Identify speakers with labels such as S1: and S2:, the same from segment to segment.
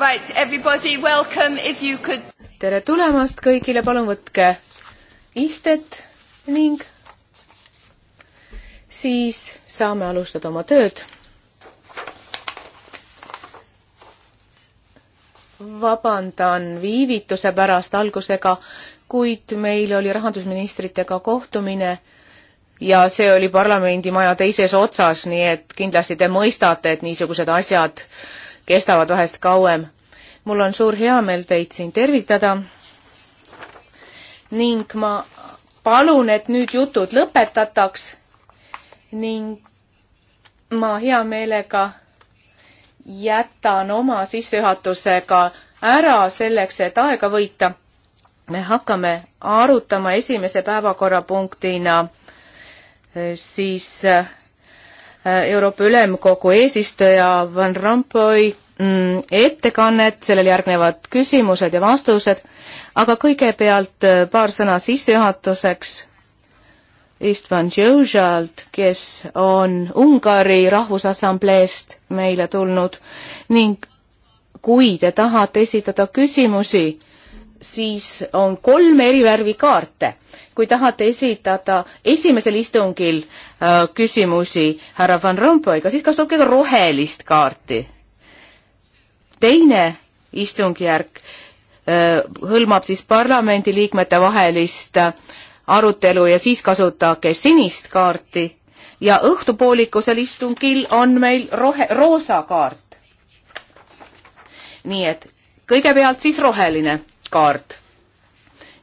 S1: Right, everybody, welcome, if you could. tere tulemast kõigile, palun võtke istet ning siis saame alustada oma tööd. vabandan viivituse pärast algusega, kuid meil oli rahandusministritega kohtumine ja see oli parlamendimaja teises otsas, nii et kindlasti te mõistate, et niisugused asjad äh, kestavad vahest kauem. mul on suur heameel teid siin tervitada ning ma palun, et nüüd jutud lõpetataks ning ma hea meelega jätan oma sissejuhatusega ära selleks, et aega võita. me hakkame arutama esimese päevakorrapunktina eh, siis äh, Äh, Euroopa Ülemkogu eesistuja Van Rompuy mm, ettekannet, sellele järgnevad küsimused ja vastused, aga kõigepealt äh, paar sõna sissejuhatuseks Istvan Jožalt, kes on Ungari Rahvusassambleest meile tulnud ning kui te tahate esitada küsimusi siis on kolm eri värvi kaarte. kui tahate esitada esimesel istungil äh, küsimusi härra Van Rompuyga, siis kasutage rohelist kaarti. teine istungjärk äh, hõlmab siis parlamendiliikmete vahelist äh, arutelu ja siis kasutage sinist kaarti ja õhtupoolikusel istungil on meil rohe, roosa kaart. nii et kõigepealt siis roheline kaart.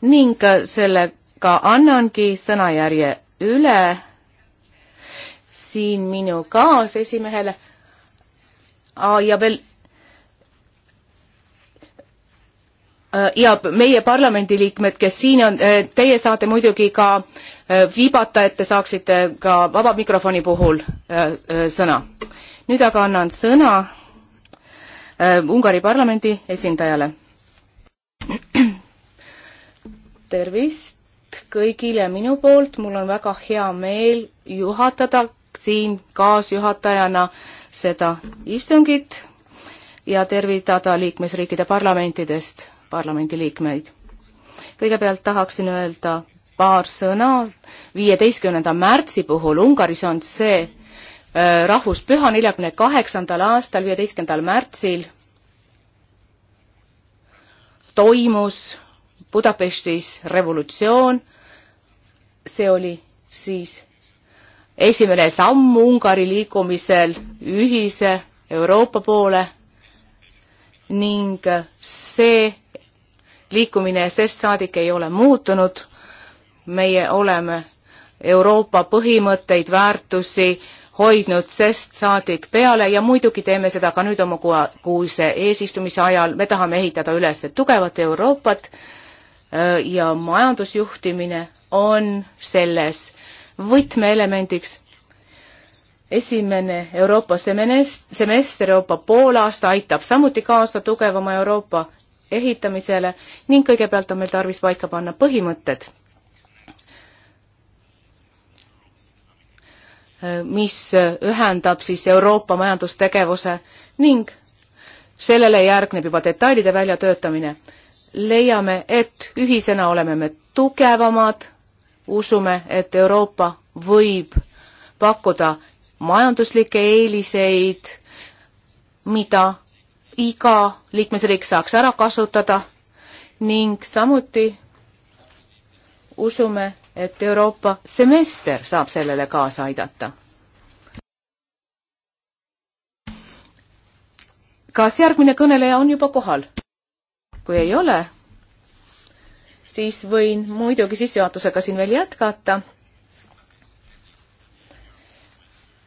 S1: ning äh, sellega annangi sõnajärje üle siin minu kaasesimehele ja veel äh, ja meie parlamendiliikmed, kes siin on, äh, teie saate muidugi ka viibata, et te saaksite ka vaba mikrofoni puhul sõna. nüüd aga annan sõna Ungari parlamendi esindajale tervist kõigile minu poolt, mul on väga hea meel juhatada siin kaasjuhatajana seda istungit ja tervitada liikmesriikide parlamentidest parlamendiliikmeid. kõigepealt tahaksin öelda paar sõna viieteistkümnenda märtsi puhul, Ungaris on see äh, rahvuspüha neljakümne kaheksandal aastal, viieteistkümnendal märtsil toimus Budapestis revolutsioon, see oli siis esimene samm Ungari liikumisel ühise Euroopa poole ning see liikumine sest saadik ei ole muutunud. meie oleme Euroopa põhimõtteid, väärtusi hoidnud sest saadik peale ja muidugi teeme seda ka nüüd oma kuuse eesistumise ajal, me tahame ehitada üles tugevat Euroopat ja majandusjuhtimine on selles võtmeelemendiks esimene Euroopa semest-, semester Euroopa poolaasta aitab samuti kaasa tugevama Euroopa ehitamisele ning kõigepealt on meil tarvis paika panna põhimõtted mis ühendab siis Euroopa majandustegevuse ning sellele järgneb juba detailide väljatöötamine. leiame, et ühisena oleme me tugevamad, usume, et Euroopa võib pakkuda majanduslikke eeliseid, mida iga liikmesriik saaks ära kasutada ning samuti usume, et Euroopa semester saab sellele kaasa aidata. kas järgmine kõneleja on juba kohal? kui ei ole, siis võin muidugi sissejuhatusega siin veel jätkata.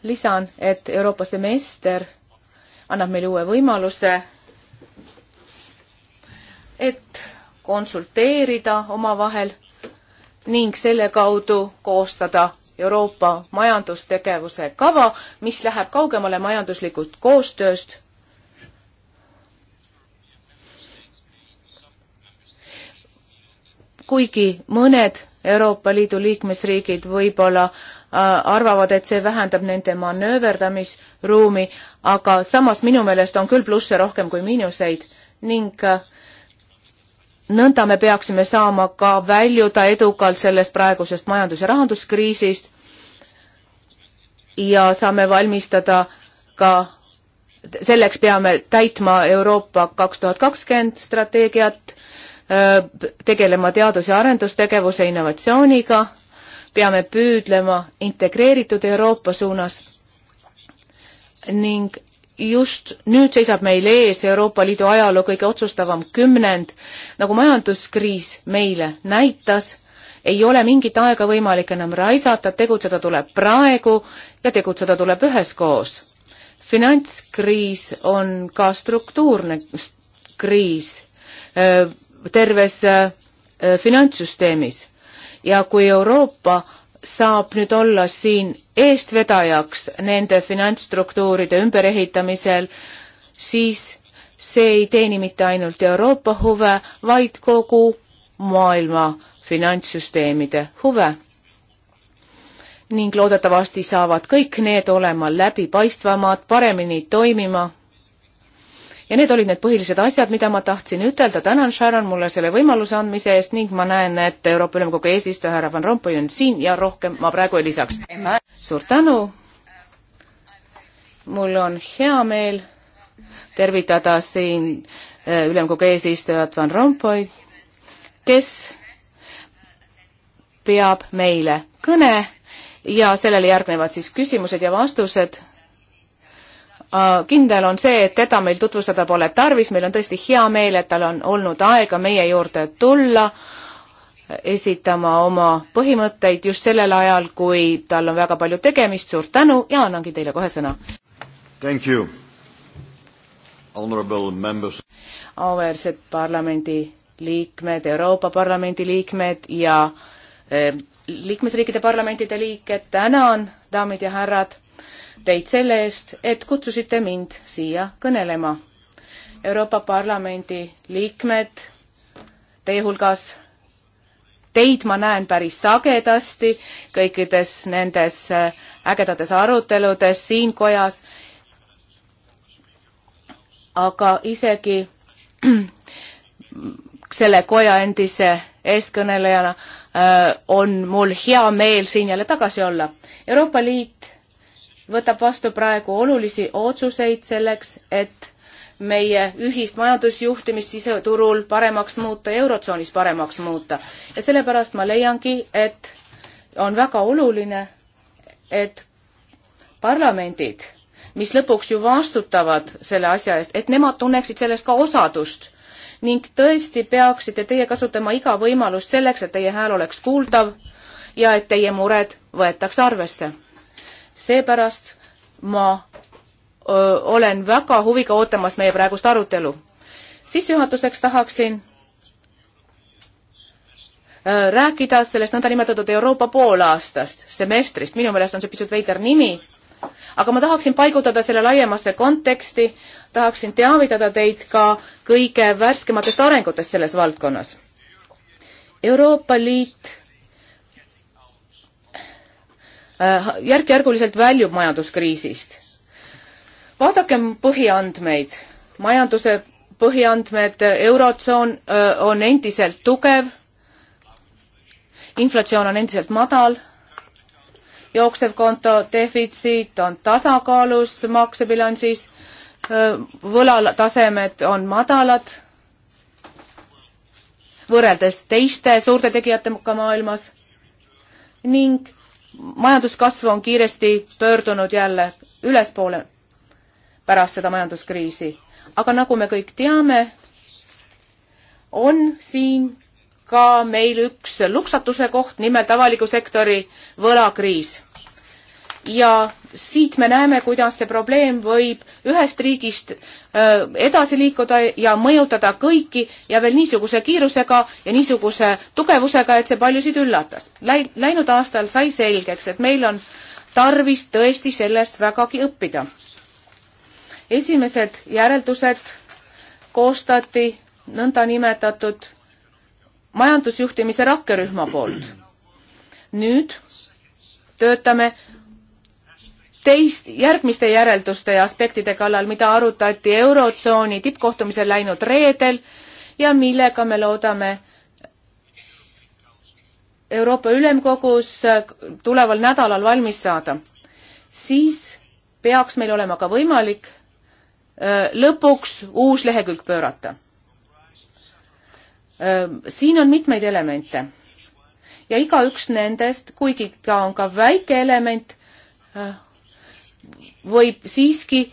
S1: lisan, et Euroopa semester annab meile uue võimaluse, et konsulteerida omavahel ning selle kaudu koostada Euroopa majandustegevuse kava, mis läheb kaugemale majanduslikult koostööst. kuigi mõned Euroopa Liidu liikmesriigid võib-olla äh, arvavad, et see vähendab nende manööverdamisruumi, aga samas minu meelest on küll plusse rohkem kui miinuseid ning äh, nõnda me peaksime saama ka väljuda edukalt sellest praegusest majandus- ja rahanduskriisist ja saame valmistada ka, selleks peame täitma Euroopa kaks tuhat kakskümmend strateegiat, tegelema teadus- ja arendustegevuse innovatsiooniga, peame püüdlema integreeritud Euroopa suunas ning just nüüd seisab meil ees Euroopa Liidu ajaloo kõige otsustavam kümnend. nagu majanduskriis meile näitas, ei ole mingit aega võimalik enam raisata, tegutseda tuleb praegu ja tegutseda tuleb üheskoos. finantskriis on ka struktuurne kriis terves finantssüsteemis ja kui Euroopa saab nüüd olla siin eestvedajaks nende finantsstruktuuride ümberehitamisel, siis see ei teeni mitte ainult Euroopa huve, vaid kogu maailma finantssüsteemide huve. ning loodetavasti saavad kõik need olema läbipaistvamad, paremini toimima ja need olid need põhilised asjad, mida ma tahtsin ütelda, tänan Sharon mulle selle võimaluse andmise eest ning ma näen, et Euroopa Ülemkogu eesistuja härra Van Rompuy on siin ja rohkem ma praegu ei lisaks. suur tänu, mul on hea meel tervitada siin äh, ülemkogu eesistujat Van Rompuy, kes peab meile kõne ja sellele järgnevad siis küsimused ja vastused. Äh, kindel on see, et teda meil tutvustada pole tarvis, meil on tõesti hea meel, et tal on olnud aega meie juurde tulla esitama oma põhimõtteid just sellel ajal, kui tal on väga palju tegemist, suur tänu ja annangi teile kohe sõna.
S2: Thank you, honorable members.
S1: auväärsed parlamendi liikmed, Euroopa Parlamendi liikmed ja eh, liikmesriikide parlamentide liikmed, tänan, daamid ja härrad teid selle eest, et kutsusite mind siia kõnelema. Euroopa Parlamendi liikmed, teie hulgas teid ma näen päris sagedasti kõikides nendes äh, ägedates aruteludes siin kojas. aga isegi selle koja endise eestkõnelejana äh, on mul hea meel siin jälle tagasi olla. Euroopa Liit võtab vastu praegu olulisi otsuseid selleks, et meie ühist majandusjuhtimist siseturul paremaks muuta ja Eurotsoonis paremaks muuta. ja sellepärast ma leiangi, et on väga oluline, et parlamendid, mis lõpuks ju vastutavad selle asja eest, et nemad tunneksid sellest ka osadust ning tõesti peaksite teie kasutama iga võimalust selleks, et teie hääl oleks kuuldav ja et teie mured võetakse arvesse seepärast ma öö, olen väga huviga ootamas meie praegust arutelu. sissejuhatuseks tahaksin öö, rääkida sellest nõndanimetatud Euroopa poolaastast, semestrist, minu meelest on see pisut veider nimi, aga ma tahaksin paigutada selle laiemasse konteksti, tahaksin teavitada teid ka kõige värskematest arengutest selles valdkonnas. Euroopa Liit Äh, järk-järguliselt väljub majanduskriisist. vaadakem põhiandmeid. majanduse põhiandmed, eurotsoon äh, on endiselt tugev, inflatsioon on endiselt madal, jooksev konto defitsiit on tasakaalus maksebilansis, äh, võlatasemed on madalad võrreldes teiste suurte tegijatega maailmas ning majanduskasv on kiiresti pöördunud jälle ülespoole pärast seda majanduskriisi. aga nagu me kõik teame, on siin ka meil üks luksatuse koht, nimelt avaliku sektori võlakriis ja siit me näeme, kuidas see probleem võib ühest riigist edasi liikuda ja mõjutada kõiki ja veel niisuguse kiirusega ja niisuguse tugevusega, et see paljusid üllatas. Läinud aastal sai selgeks, et meil on tarvis tõesti sellest vägagi õppida. esimesed järeldused koostati nõndanimetatud majandusjuhtimise rakkerühma poolt. nüüd töötame teist, järgmiste järelduste ja aspektide kallal, mida arutati Eurotsooni tippkohtumisel läinud reedel ja millega me loodame Euroopa Ülemkogus tuleval nädalal valmis saada, siis peaks meil olema ka võimalik lõpuks uus lehekülg pöörata. siin on mitmeid elemente ja igaüks nendest, kuigi ta on ka väike element, võib siiski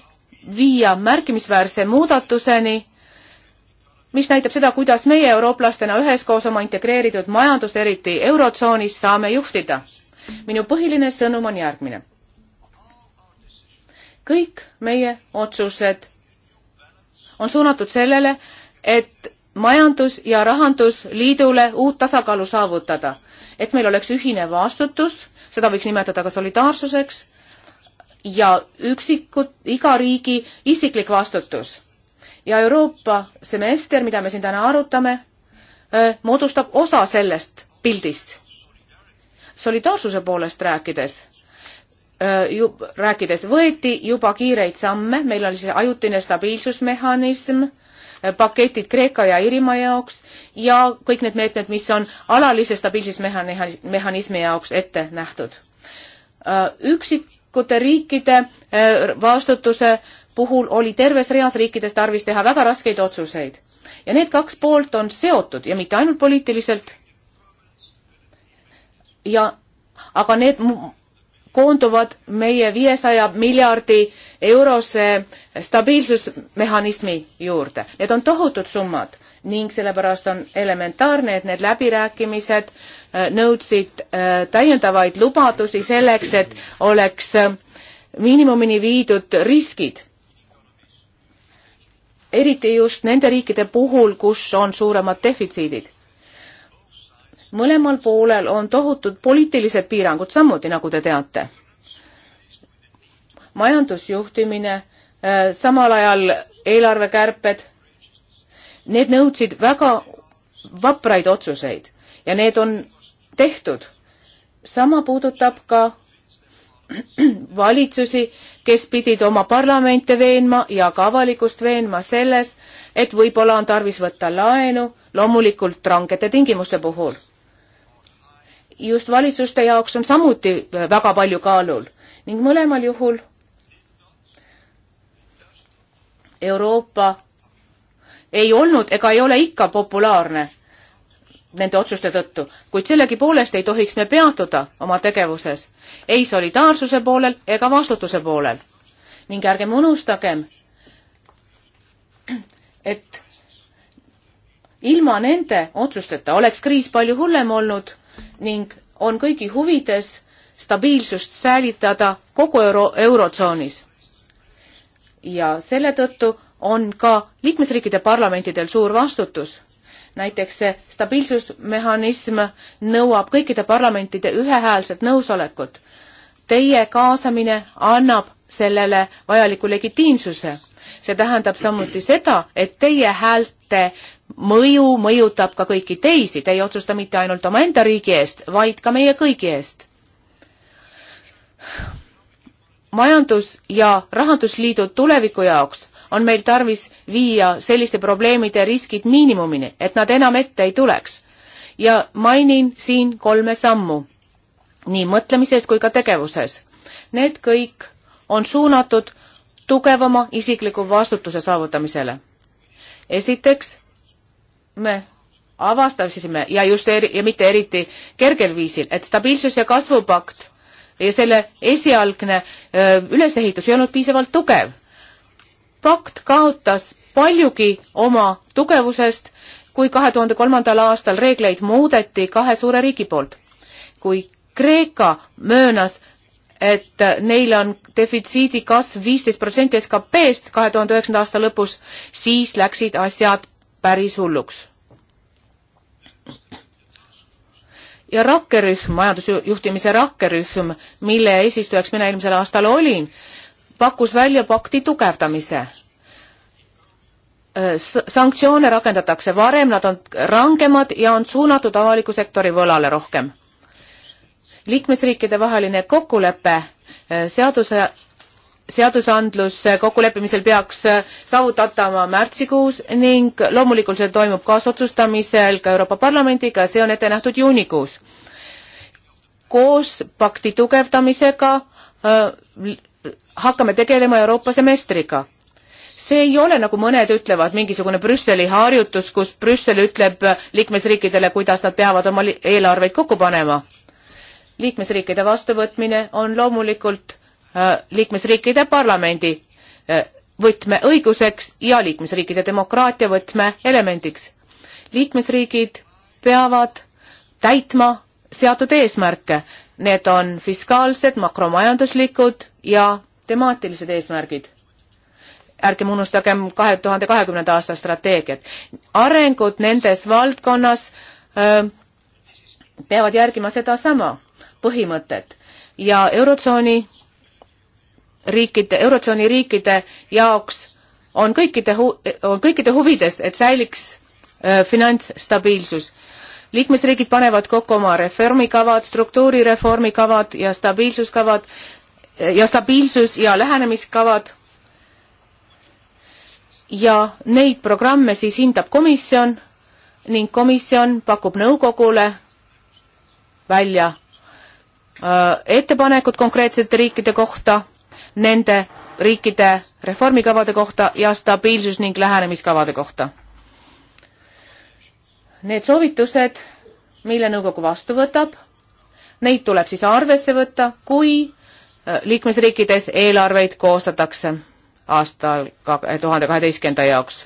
S1: viia märkimisväärse muudatuseni, mis näitab seda, kuidas meie eurooplastena üheskoos oma integreeritud majandust, eriti Eurotsoonis, saame juhtida. minu põhiline sõnum on järgmine. kõik meie otsused on suunatud sellele, et majandus- ja rahandusliidule uut tasakaalu saavutada, et meil oleks ühine vastutus, seda võiks nimetada ka solidaarsuseks ja üksikud, iga riigi isiklik vastutus. ja Euroopa semester, mida me siin täna arutame, moodustab osa sellest pildist. solidaarsuse poolest rääkides ju rääkides võeti juba kiireid samme, meil oli see ajutine stabiilsusmehhanism, paketid Kreeka ja Iirimaa jaoks ja kõik need meetmed, mis on alalise stabiilsusmehhanismi jaoks ette nähtud. üksik ühikute riikide eh, vastutuse puhul oli terves reas riikides tarvis teha väga raskeid otsuseid. ja need kaks poolt on seotud ja mitte ainult poliitiliselt, ja aga need koonduvad meie viiesaja miljardi eurose stabiilsusmehhanismi juurde. Need on tohutud summad ning sellepärast on elementaarne, et need läbirääkimised äh, nõudsid äh, täiendavaid lubadusi selleks, et oleks äh, miinimumini viidud riskid. eriti just nende riikide puhul, kus on suuremad defitsiidid mõlemal poolel on tohutud poliitilised piirangud samuti, nagu te teate. majandusjuhtimine, äh, samal ajal eelarvekärped, need nõudsid väga vapraid otsuseid ja need on tehtud. sama puudutab ka valitsusi, kes pidid oma parlamente veenma ja ka avalikkust veenma selles, et võib-olla on tarvis võtta laenu, loomulikult rangete tingimuste puhul just valitsuste jaoks on samuti väga palju kaalul ning mõlemal juhul Euroopa ei olnud ega ei ole ikka populaarne nende otsuste tõttu, kuid sellegipoolest ei tohiks me peatuda oma tegevuses ei solidaarsuse poolel ega vastutuse poolel. ning ärgem unustagem, et ilma nende otsusteta oleks kriis palju hullem olnud ning on kõigi huvides stabiilsust säilitada kogu euro, eurotsoonis. ja selle tõttu on ka liikmesriikide parlamentidel suur vastutus. näiteks see stabiilsusmehhanism nõuab kõikide parlamentide ühehäälset nõusolekut. Teie kaasamine annab sellele vajaliku legitiimsuse. see tähendab samuti seda, et teie häälte mõju mõjutab ka kõiki teisi, te ei otsusta mitte ainult omaenda riigi eest, vaid ka meie kõigi eest. majandus- ja Rahandusliidu tuleviku jaoks on meil tarvis viia selliste probleemide riskid miinimumini, et nad enam ette ei tuleks. ja mainin siin kolme sammu, nii mõtlemises kui ka tegevuses. Need kõik on suunatud tugevama isikliku vastutuse saavutamisele. esiteks me avastasime ja just eri, ja mitte eriti kergel viisil, et stabiilsus- ja kasvupakt ja selle esialgne öö, ülesehitus ei olnud piisavalt tugev. pakt kaotas paljugi oma tugevusest, kui kahe tuhande kolmandal aastal reegleid muudeti kahe suure riigi poolt. kui Kreeka möönas, et neil on defitsiidi kasv viisteist protsenti SKP-st kahe tuhande üheksanda aasta lõpus, siis läksid asjad päris hulluks. ja rakkerühm, majandusjuhtimise rakkerühm, mille eesistujaks mina eelmisel aastal olin, pakkus välja pakti tugevdamise äh, sanktsioone rakendatakse varem, nad on rangemad ja on suunatud avaliku sektori võlale rohkem. liikmesriikide vaheline kokkulepe äh, seaduse seadusandlus kokkuleppimisel peaks saavutatama märtsikuus ning loomulikult see toimub kaasotsustamisel ka Euroopa Parlamendiga, see on ette nähtud juunikuus. koos pakti tugevdamisega äh, hakkame tegelema Euroopa semestriga see ei ole, nagu mõned ütlevad, mingisugune Brüsseli harjutus, kus Brüssel ütleb liikmesriikidele, kuidas nad peavad oma eelarveid kokku panema. liikmesriikide vastuvõtmine on loomulikult Äh, liikmesriikide parlamendi äh, võtmeõiguseks ja liikmesriikide demokraatia võtmeelemendiks. liikmesriigid peavad täitma seatud eesmärke, need on fiskaalsed, makromajanduslikud ja temaatilised eesmärgid. ärgem unustagem kahe tuhande kahekümnenda aasta strateegiat. arengud nendes valdkonnas öö, äh, peavad järgima sedasama põhimõtet ja Eurotsooni riikide, Eurotsooni riikide jaoks on kõikide hu-, on kõikide huvides, et säiliks äh, finantsstabiilsus. liikmesriigid panevad kokku oma reformikavad, struktuurireformikavad ja stabiilsuskavad äh, ja stabiilsus- ja lähenemiskavad ja neid programme siis hindab komisjon ning komisjon pakub nõukogule välja äh, ettepanekud konkreetsete riikide kohta nende riikide reformikavade kohta ja stabiilsus ning lähenemiskavade kohta. Need soovitused, mille nõukogu vastu võtab, neid tuleb siis arvesse võtta, kui äh, liikmesriikides eelarveid koostatakse aastal kahe tuhande kaheteistkümnenda jaoks,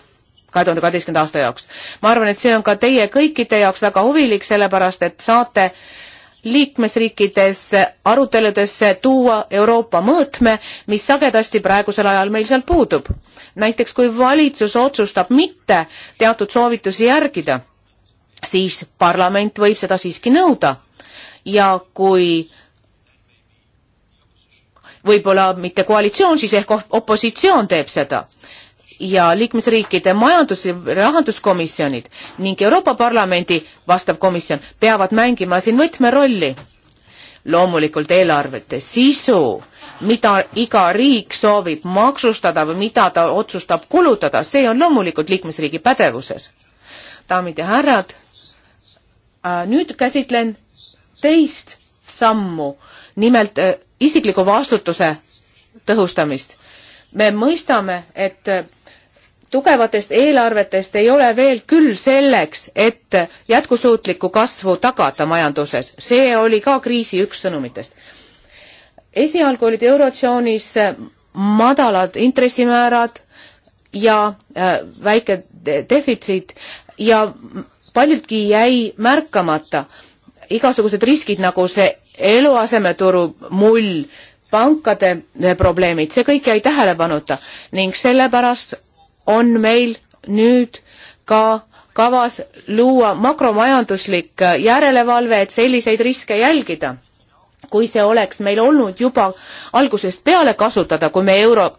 S1: kahe tuhande kaheteistkümnenda aasta jaoks. ma arvan, et see on ka teie kõikide jaoks väga huvilik, sellepärast et saate äh, liikmesriikides aruteludesse tuua Euroopa mõõtme, mis sagedasti praegusel ajal meil seal puudub. näiteks kui valitsus otsustab mitte teatud soovitusi järgida, siis parlament võib seda siiski nõuda ja kui võib-olla mitte koalitsioon, siis ehk opositsioon teeb seda ja liikmesriikide majandus- ja rahanduskomisjonid ning Euroopa Parlamendi vastav komisjon peavad mängima siin võtmerolli. loomulikult eelarvete sisu, mida iga riik soovib maksustada või mida ta otsustab kulutada, see on loomulikult liikmesriigi pädevuses. daamid ja härrad, äh, nüüd käsitlen teist sammu, nimelt äh, isikliku vastutuse tõhustamist me mõistame, et tugevatest eelarvetest ei ole veel küll selleks, et jätkusuutlikku kasvu tagada majanduses. see oli ka kriisi üks sõnumitest. esialgu olid Eurotsoonis madalad intressimäärad ja äh, väike defitsiit ja paljudki jäi märkamata. igasugused riskid, nagu see eluasemeturu mull pankade eh, probleemid, see kõik jäi tähelepanuta ning sellepärast on meil nüüd ka kavas luua makromajanduslik eh, järelevalve, et selliseid riske jälgida. kui see oleks meil olnud juba algusest peale kasutada, kui me euro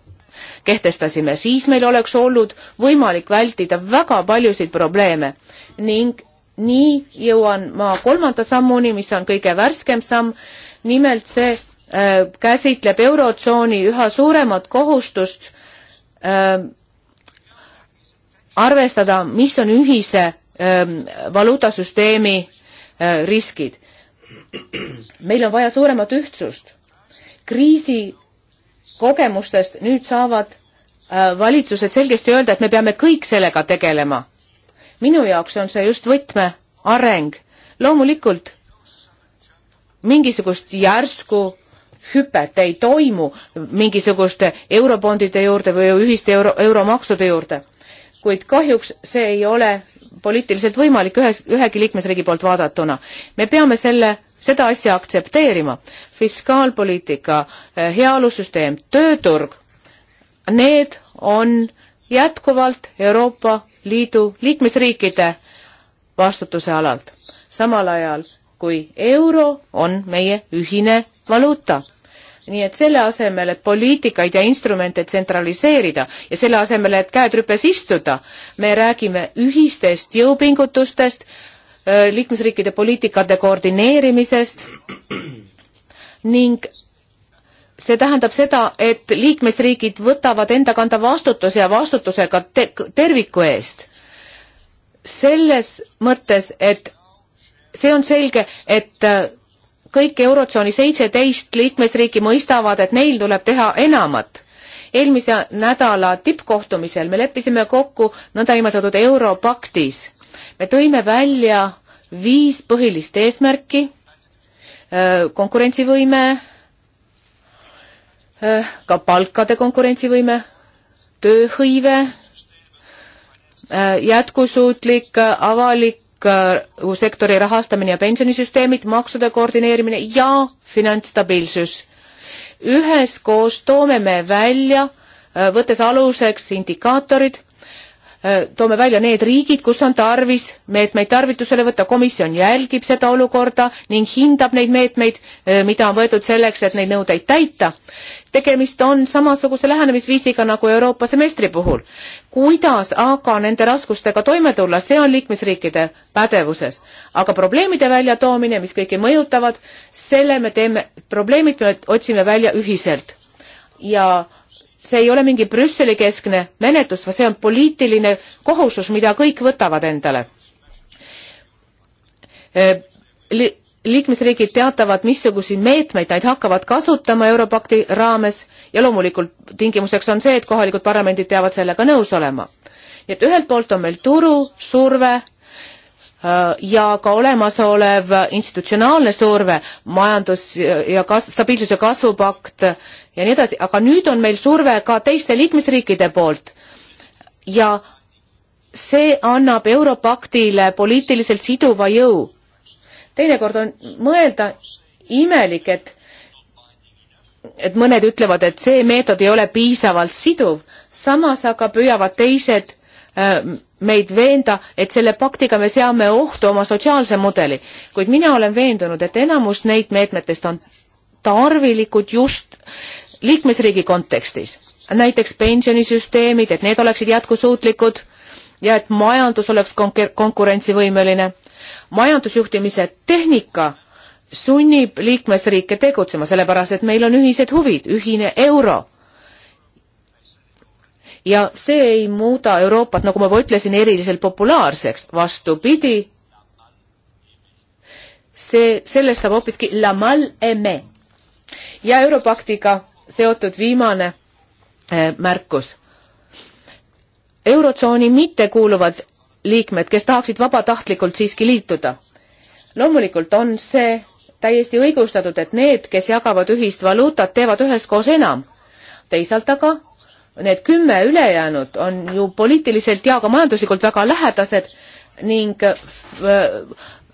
S1: kehtestasime, siis meil oleks olnud võimalik vältida väga paljusid probleeme ning nii jõuan ma kolmanda sammuni, mis on kõige värskem samm, nimelt see, Äh, käsitleb Eurotsooni üha suuremat kohustust ähm, arvestada, mis on ühise ähm, valuutasüsteemi äh, riskid. meil on vaja suuremat ühtsust. kriisi kogemustest nüüd saavad äh, valitsused selgesti öelda, et me peame kõik sellega tegelema. minu jaoks on see just võtmeareng. loomulikult mingisugust järsku hüpet ei toimu mingisuguste eurobondide juurde või ühiste euro, euromaksude juurde. kuid kahjuks see ei ole poliitiliselt võimalik ühes, ühegi liikmesriigi poolt vaadatuna. me peame selle, seda asja aktsepteerima. fiskaalpoliitika, eh, heaolusüsteem, tööturg, need on jätkuvalt Euroopa Liidu liikmesriikide vastutuse alalt, samal ajal kui euro on meie ühine valuuta nii et selle asemel, et poliitikaid ja instrumente tsentraliseerida ja selle asemel, et käed rüpes istuda, me räägime ühistest jõupingutustest, liikmesriikide poliitikate koordineerimisest ning see tähendab seda, et liikmesriigid võtavad enda kanda vastutuse ja vastutusega te terviku eest. selles mõttes, et see on selge, et kõik Eurotsooni seitseteist liikmesriiki mõistavad, et neil tuleb teha enamat. eelmise nädala tippkohtumisel me leppisime kokku nõndanimetatud Europaktis. me tõime välja viis põhilist eesmärki, konkurentsivõime, ka palkade konkurentsivõime, tööhõive, jätkusuutlik avalik sektori rahastamine ja pensionisüsteemid, maksude koordineerimine ja finantsstabiilsus. üheskoos toome me välja, äh, võttes aluseks indikaatorid Äh, toome välja need riigid, kus on tarvis meetmeid tarvitusele võtta, komisjon jälgib seda olukorda ning hindab neid meetmeid, äh, mida on võetud selleks, et neid nõudeid täita. tegemist on samasuguse lähenemisviisiga nagu Euroopa semestri puhul. kuidas aga nende raskustega toime tulla, see on liikmesriikide pädevuses. aga probleemide väljatoomine, mis kõiki mõjutavad, selle me teeme, probleemid me otsime välja ühiselt ja see ei ole mingi Brüsseli keskne menetlus, vaid see on poliitiline kohustus, mida kõik võtavad endale li. liikmesriigid teatavad, missuguseid meetmeid nad hakkavad kasutama Europakti raames ja loomulikult tingimuseks on see, et kohalikud parlamendid peavad sellega nõus olema. nii et ühelt poolt on meil turu, surve Äh, ja ka olemasolev institutsionaalne surve, majandus ja kas-, stabiilsus- ja kasvupakt ja nii edasi, aga nüüd on meil surve ka teiste liikmesriikide poolt. ja see annab Europaktile poliitiliselt siduva jõu. teinekord on mõelda imelik, et et mõned ütlevad, et see meetod ei ole piisavalt siduv, samas aga püüavad teised Äh, meid veenda, et selle paktiga me seame ohtu oma sotsiaalse mudeli, kuid mina olen veendunud, et enamus neid meetmetest on tarvilikud just liikmesriigi kontekstis, näiteks pensionisüsteemid, et need oleksid jätkusuutlikud ja et majandus oleks konkurentsivõimeline. majandusjuhtimise tehnika sunnib liikmesriike tegutsema, sellepärast et meil on ühised huvid, ühine euro ja see ei muuda Euroopat, nagu ma juba ütlesin, eriliselt populaarseks, vastupidi, see, sellest saab hoopiski la mal eme. ja Europaktiga seotud viimane äh, märkus. eurotsooni mittekuuluvad liikmed, kes tahaksid vabatahtlikult siiski liituda. loomulikult on see täiesti õigustatud, et need, kes jagavad ühist valuutat, teevad üheskoos enam. teisalt aga need kümme ülejäänut on ju poliitiliselt ja ka majanduslikult väga lähedased ning äh,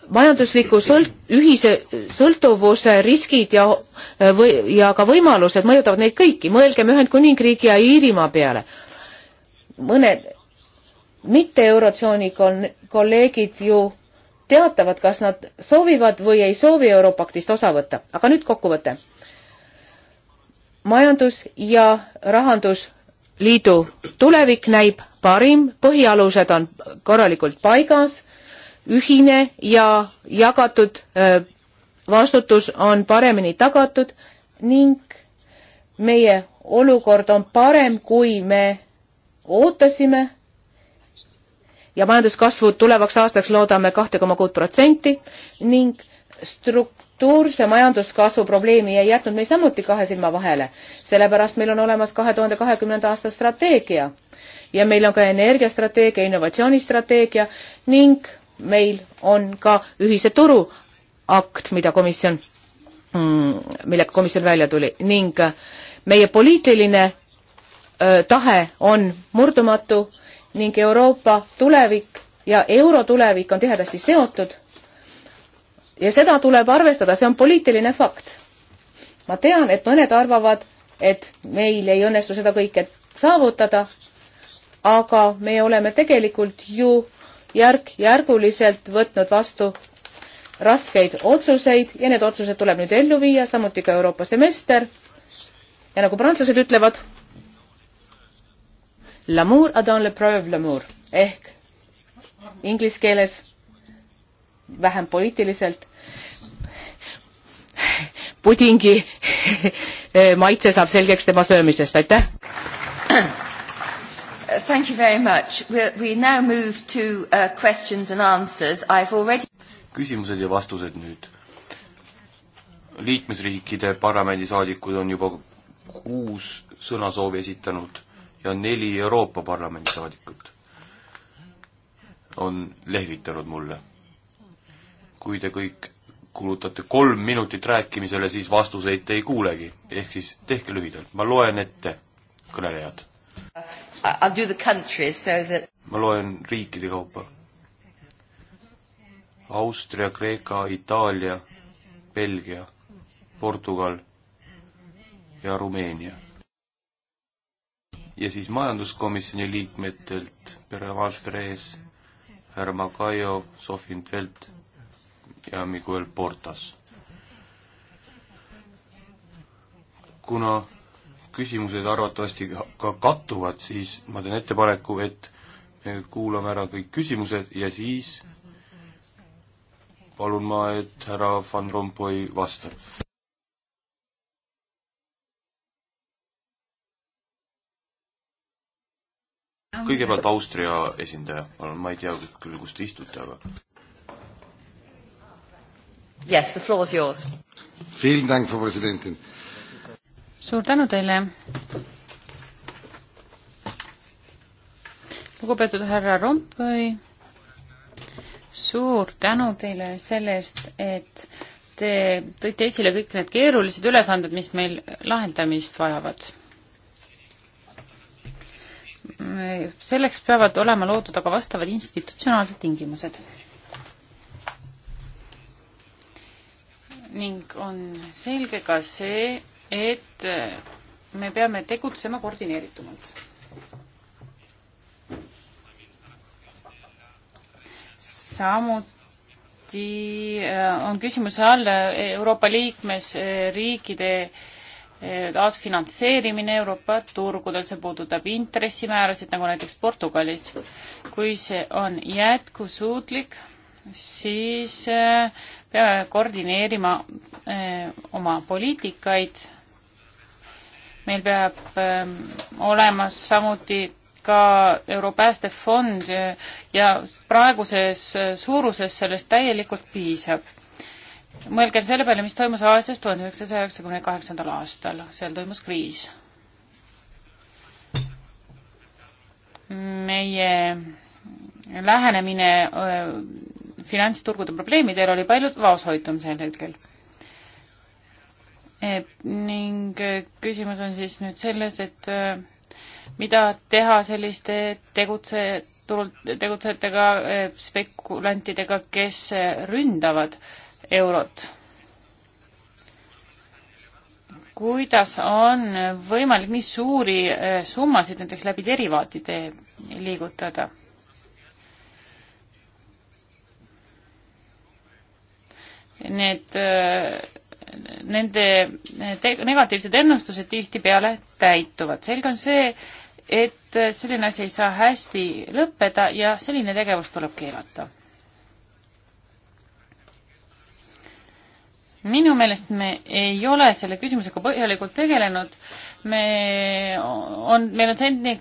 S1: majandusliku sõlt, ühise sõltuvuse riskid ja, äh, või, ja ka võimalused mõjutavad neid kõiki. mõelgem Ühendkuningriigi ja Iirimaa peale. mõned mitte eurotsooni kolleegid ju teatavad, kas nad soovivad või ei soovi Europaktist osa võtta. aga nüüd kokkuvõte. majandus- ja rahandus liidu tulevik näib parim, põhialused on korralikult paigas, ühine ja jagatud vastutus on paremini tagatud ning meie olukord on parem, kui me ootasime ja majanduskasvu tulevaks aastaks loodame kahte koma kuut protsenti ning struk-, struktuurse majanduskasvu probleemi ei jätnud meid samuti kahe silma vahele. sellepärast meil on olemas kahe tuhande kahekümnenda aasta strateegia ja meil on ka energiastrateegia, innovatsioonistrateegia ning meil on ka ühise turu akt, mida komisjon, mm, millega komisjon välja tuli ning äh, meie poliitiline öö, äh, tahe on murdumatu ning Euroopa tulevik ja euro tulevik on tihedasti seotud ja seda tuleb arvestada, see on poliitiline fakt. ma tean, et mõned arvavad, et meil ei õnnestu seda kõike saavutada, aga me oleme tegelikult ju järk-järguliselt võtnud vastu raskeid otsuseid ja need otsused tuleb nüüd ellu viia, samuti ka Euroopa semester. ja nagu prantslased ütlevad, l'amour a dans le preuve l'amour ehk inglise keeles vähem poliitiliselt. pudingi maitse saab selgeks tema söömisest, aitäh!
S2: Thank you very much. We, we now move to uh, questions and answers. I've already küsimused ja vastused nüüd. liikmesriikide parlamendisaadikud on juba kuus sõnasoovi esitanud ja neli Euroopa Parlamendi saadikut on lehvitanud mulle kui te kõik kulutate kolm minutit rääkimisele, siis vastuseid te ei kuulegi. ehk siis tehke lühidalt, ma loen ette kõnelejad. That... ma loen riikide kaupa. Austria, Kreeka, Itaalia, Belgia, Portugal ja Rumeenia. ja siis majanduskomisjoni liikmetelt, härra Mašperees, härra Magaio, Sofi Intvelt ja Miguel Portas. kuna küsimused arvatavasti ka kattuvad, siis ma teen ettepaneku, et me kuulame ära kõik küsimused ja siis palun ma, et härra Van Rompuy vastab. kõigepealt Austria esindaja, palun, ma ei tea küll, kus te istute, aga Yes, the floor is yours. Vielen Dank, Frau Präsidentin.
S3: suur tänu teile. lugupeetud härra Rompuy, suur tänu teile selle eest, et te tõite esile kõik need keerulised ülesanded, mis meil lahendamist vajavad. selleks peavad olema loodud aga vastavad institutsionaalsed tingimused ning on selge ka see, et me peame tegutsema koordineeritumalt. samuti äh, on küsimuse all Euroopa liikmesriikide äh, taasfinantseerimine Euroopa turgudel, see puudutab intressimäärasid, nagu näiteks Portugalis. kui see on jätkusuutlik, siis eh, peame koordineerima eh, oma poliitikaid. meil peab eh, olema samuti ka Europäästefond ja praeguses suuruses sellest täielikult piisab. mõelgem selle peale, mis toimus Aasias tuhande üheksasaja üheksakümne kaheksandal aastal, seal toimus kriis. meie lähenemine finantsturgude probleemidel oli palju vaoshoitum sel hetkel. ning äh, küsimus on siis nüüd selles, et äh, mida teha selliste tegutse, turult tegutsejatega, äh, spekulantidega, kes ründavad eurot kuidas on võimalik nii suuri summasid näiteks läbi derivaatide liigutada? need, nende te, negatiivsed ennustused tihtipeale täituvad. selge on see, et selline asi ei saa hästi lõppeda ja selline tegevus tuleb keelata. minu meelest me ei ole selle küsimusega põhjalikult tegelenud, me on, meil on see endine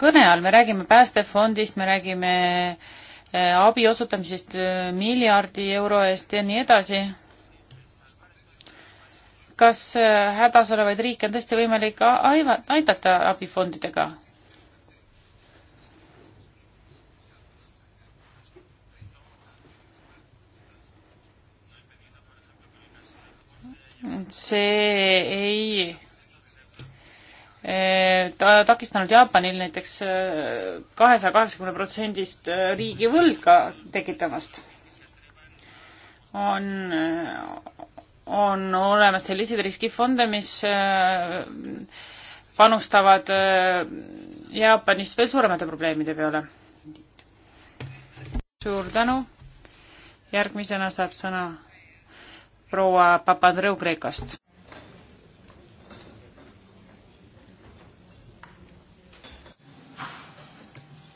S3: kõne all, me räägime päästefondist, me räägime äh, Äh, abi osutamisest äh, miljardi euro eest ja nii edasi. kas äh, hädas olevaid riike on tõesti võimalik aidata abifondidega? see ei ta äh, takistanud Jaapanil näiteks äh, kahesaja kaheksakümne protsendist äh, riigivõlga tekitamast. on, on olemas selliseid riskifonde, mis panustavad Jaapanist veel suuremate probleemide peale. suur tänu. järgmisena saab sõna proua Papandreou Kreekast.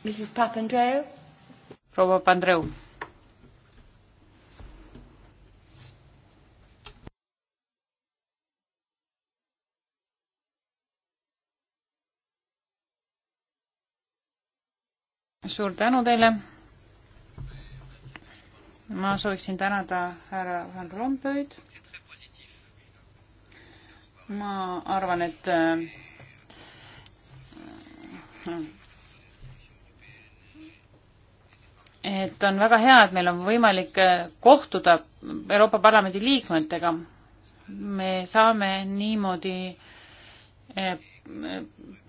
S1: Mrs Papandreou.
S3: proua Papandreou. suur tänu teile. ma sooviksin tänada härra Van Rompuyt. ma arvan, et äh, et on väga hea, et meil on võimalik äh, kohtuda Euroopa Parlamendi liikmetega. me saame niimoodi äh,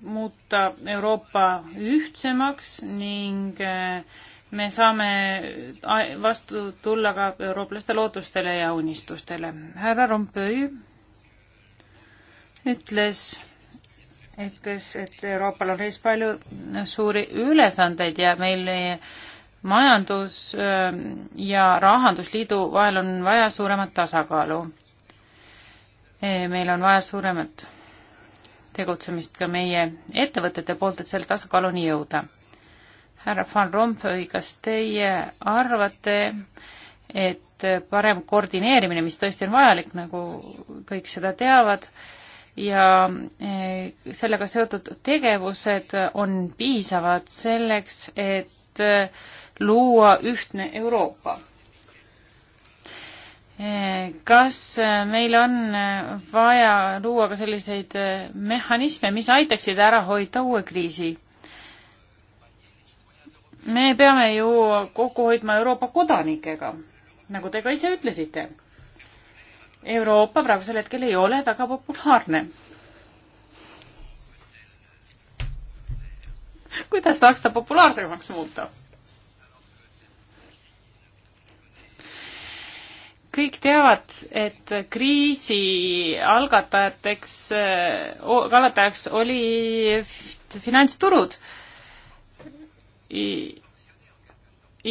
S3: muuta Euroopa ühtsemaks ning äh, me saame vastu tulla ka eurooplaste lootustele ja unistustele. härra Rompöi ütles, ütles, et Euroopal on päris palju suuri ülesandeid ja meil majandus- ähm, ja rahandusliidu vahel on vaja suuremat tasakaalu. Eh, meil on vaja suuremat tegutsemist ka meie ettevõtete poolt, et selle tasakaaluni jõuda. härra Van Rompuy, kas teie arvate, et parem koordineerimine, mis tõesti on vajalik, nagu kõik seda teavad, ja eh, sellega seotud tegevused on piisavad selleks, et eh, luua ühtne Euroopa. kas meil on vaja luua ka selliseid mehhanisme, mis aitaksid ära hoida uue kriisi? me peame ju kokku hoidma Euroopa kodanikega, nagu te ka ise ütlesite. Euroopa praegusel hetkel ei ole väga populaarne kuidas saaks ta populaarsemaks muuta? kõik teavad, et kriisi algatajateks, algatajaks oli finantsturud.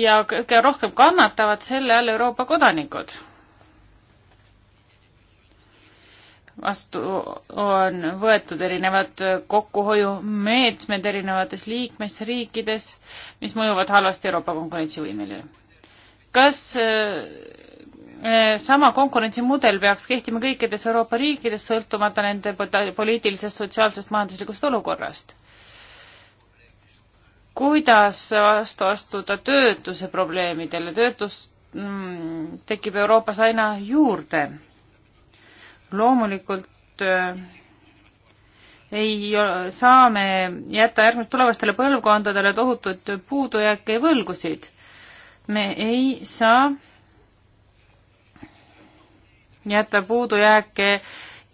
S3: ja kõige rohkem kannatavad selle all Euroopa kodanikud. vastu on võetud erinevad kokkuhoiumeetmed erinevates liikmesriikides, mis mõjuvad halvasti Euroopa konkurentsivõimele. kas Eh, sama konkurentsimudel peaks kehtima kõikides Euroopa riikides, sõltumata nende poliitilisest, sotsiaalsest, majanduslikust olukorrast. kuidas vastu astuda töötuse probleemidele, töötust mm, tekib Euroopas aina juurde. loomulikult äh, ei saa me jätta järgmist tulevastele põlvkondadele tohutut puudujääke ja võlgusid. me ei saa jätta puudujääke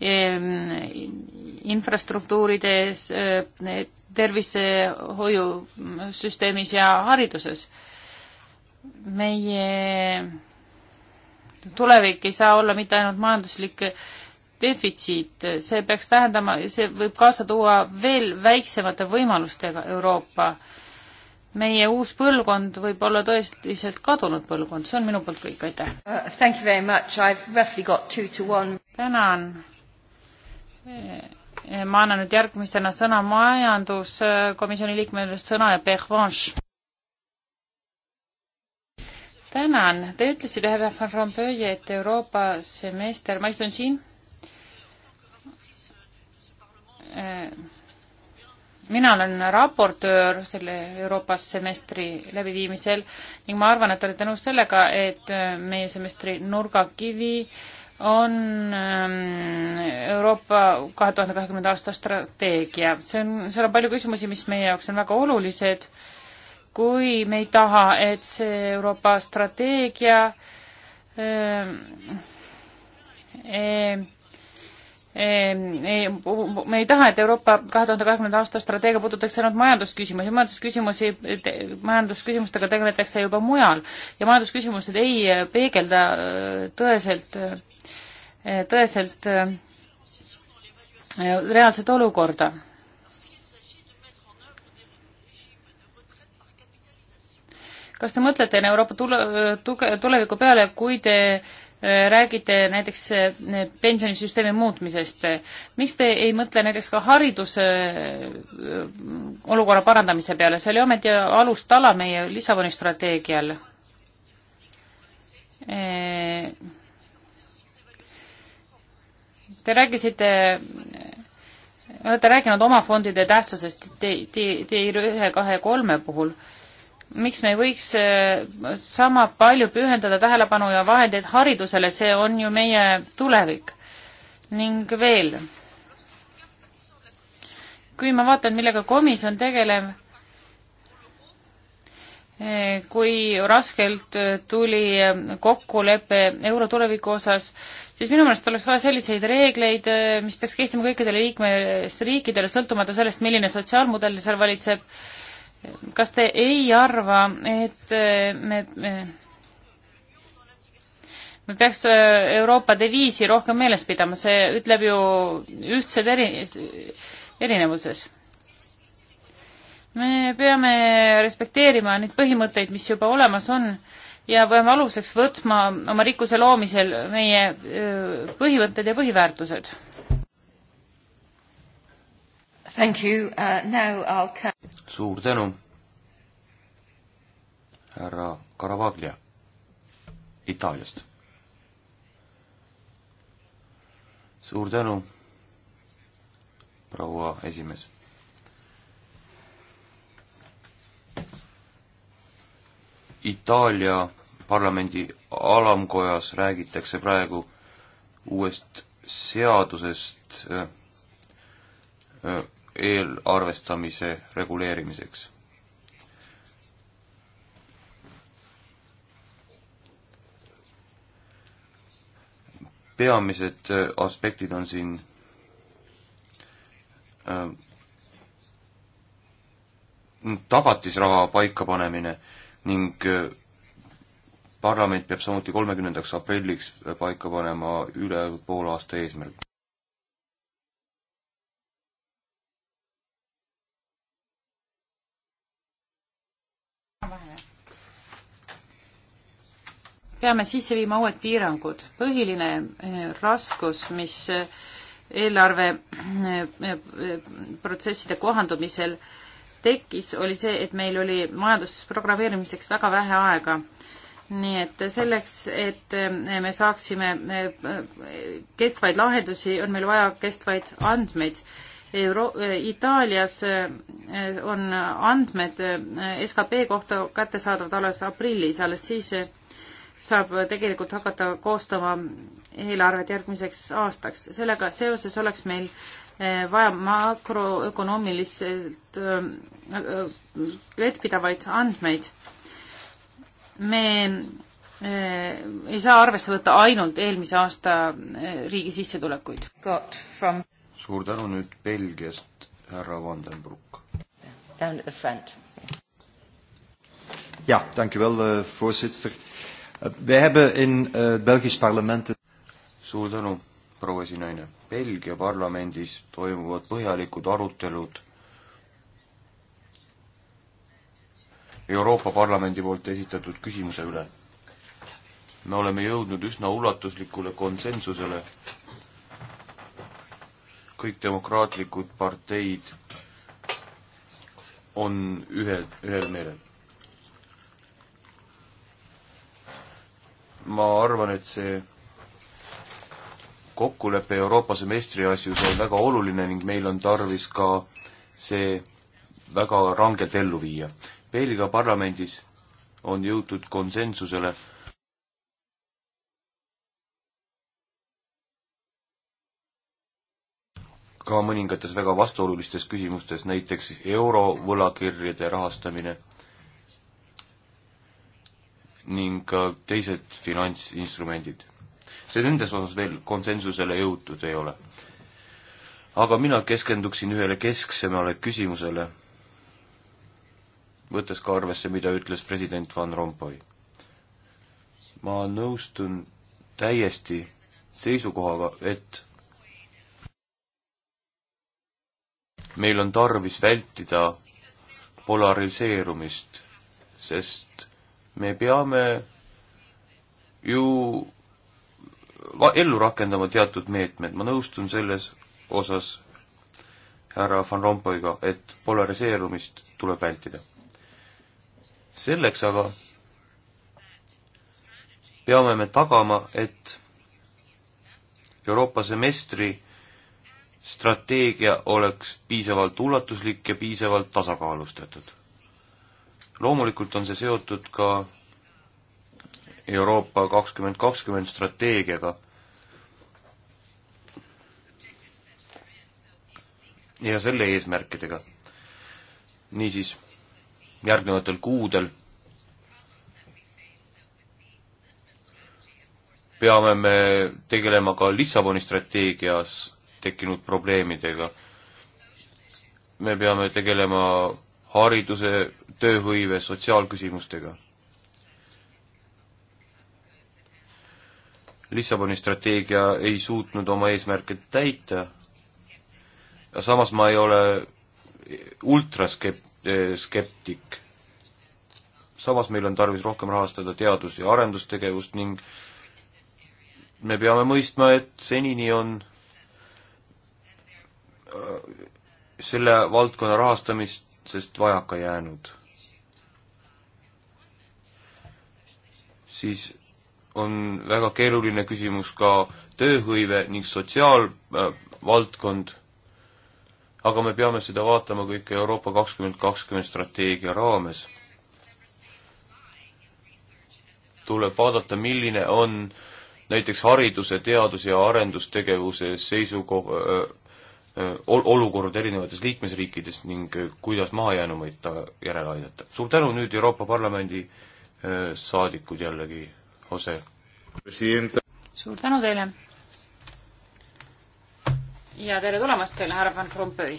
S3: ehm, infrastruktuurides, eh, tervishoiusüsteemis ja hariduses. meie tulevik ei saa olla mitte ainult majanduslik defitsiit, see peaks tähendama, see võib kaasa tuua veel väiksemate võimalustega Euroopa äh, meie uus põlvkond võib olla tõeliselt kadunud põlvkond, see on minu poolt kõik, aitäh uh,! tänan! Eh, eh, ma annan nüüd järgmisena sõna majanduskomisjoni liikmele, sõna ja pervanche. tänan, te ütlesite, härra Van Rompuy, et Euroopa semester, ma istun siin äh,, mina olen raportöör selle Euroopas semestri läbiviimisel ning ma arvan, et olete nõus sellega, et äh, meie semestri nurgakivi on ähm, Euroopa kahe tuhande kahekümnenda aasta strateegia. see on, seal on palju küsimusi, mis meie jaoks on väga olulised, kui me ei taha, et see Euroopa strateegia öö, ähm, öö, äh, Ehm, me ei taha, et Euroopa kahe tuhande kahekümnenda aasta strateegia puudutaks ainult majandusküsimusi, majandusküsimusi, majandusküsimustega tegeletakse juba mujal ja majandusküsimused ei äh, peegelda äh, tõeselt, äh, tõeselt reaalset olukorda. kas te mõtlete Euroopa tule, tuge, tuleviku peale, kui te räägite näiteks eh, pensionisüsteemi muutmisest. miks te ei mõtle näiteks ka hariduse eh, olukorra parandamise peale, see oli ometi alustala meie Lissaboni strateegial. Eh, te rääkisite, olete rääkinud omafondide tähtsusest TI ühe, kahe, kolme puhul miks me ei võiks äh, sama palju pühendada tähelepanu ja vahendeid haridusele, see on ju meie tulevik. ning veel, kui ma vaatan, millega komisjon tegeleb, äh, kui raskelt äh, tuli kokkulepe euro tuleviku osas, siis minu meelest oleks vaja selliseid reegleid, mis peaks kehtima kõikidele liikmesriikidele, sõltumata sellest, milline sotsiaalmudel seal valitseb kas te ei arva, et eh, me, me me peaks eh, Euroopa deviisi rohkem meeles pidama, see ütleb ju ühtsed eri, erinevuses. me peame respekteerima neid põhimõtteid, mis juba olemas on ja peame aluseks võtma oma rikkuse loomisel meie eh, põhimõtted ja põhiväärtused Thank you. Uh,
S1: now I'll come...
S2: suur tänu, härra Caravaglia Itaaliast. suur tänu, proua esimees. Itaalia parlamendi alamkojas räägitakse praegu uuest seadusest äh, äh, eelarvestamise reguleerimiseks. peamised äh, aspektid on siin äh, tagatisraha paikapanemine ning äh, parlament peab samuti kolmekümnendaks aprilliks paika panema üle poolaasta eesmärgid.
S3: peame sisse viima uued piirangud. põhiline eh, raskus, mis eh, eelarve eh, protsesside kohandumisel tekkis, oli see, et meil oli majandusprogrammeerimiseks väga vähe aega. nii et selleks, et me saaksime kestvaid lahendusi, on meil vaja kestvaid andmeid. Euro-, Itaalias on andmed SKP kohta kättesaadavad alles aprillis, alles siis saab tegelikult hakata koostama eelarvet järgmiseks aastaks. sellega seoses oleks meil eh, vaja makroökonoomiliselt vettpidavaid eh, andmeid. me eh, ei saa arvesse võtta ainult eelmise aasta riigi sissetulekuid. From...
S2: suur tänu nüüd Belgiast, härra Vandenbruck.
S3: Down at the front.
S2: ja, tänku veel, voorsitser We hebben in eh, het Belgisch parlement... suur tänu, proua esinaine. Belgia parlamendis toimuvad põhjalikud arutelud Euroopa Parlamendi poolt esitatud küsimuse üle. me oleme jõudnud üsna ulatuslikule konsensusele. kõik demokraatlikud parteid on ühe, ühel meelel ma arvan, et see kokkulepe Euroopa semestri asjus on väga oluline ning meil on tarvis ka see väga rangelt ellu viia. Belgia parlamendis on jõutud konsensusele ka mõningates väga vastuolulistes küsimustes, näiteks euro võlakirjade rahastamine ning ka teised finantsinstrumendid. see nendes osas veel konsensusele jõutud ei ole. aga mina keskenduksin ühele kesksemale küsimusele, võttes ka arvesse, mida ütles president Van Rompuy. ma nõustun täiesti seisukohaga, et meil on tarvis vältida polariseerumist, sest me peame ju ellu rakendama teatud meetmed, ma nõustun selles osas härra Van Rompuyga, et polariseerumist tuleb vältida. selleks aga peame me tagama, et Euroopa semestri strateegia oleks piisavalt ulatuslik ja piisavalt tasakaalustatud loomulikult on see seotud ka Euroopa kakskümmend kakskümmend strateegiaga. ja selle eesmärkidega. niisiis, järgnevatel kuudel peame me tegelema ka Lissaboni strateegias tekkinud probleemidega. me peame tegelema hariduse, tööhõive, sotsiaalküsimustega. Lissaboni strateegia ei suutnud oma eesmärke täita, aga samas ma ei ole ultraskep-, skeptik. samas meil on tarvis rohkem rahastada teadus- ja arendustegevust ning me peame mõistma, et senini on äh, selle valdkonna rahastamist sest vajaka jäänud, siis on väga keeruline küsimus ka tööhõive ning sotsiaalvaldkond äh,, aga me peame seda vaatama kõike Euroopa kakskümmend kakskümmend strateegia raames. tuleb vaadata, milline on näiteks hariduse, teadus- ja arendustegevuse seisukoht äh,, ol-, olukord erinevates liikmesriikides ning kuidas mahajäänumaid ta järele aidata. suur tänu nüüd Euroopa Parlamendi saadikud jällegi, Jose. suur
S3: tänu teile. ja tere tulemast teile, härra Van Rompuy.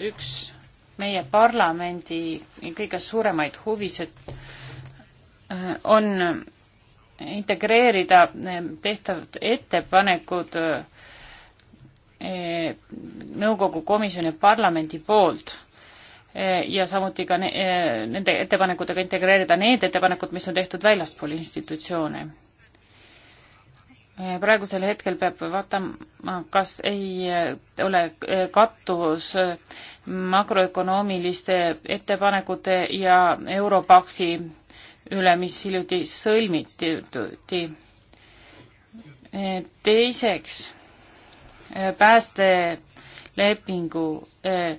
S3: üks meie parlamendi kõige suuremaid huvisid on integreerida tehtavat ettepanekud Eh, nõukogu komisjoni ja parlamendi poolt eh, ja samuti ka ne, eh, nende ettepanekutega integreerida need ettepanekud, mis on tehtud väljaspool institutsioone. praegusel hetkel peab vaatama, kas ei ole kattuvus makroökonoomiliste ettepanekute ja Europakti üle, mis hiljuti sõlmiti. teiseks Eh, päästelepingu eh,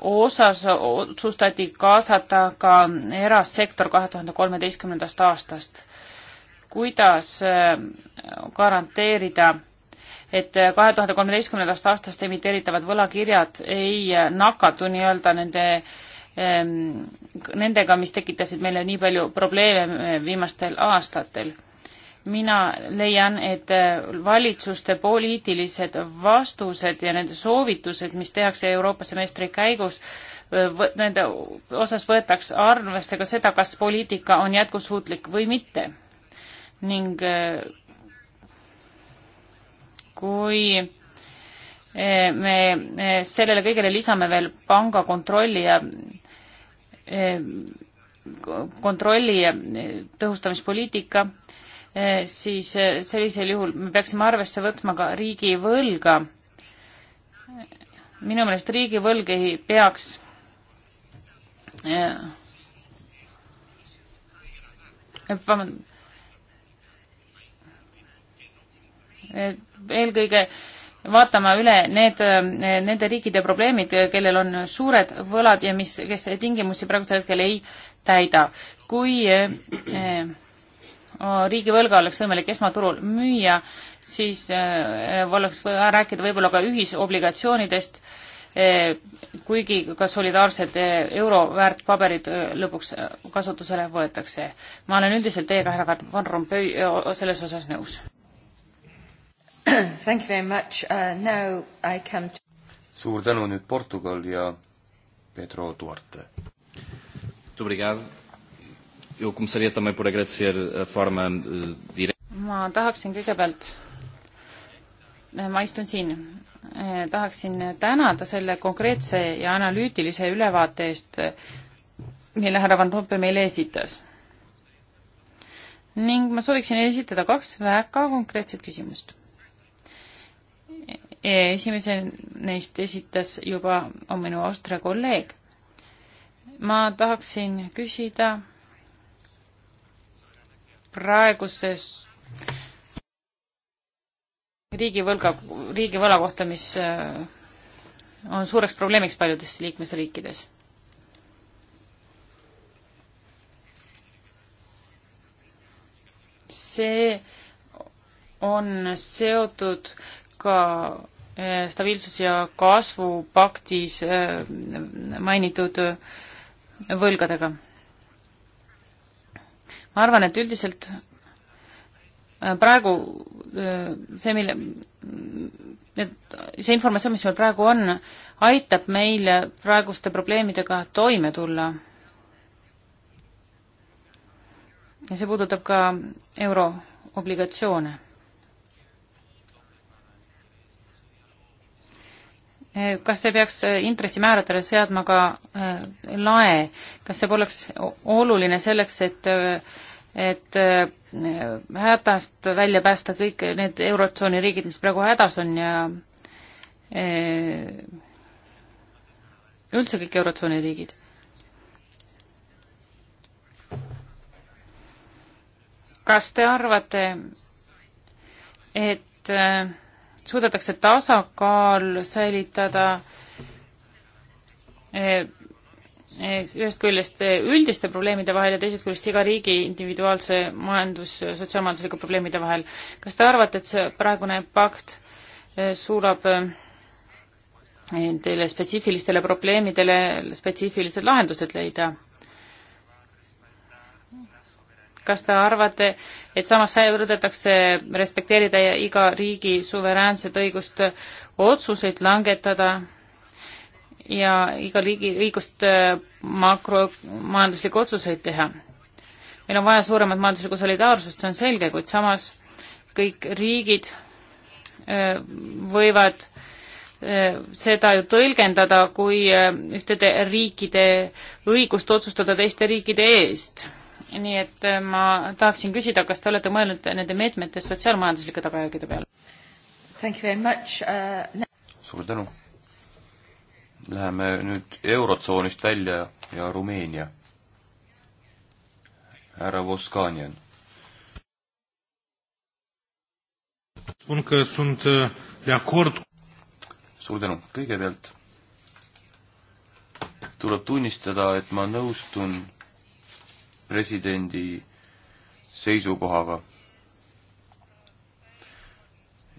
S3: osas otsustati kaasata ka erasektor kahe tuhande kolmeteistkümnendast aastast. kuidas eh, garanteerida, et kahe tuhande kolmeteistkümnendast aastast emiteeritavad võlakirjad ei nakatu nii-öelda nende nendega, mis tekitasid meile nii palju probleeme viimastel aastatel mina leian, et äh, valitsuste poliitilised vastused ja nende soovitused, mis tehakse Euroopa semestri käigus, äh, nende osas võetakse arvesse ka seda, kas poliitika on jätkusuutlik või mitte. ning äh, kui me sellele kõigele lisame veel pangakontrolli ja kontrolli ja tõhustamispoliitika, Eh, siis eh, sellisel juhul me peaksime arvesse võtma ka riigivõlga. minu meelest riigivõlg ei peaks eh, eelkõige vaatama üle need, nende riikide probleemid, kellel on suured võlad ja mis, kes tingimusi praegusel hetkel ei täida. kui eh, riigivõlga oleks võimalik esmaturul müüa, siis äh, oleks vaja rääkida võib-olla ka ühisobligatsioonidest, äh, kuigi ka solidaarsed äh, euro väärtpaberid lõpuks kasutusele võetakse. ma olen üldiselt teiega, härra Van Rompuy, selles osas nõus.
S1: Thank you very much uh,, now I come to
S2: suur tänu nüüd Portugal ja Pedro Duarte. Obrigado eu começaria também por agradecer a forma uh, eh, direta.
S3: ma tahaksin kõigepealt, eh, ma istun siin, eh, tahaksin tänada selle konkreetse ja analüütilise ülevaate eest, mille härra Van Rompuy meile esitas. ning ma sooviksin esitada kaks väga konkreetset küsimust. E-, esimese neist esitas juba minu Austria kolleeg. ma tahaksin küsida praeguses riigivõlga, riigivõla kohta, mis äh, on suureks probleemiks paljudes liikmesriikides. see on seotud ka äh, stabiilsus- ja kasvupaktis äh, mainitud võlgadega ma arvan, et üldiselt äh, praegu äh, see, mille, et see informatsioon, mis meil praegu on, aitab meil praeguste probleemidega toime tulla. ja see puudutab ka euroobligatsioone kas ei peaks äh, intressimääradele seadma ka äh, lae, kas see poleks oluline selleks, et äh, et hädast välja päästa kõik need Eurotsooni riigid, mis praegu hädas on ja üldse kõik Eurotsooni riigid? kas te arvate, et äh, suudetakse tasakaal säilitada eh, eh, ühest küljest eh, üldiste probleemide vahel ja teisest küljest iga riigi individuaalse majandus, sotsiaalmajanduslike probleemide vahel. kas te arvate, et see praegune pakt suudab teile spetsiifilistele probleemidele spetsiifilised lahendused leida? kas te arvate, et samas üritatakse respekteerida iga riigi suveräänset õigust otsuseid langetada ja iga riigi õigust äh, makromajanduslikke otsuseid teha? meil on vaja suuremat majanduslikku solidaarsust, see on selge, kuid samas kõik riigid äh, võivad äh, seda ju tõlgendada kui ühtede riikide õigust otsustada teiste riikide eest nii et äh, ma tahaksin küsida, kas te olete mõelnud nende meetmete sotsiaalmajanduslike tagajärgede peale? Uh,
S2: suur tänu. Läheme nüüd Eurotsoonist välja ja Rumeenia. härra Voskanian. Uh, suur tänu, kõigepealt tuleb tunnistada, et ma nõustun presidendi seisukohaga.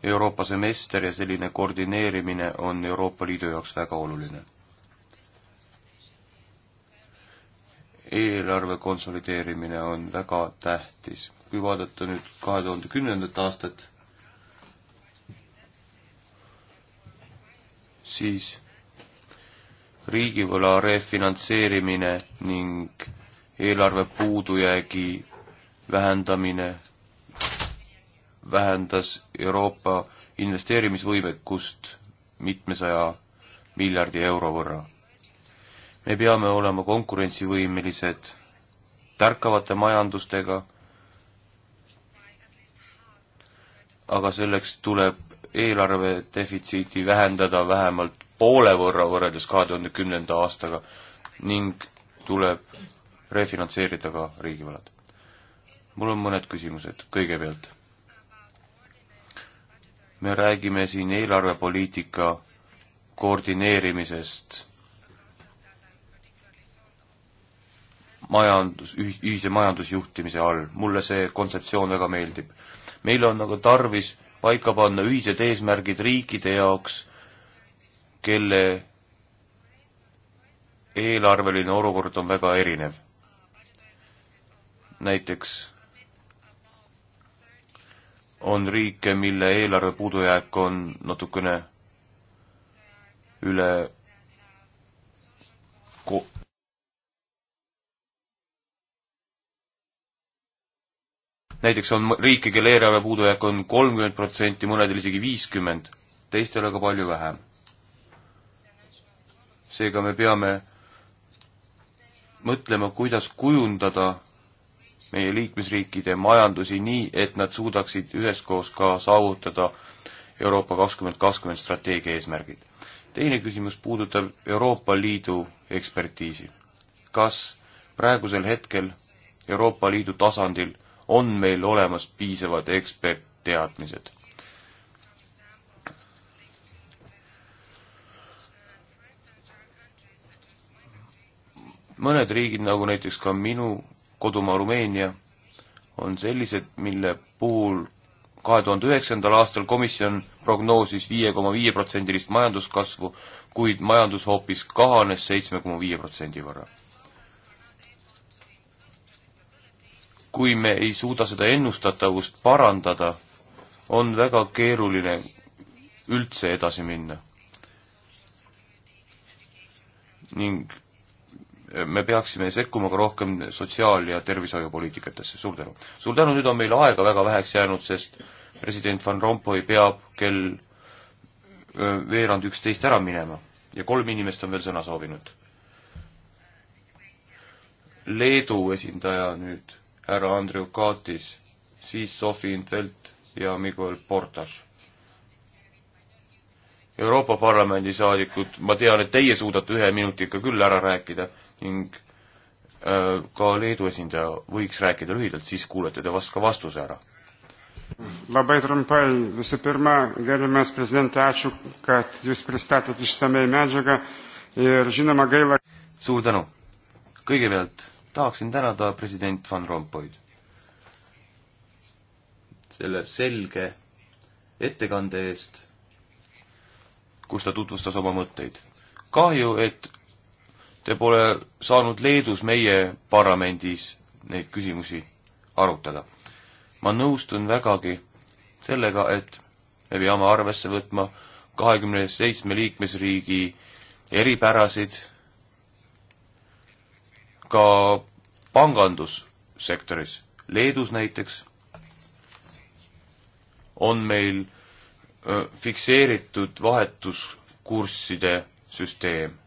S2: Euroopa semester ja selline koordineerimine on Euroopa Liidu jaoks väga oluline. eelarve konsolideerimine on väga tähtis. kui vaadata nüüd kahe tuhande kümnendat aastat, siis riigivõla refinantseerimine ning eelarve puudujäägi vähendamine vähendas Euroopa investeerimisvõimekust mitmesaja miljardi euro võrra. me peame olema konkurentsivõimelised tärkavate majandustega, aga selleks tuleb eelarve defitsiiti vähendada vähemalt poole võrra võrreldes kahe tuhande kümnenda aastaga ning tuleb refinantseerida ka riigivõlad. mul on mõned küsimused, kõigepealt. me räägime siin eelarvepoliitika koordineerimisest majandus, ühise majandusjuhtimise all, mulle see kontseptsioon väga meeldib. meil on aga tarvis paika panna ühised eesmärgid riikide jaoks, kelle eelarveline olukord on väga erinev näiteks on riike, mille eelarve puudujääk on natukene üle ko-, näiteks on riike, kelle eelarve puudujääk on kolmkümmend protsenti, mõnedel isegi viiskümmend, teistel aga palju vähem. seega me peame mõtlema, kuidas kujundada meie liikmesriikide majandusi nii, et nad suudaksid üheskoos ka saavutada Euroopa kakskümmend kakskümmend strateegia eesmärgid. teine küsimus puudutab Euroopa Liidu ekspertiisi. kas praegusel hetkel Euroopa Liidu tasandil on meil olemas piisavad ekspertteadmised? mõned riigid, nagu näiteks ka minu kodumaa Rumeenia on sellised, mille puhul kahe tuhande üheksandal aastal komisjon prognoosis viie koma viie protsendilist majanduskasvu, kuid majandus hoopis kahanes seitsme koma viie protsendi võrra. kui me ei suuda seda ennustatavust parandada, on väga keeruline üldse edasi minna. ning me peaksime sekkuma ka rohkem sotsiaal- ja tervishoiupoliitikatesse, suur tänu. suur tänu, nüüd on meil aega väga väheks jäänud, sest president Van Rompuy peab kell veerand üksteist ära minema ja kolm inimest on veel sõna soovinud. Leedu esindaja nüüd, härra Andriu Kaatis, siis Sofi Intvelt ja Miguel Portas Euroopa Parlamendi saadikud, ma tean, et teie suudate ühe minutiga küll ära rääkida, ning äh, ka Leedu esindaja võiks rääkida lühidalt, siis kuulete te vast ka vastuse ära. labai trumpai, visų pirma, gerbiamas president, ačiū, kad jūs pristatėt išsamei medžiagą ir žinoma gaila. suur tänu. kõigepealt tahaksin tänada president Van Rompuyd selle selge ettekande eest, kus ta tutvustas oma mõtteid. kahju, et Te pole saanud Leedus meie parlamendis neid küsimusi arutada. ma nõustun vägagi sellega, et me peame arvesse võtma kahekümne seitsme liikmesriigi eripärasid, ka pangandussektoris. Leedus näiteks on meil fikseeritud vahetuskursside süsteem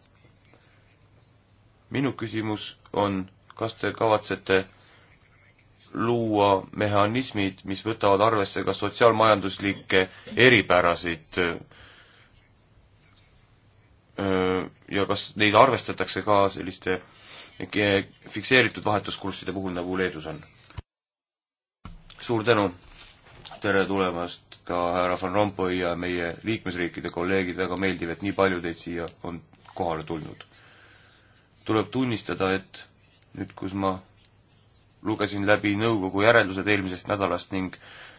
S2: minu küsimus on, kas te kavatsete luua mehhanismid, mis võtavad arvesse ka sotsiaalmajanduslikke eripärasid ja kas neid arvestatakse ka selliste fikseeritud vahetuskursside puhul, nagu Leedus on? suur tänu! tere tulemast ka härra Van Rompuy ja meie liikmesriikide kolleegid, väga meeldiv, et nii palju teid siia on kohale tulnud tuleb tunnistada, et nüüd, kus ma lugesin läbi nõukogu järeldused eelmisest nädalast ning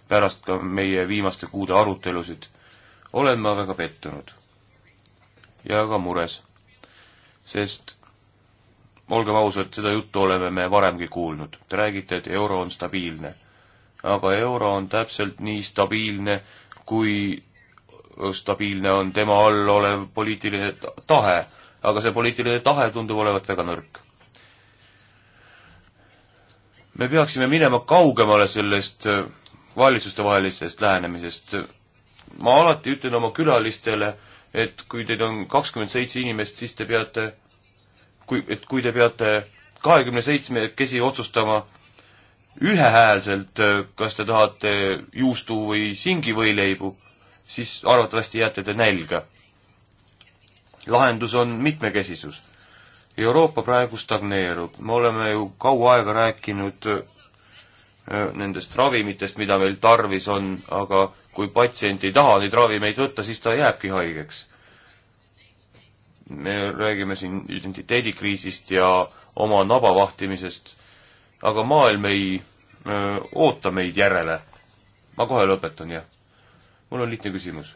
S2: pärast ka meie viimaste kuude arutelusid, olen ma väga pettunud ja ka mures, sest olgem ausad, seda juttu oleme me varemgi kuulnud. Te räägite, et euro on stabiilne. aga euro on täpselt nii stabiilne, kui stabiilne on tema all olev poliitiline tahe aga see poliitiline tahe tundub olevat väga nõrk. me peaksime minema kaugemale sellest äh, valitsustevahelisest lähenemisest. ma alati ütlen oma külalistele, et kui teid on kakskümmend seitse inimest, siis te peate, kui, et kui te peate kahekümne seitsmekesi otsustama ühehäälselt, äh, kas te tahate juustu või singivõileibu, siis arvatavasti jääte te nälga lahendus on mitmekesisus. Euroopa praegu stagneerub, me oleme ju kaua aega rääkinud äh, nendest ravimitest, mida meil tarvis on, aga kui patsient ei taha neid ravimeid võtta, siis ta jääbki haigeks. me räägime siin identiteedikriisist ja oma naba vahtimisest, aga maailm ei öö, äh, oota meid järele. ma kohe lõpetan, jah. mul on lihtne küsimus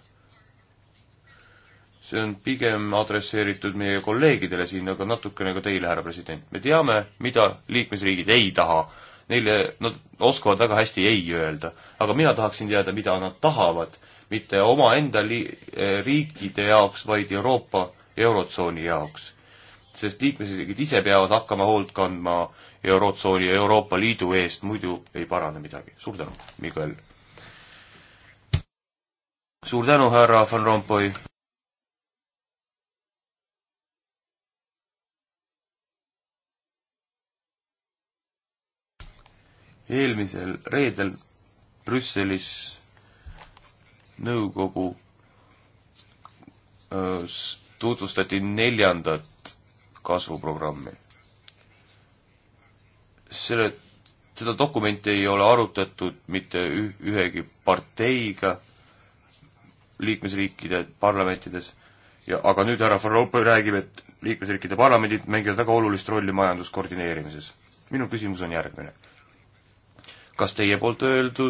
S2: see on pigem adresseeritud meie kolleegidele siin, aga natukene ka teile, härra president. me teame, mida liikmesriigid ei taha. Neile, nad oskavad väga hästi ei öelda, aga mina tahaksin teada, mida nad tahavad, mitte omaenda li-, eh, riikide jaoks, vaid Euroopa Eurotsooni jaoks. sest liikmesriigid ise peavad hakkama hoolt kandma Eurotsooni ja Euroopa Liidu eest, muidu ei parane midagi. suur tänu, Mikael! suur tänu, härra Van Rompuy! eelmisel reedel Brüsselis nõukogu tutvustati neljandat kasvuprogrammi. selle, seda dokumenti ei ole arutatud mitte ühegi parteiga liikmesriikide parlamentides ja, aga nüüd härra Farrope räägib, et liikmesriikide parlamendid mängivad väga olulist rolli majanduskoordineerimises. minu küsimus on järgmine kas teie poolt öeldu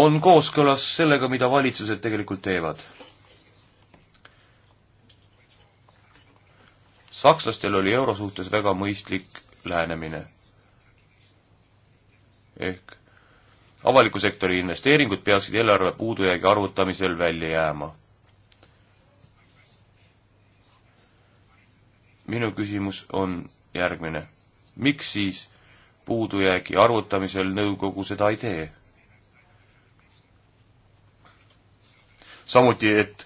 S2: on kooskõlas sellega, mida valitsused tegelikult teevad? sakslastel oli euro suhtes väga mõistlik lähenemine. ehk avaliku sektori investeeringud peaksid eelarve puudujäägi arvutamisel välja jääma. minu küsimus on järgmine. miks siis puudujäägi arvutamisel nõukogu seda ei tee. samuti, et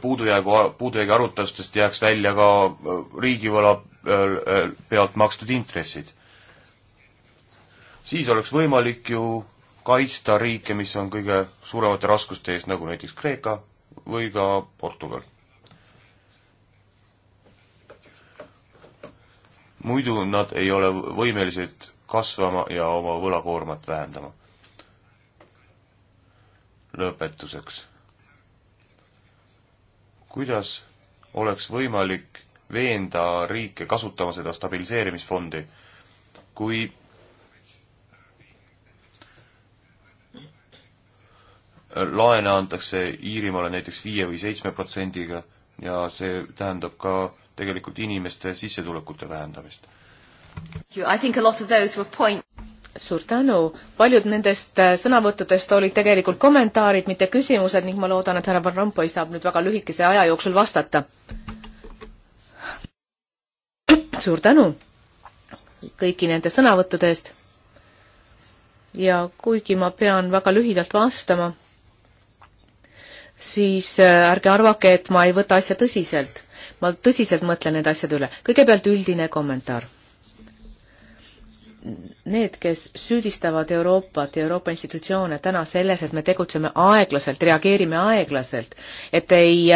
S2: puudujäägu, puudujäägi arvutustest jääks välja ka äh, riigivõla äh, äh, pealt makstud intressid. siis oleks võimalik ju kaitsta riike, mis on kõige suuremate raskuste ees, nagu näiteks Kreeka või ka Portugal. muidu nad ei ole võimelised kasvama ja oma võlakoormat vähendama. lõpetuseks. kuidas oleks võimalik veenda riike kasutama seda stabiliseerimisfondi, kui laene antakse Iirimaale näiteks viie või seitsme protsendiga ja see tähendab ka tegelikult inimeste sissetulekute vähendamist
S1: suur tänu, paljud nendest äh, sõnavõttudest olid tegelikult kommentaarid, mitte küsimused ning ma loodan, et härra Van Rompuy saab nüüd väga lühikese aja jooksul vastata. suur tänu kõigi nende sõnavõttude eest. ja kuigi ma pean väga lühidalt vastama, siis äh, ärge arvake, et ma ei võta asja tõsiselt. ma tõsiselt mõtlen need asjad üle. kõigepealt üldine kommentaar need, kes süüdistavad Euroopat ja Euroopa institutsioone täna selles, et me tegutseme aeglaselt, reageerime aeglaselt, et ei,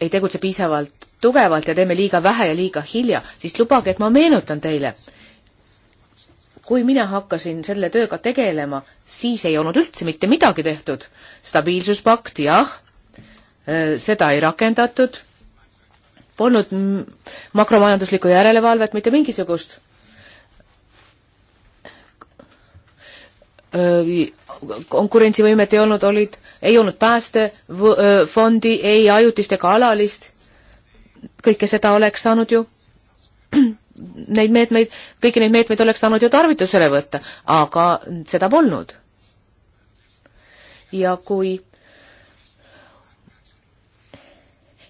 S1: ei tegutse piisavalt tugevalt ja teeme liiga vähe ja liiga hilja, siis lubage, et ma meenutan teile, kui mina hakkasin selle tööga tegelema, siis ei olnud üldse mitte midagi tehtud. stabiilsuspakt, jah, seda ei rakendatud, polnud makromajanduslikku järelevalvet, mitte mingisugust konkurentsivõimet ei olnud, olid, ei olnud päästefondi, ei ajutist ega alalist, kõike seda oleks saanud ju, neid meetmeid, kõiki neid meetmeid oleks saanud ju tarvitusele võtta, aga seda polnud. ja kui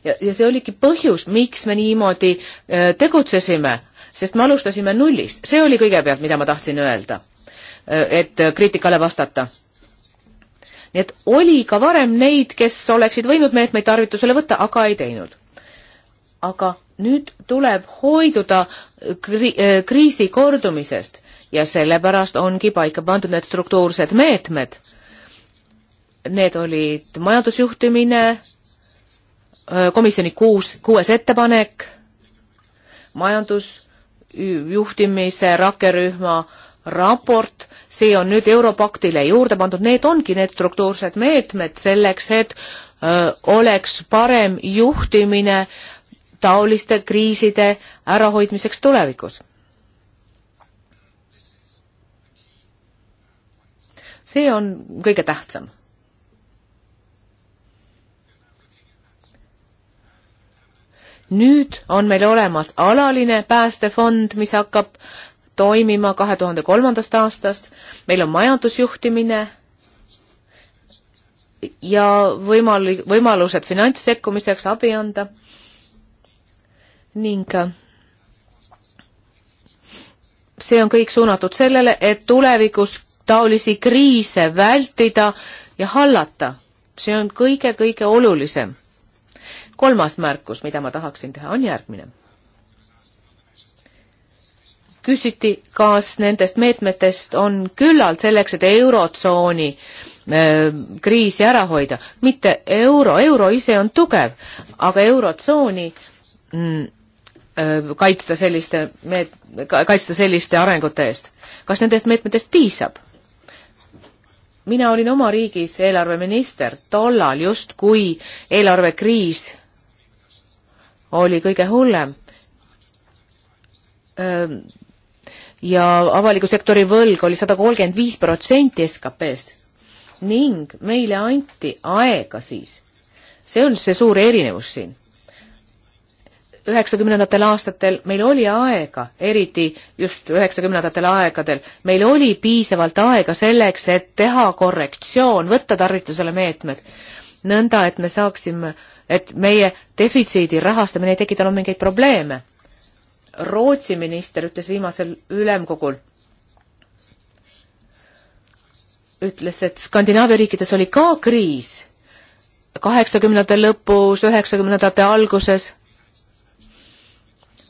S1: ja, ja see oligi põhjus, miks me niimoodi äh, tegutsesime, sest me alustasime nullist, see oli kõigepealt, mida ma tahtsin öelda Äh, et kriitikale vastata. nii et oli ka varem neid, kes oleksid võinud meetmeid tarvitusele võtta, aga ei teinud. aga nüüd tuleb hoiduda kri-, äh, kriisi kordumisest ja sellepärast ongi paika pandud need struktuursed meetmed. Need olid majandusjuhtimine, äh, komisjoni kuus, kuues ettepanek, majandusjuhtimise rakkerühma äh, raport, see on nüüd Europaktile juurde pandud, need ongi need struktuursed meetmed selleks, et öö, oleks parem juhtimine taoliste kriiside ärahoidmiseks tulevikus. see on kõige tähtsam nüüd on meil olemas alaline päästefond, mis hakkab toimima kahe tuhande kolmandast aastast, meil on majandusjuhtimine ja võimal-, võimalused finantssekkumiseks abi anda ning äh, see on kõik suunatud sellele, et tulevikus taolisi kriise vältida ja hallata. see on kõige-kõige olulisem. kolmas märkus, mida ma tahaksin teha, on järgmine küsiti, kas nendest meetmetest on küllalt selleks, et eurotsooni äh, kriisi ära hoida. mitte euro, euro ise on tugev, aga eurotsooni mm, äh, kaitsta selliste meet-, kaitsta selliste arengute eest. kas nendest meetmetest piisab? mina olin oma riigis eelarveminister tollal just, kui eelarvekriis oli kõige hullem äh, ja avaliku sektori võlg oli sada kolmkümmend viis protsenti SKP-st ning meile anti aega siis. see on see suur erinevus siin. üheksakümnendatel aastatel meil oli aega, eriti just üheksakümnendatel aegadel, meil oli piisavalt aega selleks, et teha korrektsioon, võtta tarvitusele meetmed, nõnda et me saaksime, et meie defitsiidi rahastamine ei tekitanud mingeid probleeme Rootsi minister ütles viimasel ülemkogul, ütles, et Skandinaavia riikides oli ka kriis kaheksakümnendate lõpus, üheksakümnendate alguses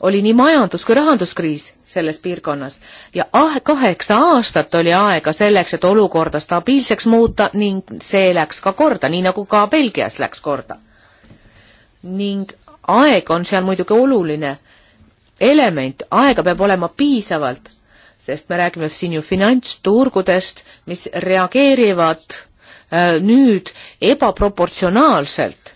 S1: oli nii majandus kui rahanduskriis selles piirkonnas ja ah, kaheksa aastat oli aega selleks, et olukorda stabiilseks muuta ning see läks ka korda, nii nagu ka Belgias läks korda. ning aeg on seal muidugi oluline element, aega peab olema piisavalt, sest me räägime siin ju finantsturgudest, mis reageerivad äh, nüüd ebaproportsionaalselt.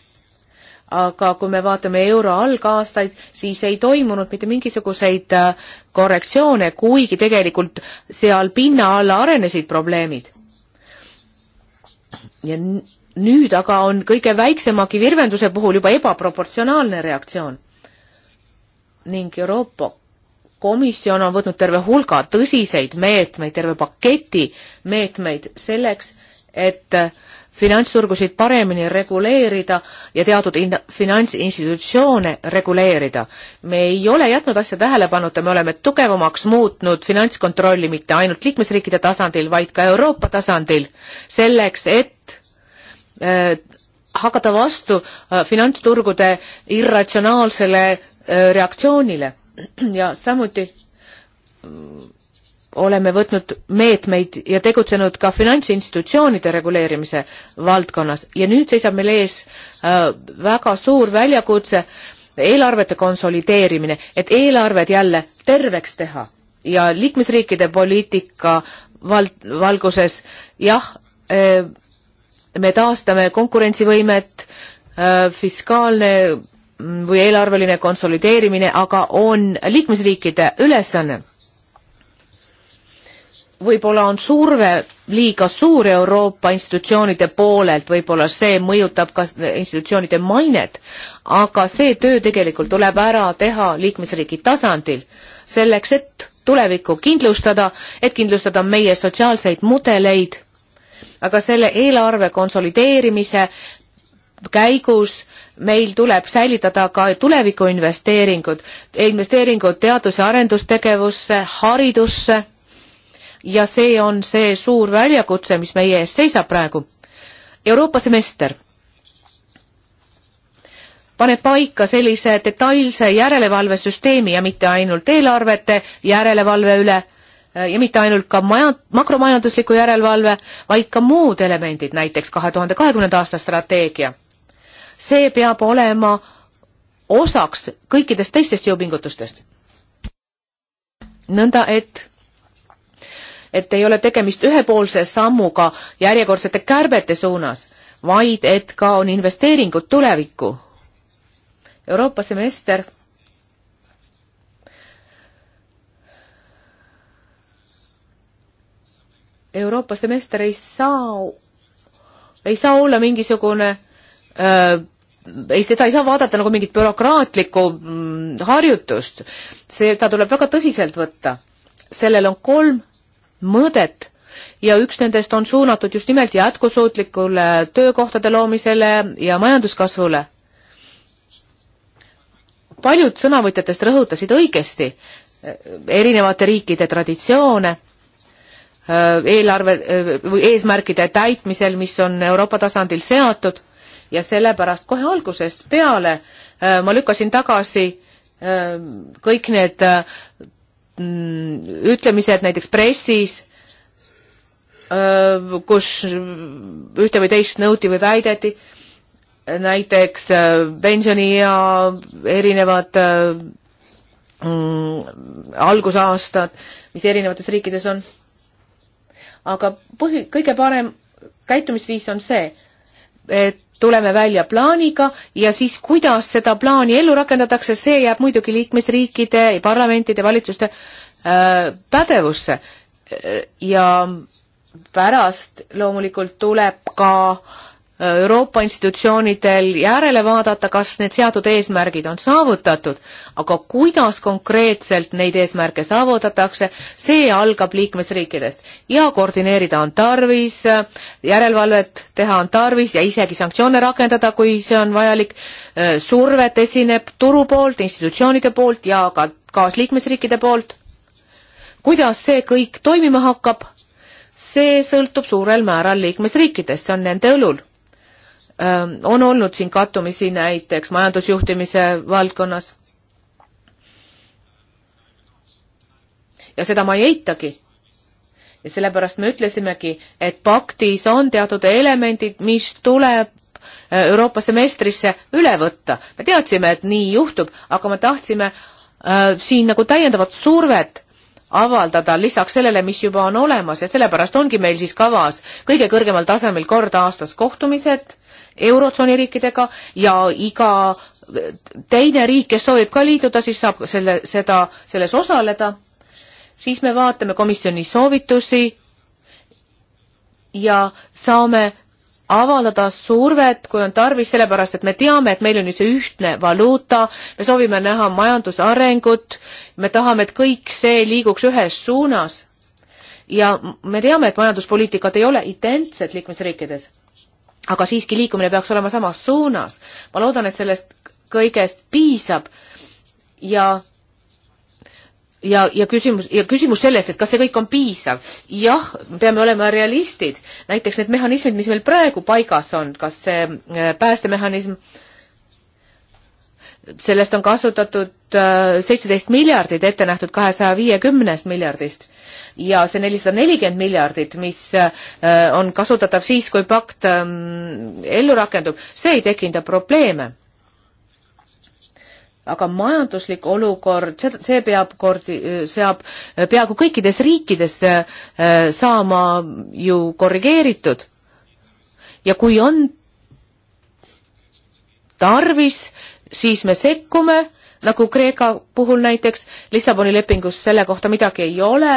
S1: aga kui me vaatame euro algaastaid, siis ei toimunud mitte mingisuguseid äh, korrektsioone, kuigi tegelikult seal pinna alla arenesid probleemid. ja nüüd aga on kõige väiksemagi virvenduse puhul juba ebaproportsionaalne reaktsioon ning Euroopa Komisjon on võtnud terve hulga tõsiseid meetmeid, terve paketi meetmeid selleks, et finantsturgusid paremini reguleerida ja teatud finantsinstitutsioone reguleerida. me ei ole jätnud asja tähelepanuta, me oleme tugevamaks muutnud finantskontrolli mitte ainult liikmesriikide tasandil, vaid ka Euroopa tasandil, selleks et äh, hakata vastu äh, finantsturgude irratsionaalsele äh, reaktsioonile ja samuti äh, oleme võtnud meetmeid ja tegutsenud ka finantsinstitutsioonide reguleerimise valdkonnas ja nüüd seisab meil ees väga suur väljakutse eelarvete konsolideerimine, et eelarved jälle terveks teha ja liikmesriikide poliitika val-, valguses jah, me taastame konkurentsivõimet, äh, fiskaalne või eelarveline konsolideerimine aga on liikmesriikide ülesanne. võib-olla on surve liiga suur Euroopa institutsioonide poolelt, võib-olla see mõjutab ka institutsioonide mainet, aga see töö tegelikult tuleb ära teha liikmesriigi tasandil, selleks et tulevikku kindlustada, et kindlustada meie sotsiaalseid mudeleid aga selle eelarve konsolideerimise käigus meil tuleb säilitada ka tulevikuinvesteeringud, investeeringud teadus- ja arendustegevusse, haridusse ja see on see suur väljakutse, mis meie ees seisab praegu. Euroopa semester paneb paika sellise detailse järelevalvesüsteemi ja mitte ainult eelarvete järelevalve üle, Äh, ja mitte ainult ka maja, makromajandusliku järelevalve, vaid ka muud elemendid, näiteks kahe tuhande kahekümnenda aasta strateegia. see peab olema osaks kõikidest teistest jõupingutustest. nõnda, et et ei ole tegemist ühepoolse sammuga järjekordsete kärbete suunas, vaid et ka on investeeringud tulevikku. Euroopa semester Euroopa semester ei saa, ei saa olla mingisugune öö, äh, ei, seda ei saa vaadata nagu mingit bürokraatlikku mm, harjutust, seda tuleb väga tõsiselt võtta. sellel on kolm mõõdet ja üks nendest on suunatud just nimelt jätkusuutlikule töökohtade loomisele ja majanduskasvule. paljud sõnavõtjatest rõhutasid õigesti äh, erinevate riikide traditsioone Äh, eelarve äh, eesmärkide täitmisel, mis on Euroopa tasandil seatud ja sellepärast kohe algusest peale äh, ma lükkasin tagasi kõik need ütlemised näiteks pressis, kus ühte või teist nõuti või väideti, näiteks pensioniea erinevad mm, algusaastad, mis erinevates riikides on aga põhi, kõige parem käitumisviis on see, et tuleme välja plaaniga ja siis, kuidas seda plaani ellu rakendatakse, see jääb muidugi liikmesriikide, parlamentide, valitsuste äh, pädevusse. Äh, ja pärast loomulikult tuleb ka äh, Euroopa institutsioonidel järele vaadata, kas need seatud eesmärgid on saavutatud, aga kuidas konkreetselt neid eesmärke saavutatakse, see algab liikmesriikidest ja koordineerida on tarvis, järelevalvet teha on tarvis ja isegi sanktsioone rakendada, kui see on vajalik. survet esineb turu poolt, institutsioonide poolt ja ka kaasliikmesriikide poolt. kuidas see kõik toimima hakkab? see sõltub suurel määral liikmesriikidest, see on nende õlul Ähm, on olnud siin kattumisi näiteks majandusjuhtimise valdkonnas. ja seda ma ei eitagi. ja sellepärast me ütlesimegi, et paktis on teatud elemendid, mis tuleb äh, Euroopa semestrisse üle võtta. me teadsime, et nii juhtub, aga me tahtsime äh, siin nagu täiendavat survet avaldada lisaks sellele, mis juba on olemas ja sellepärast ongi meil siis kavas kõige kõrgemal tasemel kord aastas kohtumised Eurotsooni riikidega ja iga teine riik, kes soovib ka liituda, siis saab selle, seda, selles osaleda, siis me vaatame komisjoni soovitusi ja saame avaldada survet, kui on tarvis, sellepärast et me teame, et meil on nüüd see ühtne valuuta, me soovime näha majandusarengut, me tahame, et kõik see liiguks ühes suunas. ja me teame, et majanduspoliitikad ei ole identsed liikmesriikides aga siiski liikumine peaks olema samas suunas. ma loodan, et sellest kõigest piisab ja ja, ja küsimus, ja küsimus sellest, et kas see kõik on piisav. jah, me peame olema realistid, näiteks need mehhanismid, mis meil praegu paigas on, kas see äh, päästemehhanism äh, sellest on kasutatud äh, seitseteist miljardit ette nähtud kahesaja viiekümnest miljardist ja see nelisada nelikümmend miljardit, mis äh, on kasutatav siis, kui pakt ähm, ellu rakendub, see ei tekita probleeme. aga majanduslik olukord, see peab kordi, seab äh, peaaegu kõikides riikides saama ju korrigeeritud. ja kui on tarvis, siis me sekkume, nagu Kreeka puhul näiteks, Lissaboni lepingus selle kohta midagi ei ole.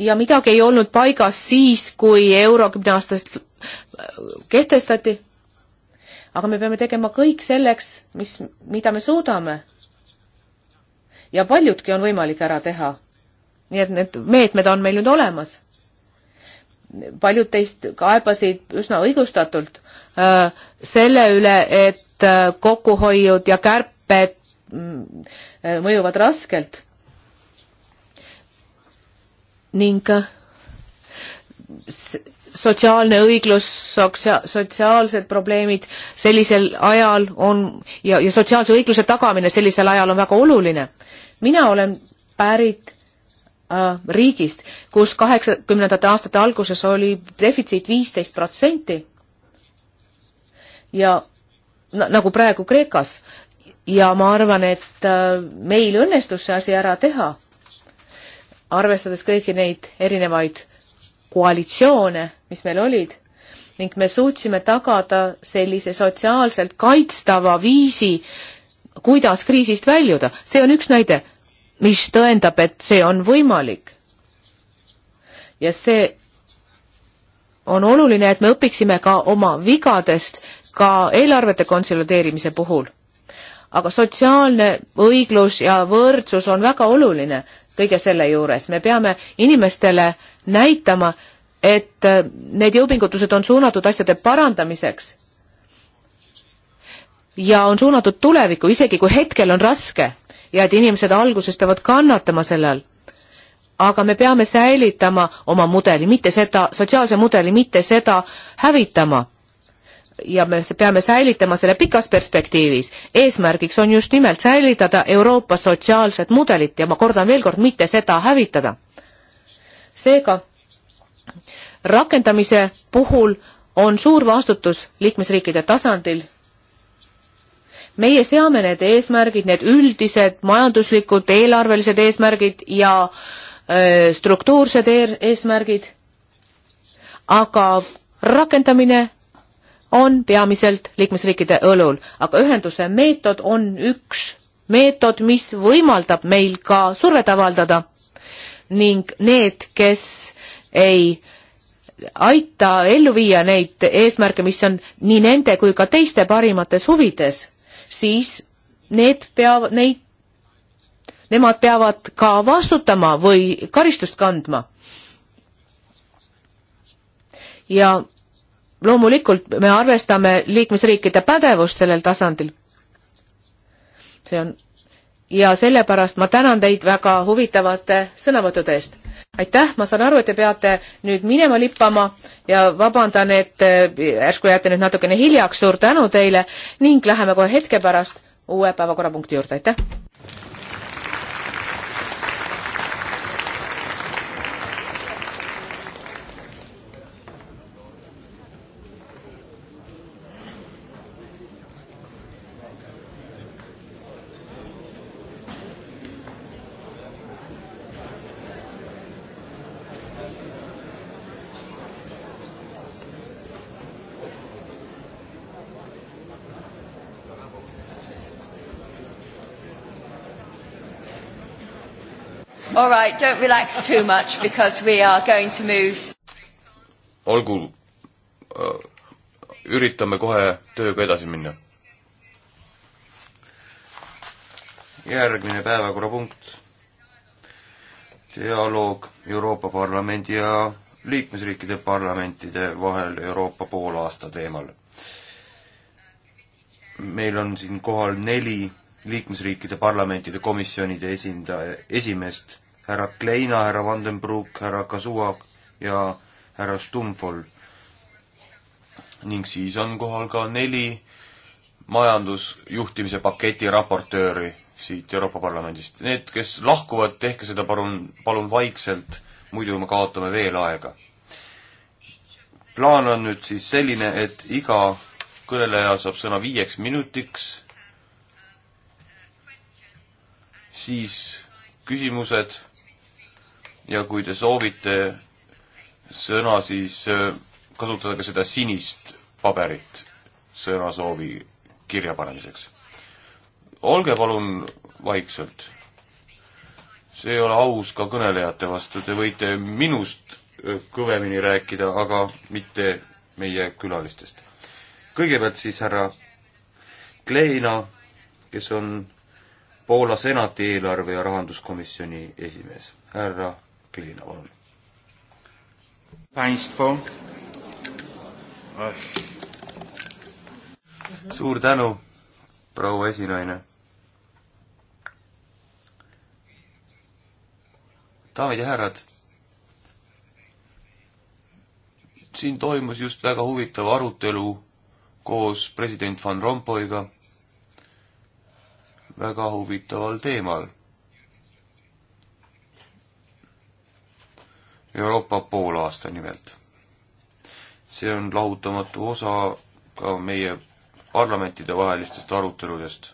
S1: ja midagi ei olnud paigas siis, kui euro kümne aastast kehtestati. aga me peame tegema kõik selleks, mis, mida me suudame. ja paljudki on võimalik ära teha. nii et need meetmed on meil nüüd olemas paljud teist kaebasid üsna õigustatult Äh, selle üle, et äh, kokkuhoiud ja kärped mm, äh, mõjuvad raskelt. ning sotsiaalne õiglus, sotsia-, sotsiaalsed probleemid sellisel ajal on ja, ja sotsiaalse õigluse tagamine sellisel ajal on väga oluline. mina olen pärit äh, riigist, kus kaheksakümnendate aastate alguses oli defitsiit viisteist protsenti ja nagu praegu Kreekas ja ma arvan, et äh, meil õnnestus see asi ära teha, arvestades kõiki neid erinevaid koalitsioone, mis meil olid, ning me suutsime tagada sellise sotsiaalselt kaitstava viisi, kuidas kriisist väljuda. see on üks näide, mis tõendab, et see on võimalik. ja see on oluline, et me õpiksime ka oma vigadest ka eelarvete konsolideerimise puhul. aga sotsiaalne õiglus ja võrdsus on väga oluline kõige selle juures. me peame inimestele näitama, et äh, need jõupingutused on suunatud asjade parandamiseks ja on suunatud tulevikku, isegi kui hetkel on raske ja et inimesed alguses peavad kannatama selle all. aga me peame säilitama oma mudeli, mitte seda, sotsiaalse mudeli, mitte seda hävitama ja me peame säilitama selle pikas perspektiivis. eesmärgiks on just nimelt säilitada Euroopa sotsiaalset mudelit ja ma kordan veel kord, mitte seda hävitada. seega rakendamise puhul on suur vastutus liikmesriikide tasandil. meie seame need eesmärgid, need üldised majanduslikud, eelarvelised eesmärgid ja öö, struktuursed eesmärgid, aga rakendamine on peamiselt liikmesriikide õlul, aga ühenduse meetod on üks meetod, mis võimaldab meil ka survet avaldada ning need, kes ei aita ellu viia neid eesmärke, mis on nii nende kui ka teiste parimates huvides, siis need peavad, neid, nemad peavad ka vastutama või karistust kandma. ja loomulikult me arvestame liikmesriikide pädevust sellel tasandil. see on ja sellepärast ma tänan teid väga huvitavate sõnavõttude eest. aitäh, ma saan aru, et te peate nüüd minema lippama ja vabandan, et eh, järsku jääte nüüd natukene hiljaks, suur tänu teile ning läheme kohe hetke pärast uue päevakorrapunkti juurde, aitäh!
S2: All right, don't relax too much because we are going to move. olgu, äh, üritame kohe tööga edasi minna. järgmine päevakorrapunkt. dialoog Euroopa Parlamendi ja liikmesriikide parlamentide vahel Euroopa poolaasta teemal. meil on siin kohal neli liikmesriikide parlamentide komisjonide esindaja, esimeest härra Kleina, härra Vandenbruck, härra Kasua ja härra Stumfoll. ning siis on kohal ka neli majandusjuhtimise paketi raportööri siit Euroopa Parlamendist. Need, kes lahkuvad, tehke seda palun, palun vaikselt, muidu me kaotame veel aega. plaan on nüüd siis selline, et iga kõneleja saab sõna viieks minutiks, siis küsimused ja kui te soovite sõna, siis äh, kasutada ka seda sinist paberit sõnasoovi kirja panemiseks. olge palun vaikselt. see ei ole aus ka kõnelejate vastu, te võite minust äh, kõvemini rääkida, aga mitte meie külalistest. kõigepealt siis härra Kleina, kes on Poola senati eelarve- ja rahanduskomisjoni esimees. härra Kliina, palun. Państwo. suur tänu, proua esinaine. daamid ja härrad siin toimus just väga huvitav arutelu koos president Van Rompuyga väga huvitaval teemal Euroopa poolaasta nimelt. see on lahutamatu osa ka meie parlamentide vahelistest aruteludest,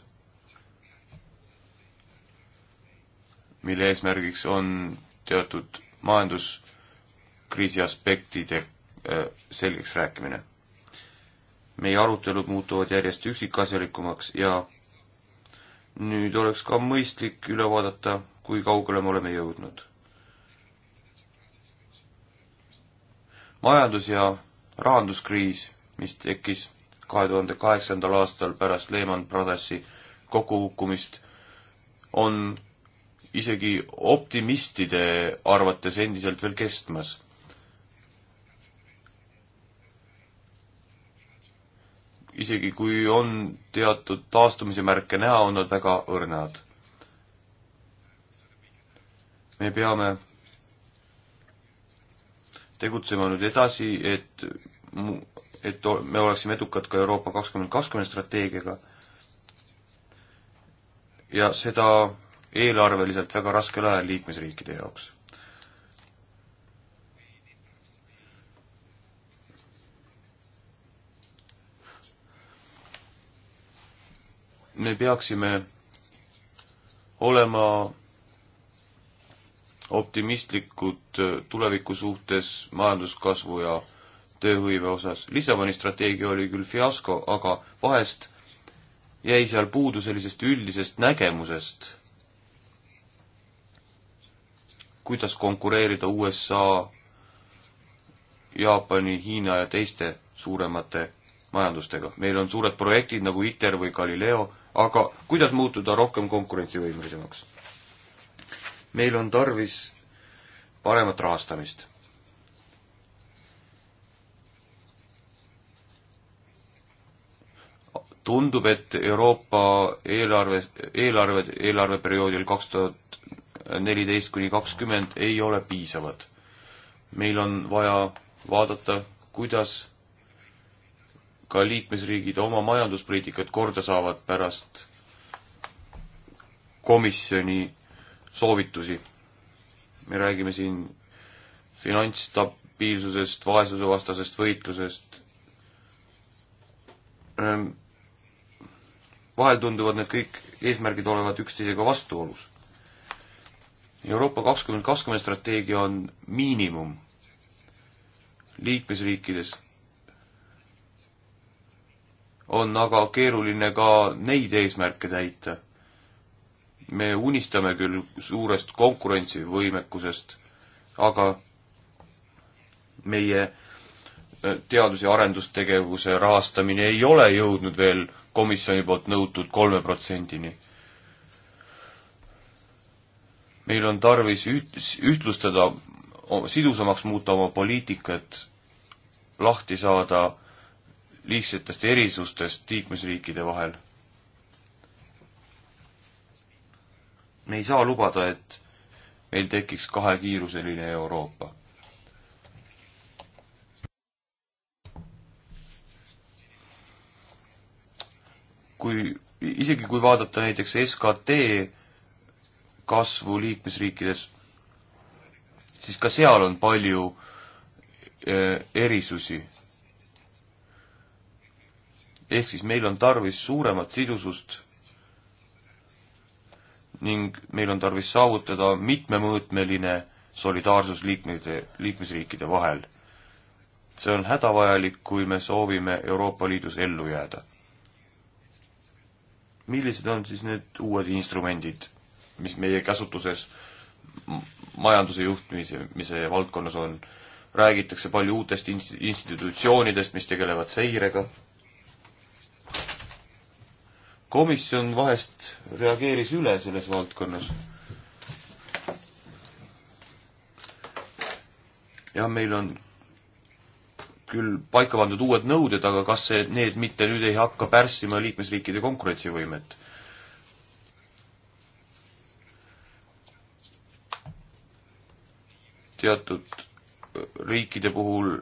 S2: mille eesmärgiks on teatud majanduskriisi aspektide äh, selgeks rääkimine. meie arutelud muutuvad järjest üksikasjalikumaks ja nüüd oleks ka mõistlik üle vaadata, kui kaugele me oleme jõudnud majandus- ja rahanduskriis, mis tekkis kahe tuhande kaheksandal aastal pärast Lehman Brothersi kokkukukkumist, on isegi optimistide arvates endiselt veel kestmas. isegi kui on teatud taastumise märke näha, on nad väga õrnad. me peame tegutsema nüüd edasi, et mu, et me oleksime edukad ka Euroopa kakskümmend kakskümmend strateegiaga. ja seda eelarveliselt väga raskel ajal liikmesriikide jaoks. me peaksime olema optimistlikud äh, tuleviku suhtes majanduskasvu ja tööhõive osas. Lissaboni strateegia oli küll fiasko, aga vahest jäi seal puudu sellisest üldisest nägemusest, kuidas konkureerida USA, Jaapani, Hiina ja teiste suuremate majandustega. meil on suured projektid nagu ITER või Galileo, aga kuidas muutuda rohkem konkurentsivõimelisemaks? meil on tarvis paremat rahastamist. tundub, et Euroopa eelarve, eelarved eelarveperioodil kaks tuhat neliteist kuni kakskümmend ei ole piisavad. meil on vaja vaadata, kuidas ka liikmesriigid oma majanduspoliitikat korda saavad pärast komisjoni soovitusi. me räägime siin finantsstabiilsusest, vaesusevastasest võitlusest. vahel tunduvad need kõik eesmärgid olevat üksteisega vastuolus. Euroopa kakskümmend kakskümmend strateegia on miinimum liikmesriikides on aga keeruline ka neid eesmärke täita me unistame küll suurest konkurentsivõimekusest, aga meie äh, teadus- ja arendustegevuse rahastamine ei ole jõudnud veel komisjoni poolt nõutud kolme protsendini. meil on tarvis üht-, ühtlustada, sidusamaks muuta oma poliitikat, lahti saada liigsetest erisustest liikmesriikide vahel me ei saa lubada, et meil tekiks kahekiiruseline Euroopa. kui, isegi kui vaadata näiteks SKT kasvu liikmesriikides, siis ka seal on palju eh, erisusi. ehk siis meil on tarvis suuremat sidusust ning meil on tarvis saavutada mitmemõõtmeline solidaarsus liikmete, liikmesriikide vahel. see on hädavajalik, kui me soovime Euroopa Liidus ellu jääda. millised on siis need uued instrumendid, mis meie käsutuses majanduse juhtimise valdkonnas on? räägitakse palju uutest institutsioonidest, mis tegelevad seirega komisjon vahest reageeris üle selles valdkonnas. jah, meil on küll paika pandud uued nõuded, aga kas see, need mitte nüüd ei hakka pärssima liikmesriikide konkurentsivõimet? teatud riikide puhul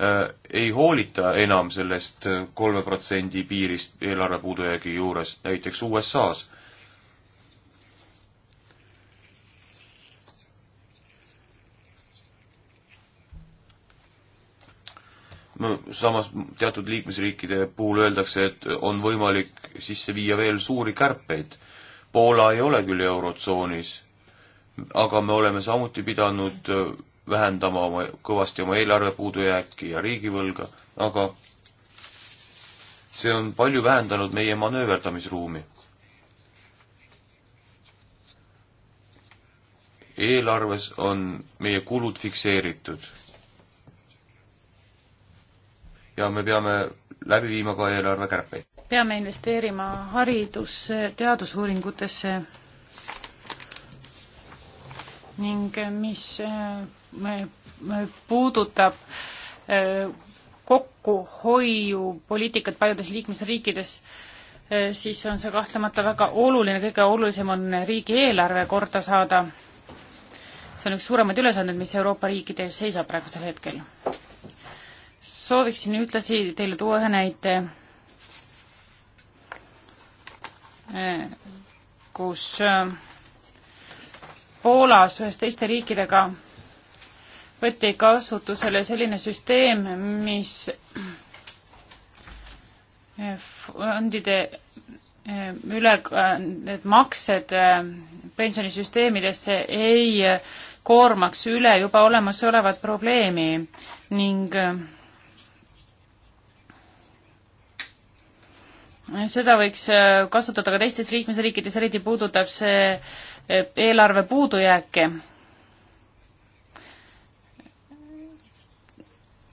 S2: Äh, ei hoolita enam sellest kolme protsendi piirist eelarve puudujäägi juures, näiteks USA-s. samas teatud liikmesriikide puhul öeldakse, et on võimalik sisse viia veel suuri kärpeid. Poola ei ole küll Eurotsoonis, aga me oleme samuti pidanud äh, vähendama oma, kõvasti oma eelarve puudujääki ja riigivõlga, aga see on palju vähendanud meie manööverdamisruumi. eelarves on meie kulud fikseeritud. ja me peame läbi viima ka eelarvekärpeid.
S3: peame investeerima haridusse, teadusuuringutesse ning mis puudutab eh, kokkuhoiupoliitikat paljudes liikmesriikides, eh, siis on see kahtlemata väga oluline, kõige olulisem on riigieelarve korda saada. see on üks suuremaid ülesandeid, mis Euroopa riikide ees seisab praegusel hetkel. sooviksin ühtlasi teile tuua ühe näite, eh, kus Poolas ühes teiste riikidega võeti kasutusele selline süsteem, mis fondide üle, need maksed pensionisüsteemidesse ei koormaks üle juba olemasolevat probleemi ning seda võiks kasutada ka teistes liikmesriikides, eriti puudutab see eelarve puudujääke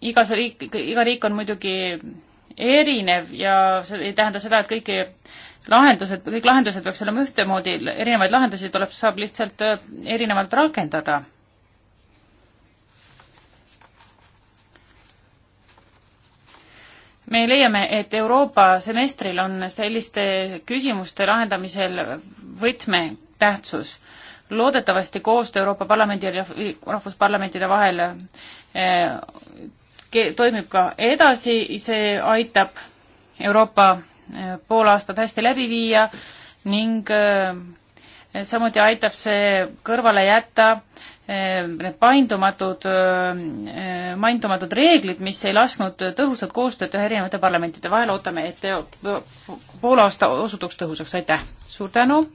S3: igas riik, iga riik on muidugi erinev ja see ei tähenda seda, et kõiki lahendused, kõik lahendused peaks olema ühtemoodi, erinevaid lahendusi tuleb, saab lihtsalt äh, erinevalt rakendada. me leiame, et Euroopa semestril on selliste küsimuste lahendamisel võtmetähtsus. loodetavasti koostöö Euroopa Parlamendi ja rahvusparlamentide vahel äh, toimib ka edasi, see aitab Euroopa äh, pool aastat hästi läbi viia ning äh, samuti aitab see kõrvale jätta äh, need paindumatud, paindumatud reeglid, mis ei lasknud tõhusat koostööd teha erinevate parlamentide vahel, ootame, et poolaasta osutuks tõhusaks, aitäh! suur tänu!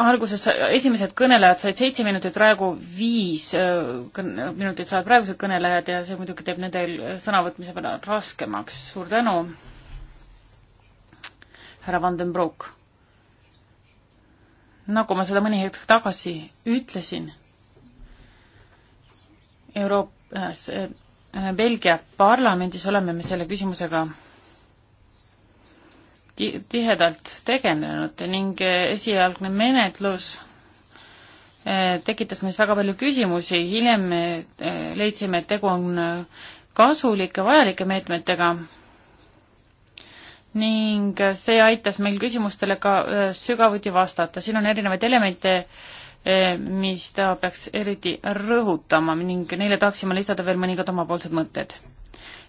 S3: alguses esimesed kõnelejad said seitse minutit, praegu viis äh, minutit saavad praegused kõnelejad ja see muidugi teeb nendel sõnavõtmise peale raskemaks. suur tänu, härra Vandenbroek. nagu ma seda mõni hetk tagasi ütlesin, Euroopa äh, äh,, Belgia parlamendis oleme me selle küsimusega tihedalt tegelenud ning esialgne menetlus eh, tekitas meis väga palju küsimusi, hiljem me eh, leidsime, et tegu on eh, kasulike, vajalike meetmetega ning see aitas meil küsimustele ka sügavuti vastata, siin on erinevaid elemente, mis ta peaks eriti rõhutama ning neile tahaksime lisada veel mõningad omapoolsed mõtted.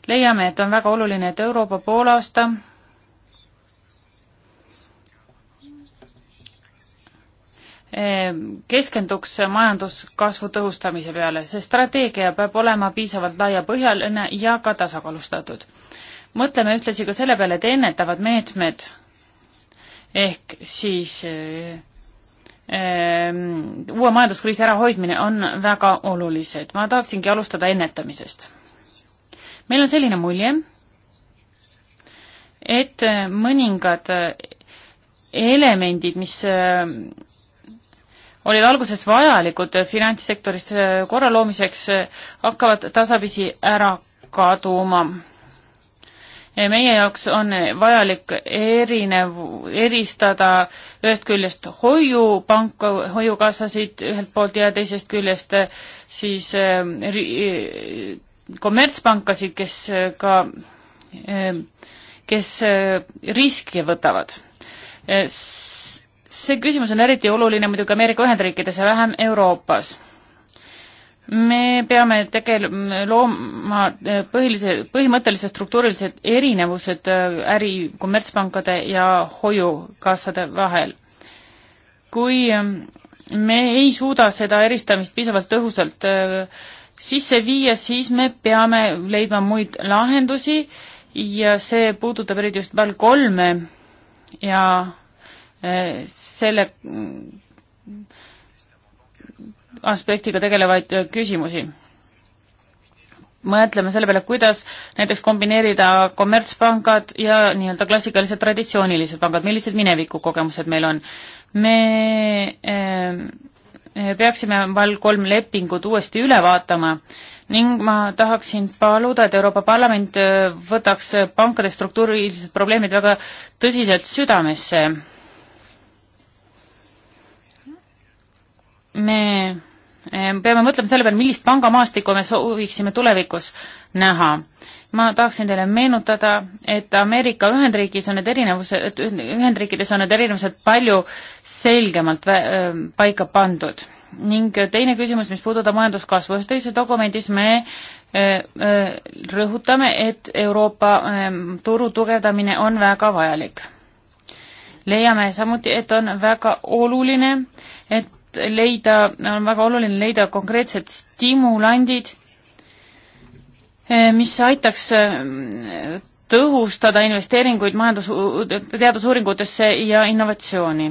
S3: leiame, et on väga oluline, et Euroopa poolaasta Ehm, keskenduks majanduskasvu tõhustamise peale, see strateegia peab olema piisavalt laiapõhjaline ja ka tasakaalustatud. mõtleme ühtlasi ka selle peale, et ennetavad meetmed ehk siis eh, eh, uue majanduskriisi ärahoidmine on väga olulised. ma tahaksingi alustada ennetamisest. meil on selline mulje, et mõningad elemendid, mis olid alguses vajalikud finantssektoris äh, korra loomiseks, äh, hakkavad tasapisi ära kaduma. meie jaoks on vajalik erinev, eristada ühest küljest hoiupanku, hoiukassasid ühelt poolt ja teisest küljest äh, siis ri-, kommertspankasid, kes ka, kes riske võtavad S see küsimus on eriti oluline muidugi Ameerika Ühendriikides ja vähem Euroopas. me peame tegel-, looma põhilise, põhimõttelised struktuurilised erinevused äh, äri, kommertspankade ja hoiukassade vahel. kui ähm, me ei suuda seda eristamist piisavalt tõhusalt äh, sisse viia, siis me peame leidma muid lahendusi ja see puudutab eriti just veel kolme ja selle aspektiga tegelevaid küsimusi. mõtleme selle peale, kuidas näiteks kombineerida kommertspangad ja nii-öelda klassikalised traditsioonilised pangad, millised minevikukogemused meil on. me eh, peaksime val kolm lepingut uuesti üle vaatama ning ma tahaksin paluda, et Euroopa Parlament võtaks pankade struktuurilised probleemid väga tõsiselt südamesse me peame mõtlema selle peale, millist pangamaastikku me sooviksime tulevikus näha. ma tahaksin teile meenutada, et Ameerika Ühendriigis on need erinevused, Ühendriikides on need erinevused palju selgemalt paika pandud. ning teine küsimus, mis puudutab majanduskasvu, siis teises dokumendis me rõhutame, et Euroopa turu tugevdamine on väga vajalik. leiame samuti, et on väga oluline, et et leida, on väga oluline leida konkreetsed stimulandid, eh, mis aitaks eh, tõhustada investeeringuid majandus, teadusuuringutesse ja innovatsiooni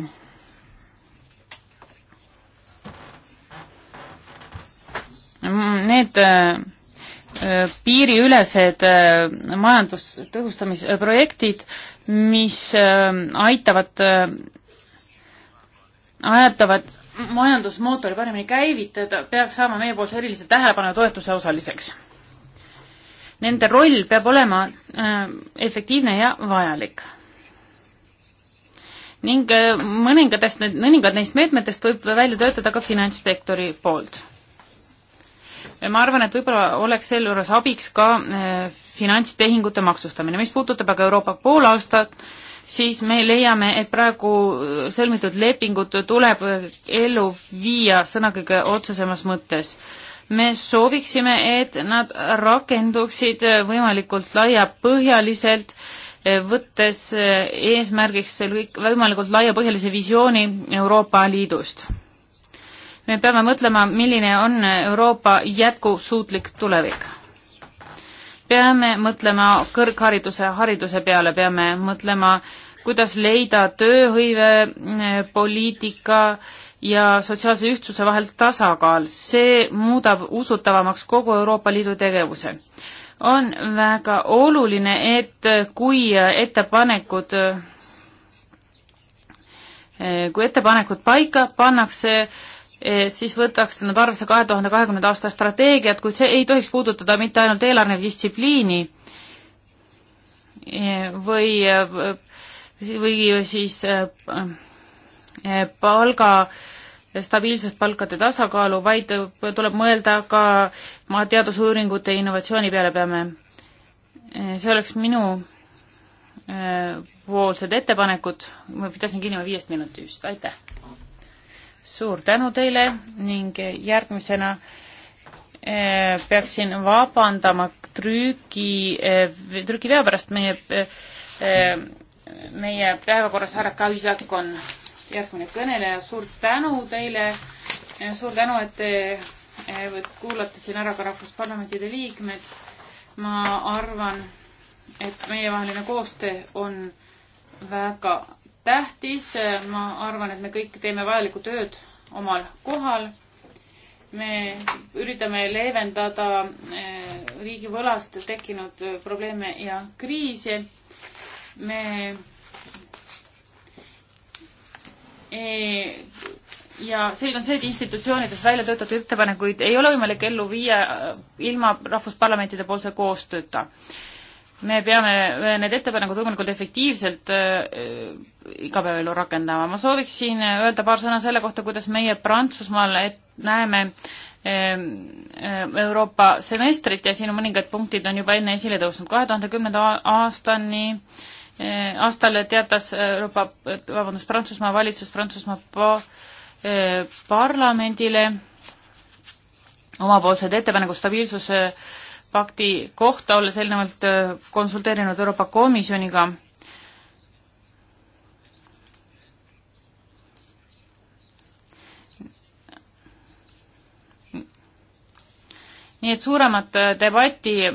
S3: need eh, piiriülesed majandustõhustamisprojektid, mis aitavad, aitavad majandusmootori paremini käivitada, peaks saama meiepoolse erilise tähelepanu toetuse osaliseks. Nende roll peab olema äh, efektiivne ja vajalik. ning äh, mõningatest, mõningad neist meetmetest võib välja töötada ka finantssektori poolt. ma arvan, et võib-olla oleks sealjuures abiks ka äh, finantstehingute maksustamine, mis puudutab aga Euroopa poolaastat, siis me leiame, et praegu sõlmitud lepingut tuleb ellu viia sõna kõige otsesemas mõttes. me sooviksime, et nad rakenduksid võimalikult laiapõhjaliselt, võttes eesmärgiks võimalikult laiapõhjalise visiooni Euroopa Liidust. me peame mõtlema, milline on Euroopa jätkusuutlik tulevik peame mõtlema kõrghariduse, hariduse peale, peame mõtlema, kuidas leida tööhõive eh, poliitika ja sotsiaalse ühtsuse vahel tasakaal, see muudab usutavamaks kogu Euroopa Liidu tegevuse. on väga oluline, et kui ettepanekud eh, kui ettepanekud paika pannakse, siis võtaks nad arvesse kahe tuhande kahekümnenda aasta strateegiat, kuid see ei tohiks puudutada mitte ainult eelarvedistsipliini eh, või, eh, või siis eh, palga stabiilsust, palkade tasakaalu, vaid tuleb mõelda ka ma teadusuuringute ja innovatsiooni peale peame. see oleks minu poolsed ettepanekud, ma pidasin kinni oma viiest minutist, aitäh! suur tänu teile ning järgmisena eh, peaksin vabandama trüki, eh, trükivea pärast meie, eh, meie päevakorras härra Kaisak on järgmine kõneleja, suur tänu teile, suur tänu, et te kuulate siin ära ka Rahvusparlamentide liikmed. ma arvan, et meievaheline koostöö on väga tähtis, ma arvan, et me kõik teeme vajalikku tööd omal kohal. me üritame leevendada eh, riigi võlast tekkinud probleeme ja kriise. me eh, ja selge on see, et institutsioonides välja töötatud ettepanekuid ei ole võimalik ellu viia eh, ilma rahvusparlamentide poolse koostööta me peame need ettepanekud võimalikult efektiivselt äh, igapäevaelu rakendama. ma sooviksin öelda paar sõna selle kohta, kuidas meie Prantsusmaal näeme ähm, äh, Euroopa semestrit ja siin mõningad punktid on juba enne esile tõusnud. kahe tuhande kümnenda aastani, äh, aastal teatas Euroopa, vabandust, Prantsusmaa valitsus Prantsusmaa pa, äh, parlamendile omapoolsed ettepanekud stabiilsuse äh, pakti kohta, olles eelnevalt äh, konsulteerinud Euroopa Komisjoniga, nii et suuremat äh, debatti äh,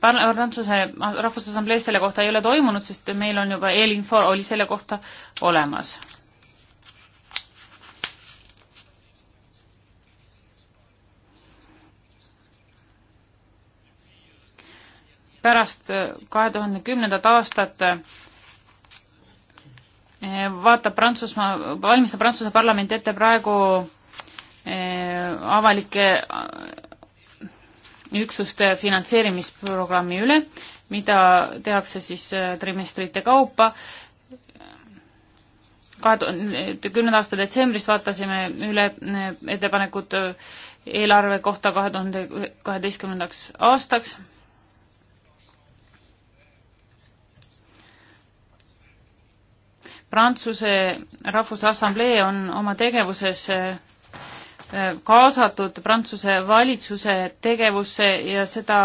S3: Prantsuse Rahvusassamblees selle kohta ei ole toimunud, sest meil on juba eelinfo oli selle kohta olemas pärast äh, kahe tuhande kümnendat aastat äh, vaatab Prantsusmaa, valmistab Prantsuse parlament ette praegu äh, avalike üksuste finantseerimisprogrammi üle, mida tehakse siis trimestrite kaupa. kahe tuhande kümnenda aasta detsembris vaatasime üle ettepanekud eelarve kohta kahe tuhande kaheteistkümnendaks aastaks Prantsuse Rahvusassamblee on oma tegevuses äh, kaasatud Prantsuse valitsuse tegevusse ja seda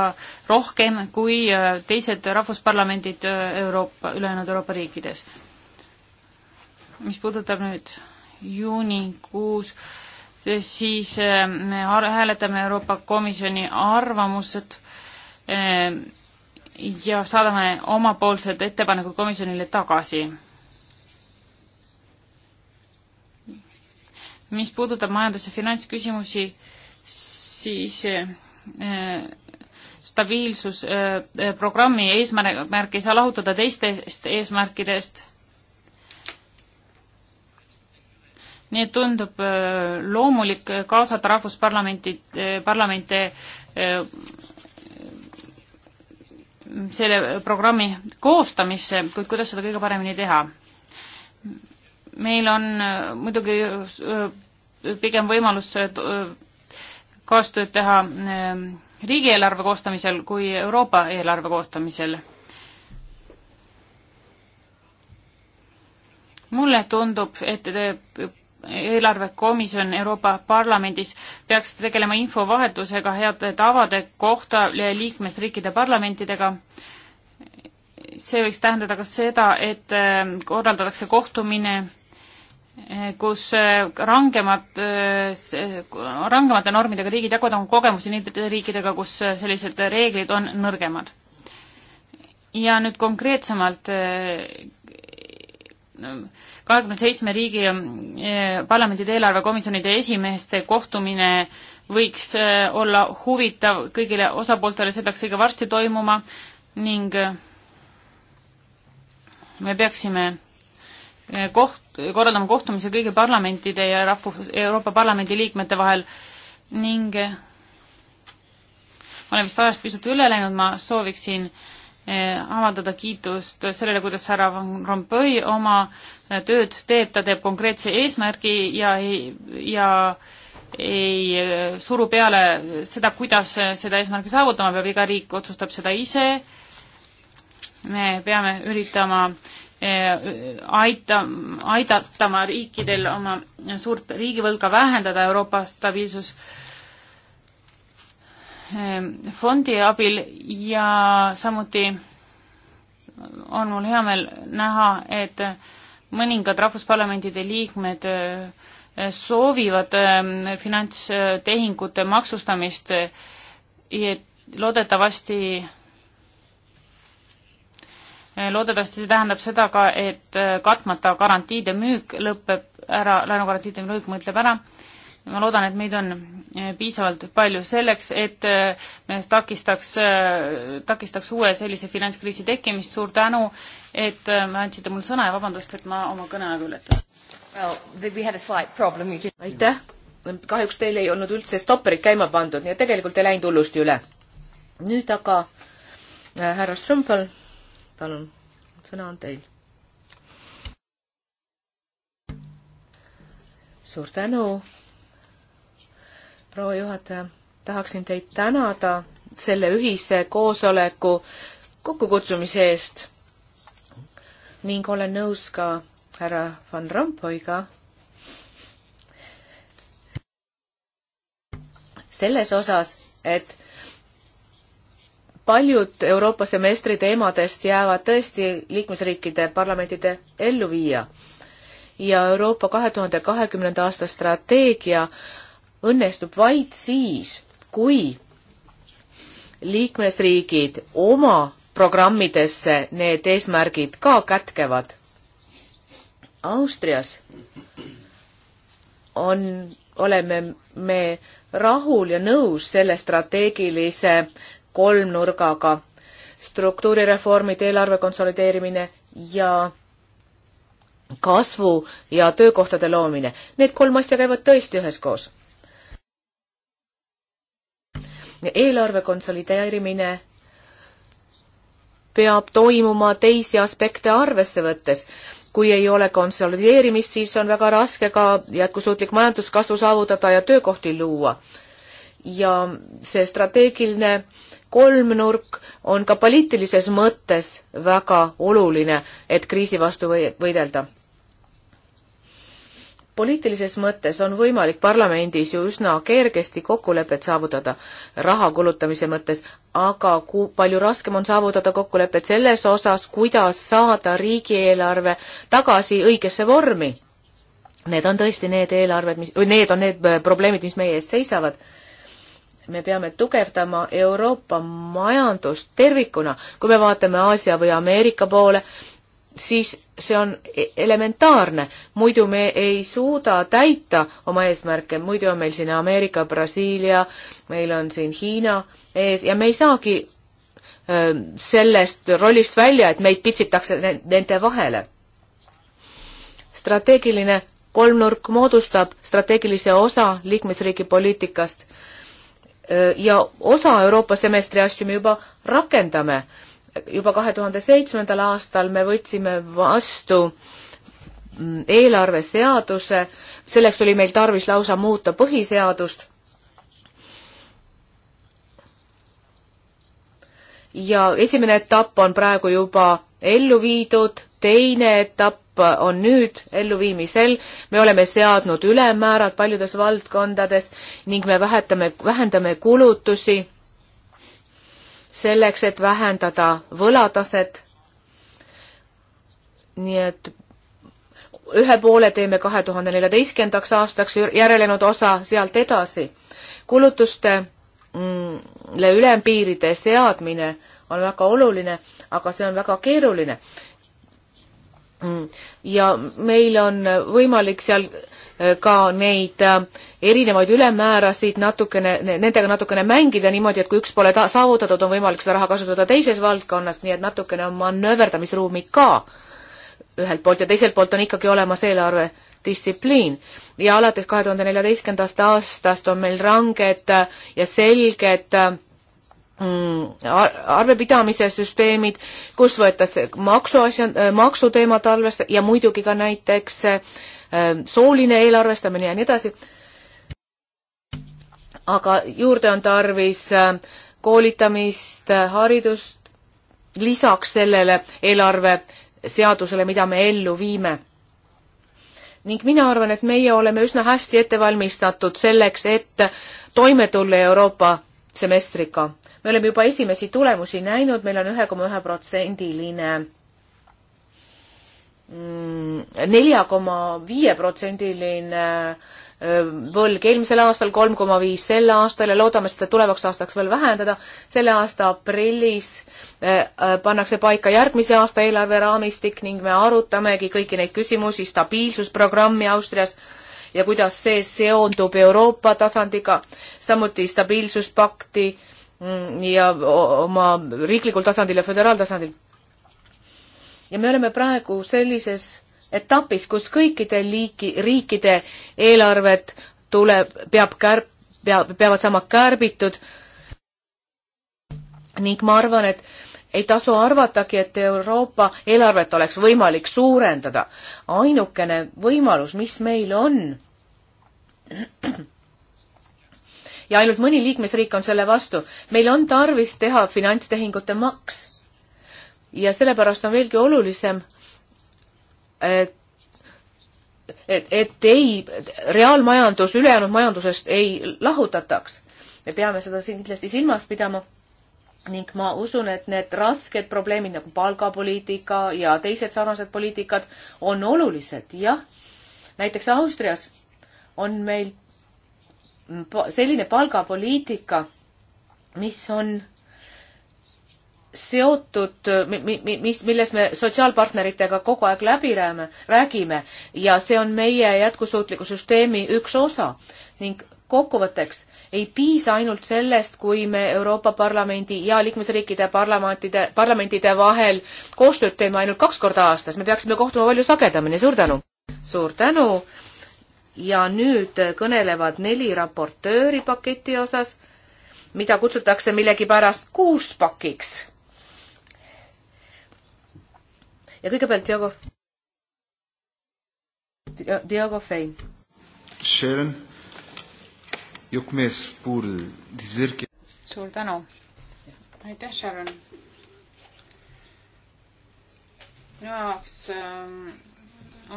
S3: rohkem kui äh, teised rahvusparlamendid äh, Euroopa, ülejäänud Euroopa riikides. mis puudutab nüüd juunikuus, siis me hääletame Euroopa Komisjoni arvamused ja saadame omapoolsed ettepanekud komisjonile tagasi mis puudutab majandus- ja finantsküsimusi, siis äh, stabiilsusprogrammi äh, äh, eesmärk ei saa lahutada teistest eesmärkidest. nii et tundub loomulik kaasata rahvusparlamentid, parlamente selle programmi koostamisse, kuid kuidas seda kõige paremini teha meil on äh, muidugi äh, pigem võimalus äh, kaastööd teha riigieelarve koostamisel kui Euroopa eelarve koostamisel. mulle tundub, et eelarvekomisjon Euroopa Parlamendis peaks tegelema infovahetusega heade tavade kohta liikmesriikide parlamentidega. see võiks tähendada ka seda, et korraldatakse kohtumine kus äh, rangemad, äh, rangemate normidega riigid jagavad oma kogemusi nende riikidega, kus äh, sellised reeglid on nõrgemad. ja nüüd konkreetsemalt kahekümne seitsme riigi parlamendide eelarvekomisjonide esimeeste kohtumine võiks olla huvitav kõigile osapooltele, see peaks õige varsti toimuma ning me peaksime Äh, koht, korraldama kohtumise kõigi parlamentide ja rahvus, Euroopa Parlamendi liikmete vahel ning äh, ma olen vist ajast pisut üle läinud, ma sooviksin äh, avaldada kiitust sellele, kuidas härra Van Rompuy oma tööd teeb, ta teeb konkreetse eesmärgi ja ei, ja ei suru peale seda, kuidas seda eesmärki saavutama peab, iga riik otsustab seda ise, me peame üritama Eh, aita, aidatama riikidel oma suurt riigivõlga vähendada Euroopa stabiilsus eh, fondi abil ja samuti on mul hea meel näha, et mõningad rahvusparlamentide liikmed eh, soovivad finantstehingute maksustamist, loodetavasti Eh, loodetavasti see tähendab seda ka, et eh, katmata garantiide müük lõpeb ära, laenugarantiide müük mõtleb ära. ma loodan, et meid on eh, piisavalt palju selleks, et me takistaks, takistaks uue sellise finantskriisi tekkimist. suur tänu, et andsite mulle sõna ja vabandust, et ma oma kõneaega ületasin. Well, aitäh, kahjuks teil ei olnud üldse stopperit käima pandud, nii et
S1: tegelikult ei läinud hullusti üle. nüüd aga härra Strümpel palun, sõna on teil. suur tänu, proua juhataja, tahaksin teid tänada selle ühise koosoleku kokkukutsumise eest ning olen nõus ka härra Van Rompuyga selles osas, et paljud Euroopa semestri teemadest jäävad tõesti liikmesriikide parlamentide ellu viia ja Euroopa kahe tuhande kahekümnenda aasta strateegia õnnestub vaid siis, kui liikmesriigid oma programmidesse need eesmärgid ka kätkevad. Austrias on, oleme me rahul ja nõus selle strateegilise kolmnurgaga. struktuurireformid, eelarve konsolideerimine ja kasvu ja töökohtade loomine. Need kolm asja käivad tõesti üheskoos. eelarve konsolideerimine peab toimuma teisi aspekte arvesse võttes. kui ei ole konsolideerimist, siis on väga raske ka jätkusuutlik majanduskasvu saavutada ja töökohti luua. ja see strateegiline äh, kolmnurk on ka poliitilises mõttes väga oluline, et kriisi vastu või-, võidelda. poliitilises mõttes on võimalik parlamendis ju üsna kergesti kokkulepet saavutada raha kulutamise mõttes, aga ku-, palju raskem on saavutada kokkulepet selles osas, kuidas saada riigieelarve tagasi õigesse vormi. Need on tõesti need eelarved, mis, või need on need äh, probleemid, mis meie ees seisavad me peame tugevdama Euroopa majandust tervikuna, kui me vaatame Aasia või Ameerika poole, siis see on e-, elementaarne, muidu me ei suuda täita oma eesmärke, muidu on meil siin Ameerika, Brasiilia, meil on siin Hiina ees ja me ei saagi öö, sellest rollist välja, et meid pitsitakse nende vahele. strateegiline kolmnurk moodustab strateegilise osa liikmesriigi poliitikast Äh, ja osa Euroopa semestri asju me juba rakendame. juba kahe tuhande seitsmendal aastal me võtsime vastu mm, eelarveseaduse, selleks oli meil tarvis lausa muuta põhiseadust. ja esimene etapp on praegu juba ellu viidud, teine etapp on nüüd elluviimisel, me oleme seadnud ülemmäärad paljudes valdkondades ning me vähetame, vähendame kulutusi selleks, et vähendada võlataset. nii et ühe poole teeme kahe tuhande neljateistkümnendaks aastaks, järelenud osa sealt edasi. kulutustele mm, ülempiiride seadmine on väga oluline, aga see on väga keeruline. Mm. ja meil on võimalik seal äh, ka neid äh, erinevaid ülemäärasid natukene, nendega natukene mängida niimoodi, et kui üks pole ta-, saavutatud, on võimalik seda raha kasutada teises valdkonnas, nii et natukene on manööverdamisruumi ka ühelt poolt ja teiselt poolt on ikkagi olemas eelarve distsipliin ja alates kahe tuhande neljateistkümnendast aastast on meil ranged ja selged Mm, arvepidamise süsteemid, kus võetakse maksuasja, äh, maksuteemad arvesse ja muidugi ka näiteks äh, sooline eelarvestamine ja nii edasi. aga juurde on tarvis äh, koolitamist, haridust, lisaks sellele eelarveseadusele, mida me ellu viime. ning mina arvan, et meie oleme üsna hästi ette valmistatud selleks, et toime tulla Euroopa semestriga. me oleme juba esimesi tulemusi näinud, meil on ühe koma ühe protsendiline mm, nelja koma viie protsendiline võlg eelmisel aastal, kolm koma viis sel aastal ja loodame seda tulevaks aastaks veel vähendada. selle aasta aprillis pannakse paika järgmise aasta eelarveraamistik ning me arutamegi kõiki neid küsimusi, stabiilsusprogrammi Austrias ja kuidas see seondub Euroopa tasandiga, samuti stabiilsuspakti mm, ja oma riiklikul tasandil ja föderaaltasandil. ja me oleme praegu sellises etapis, kus kõikide liiki, riikide eelarved tuleb, peab kärp-, peab, peavad saama kärbitud ning ma arvan, et ei tasu arvatagi, et Euroopa eelarvet oleks võimalik suurendada. ainukene võimalus, mis meil on, ja ainult mõni liikmesriik on selle vastu, meil on tarvis teha finantstehingute maks. ja sellepärast on veelgi olulisem, et et, et ei, reaalmajandus ülejäänud majandusest ei lahutataks. me peame seda siin kindlasti silmas pidama ning ma usun, et need rasked probleemid nagu palgapoliitika ja teised sarnased poliitikad on olulised, jah. näiteks Austrias on meil selline palgapoliitika, mis on seotud, mis, milles me sotsiaalpartneritega kogu aeg läbi rääme, räägime ja see on meie jätkusuutliku süsteemi üks osa ning kokkuvõtteks ei piisa ainult sellest, kui me Euroopa Parlamendi ja liikmesriikide parlamentide, parlamentide vahel koostööd teeme ainult kaks korda aastas, me peaksime kohtuma palju sagedamini, suur tänu! suur tänu! ja nüüd kõnelevad neli raportööri paketi osas, mida kutsutakse millegipärast kuuspakiks. ja kõigepealt Diego, Diego Fein.
S2: Sharon Eu começo por dizer que...
S3: Suur tänu. Aitäh, Sharon. Minu jaoks ähm,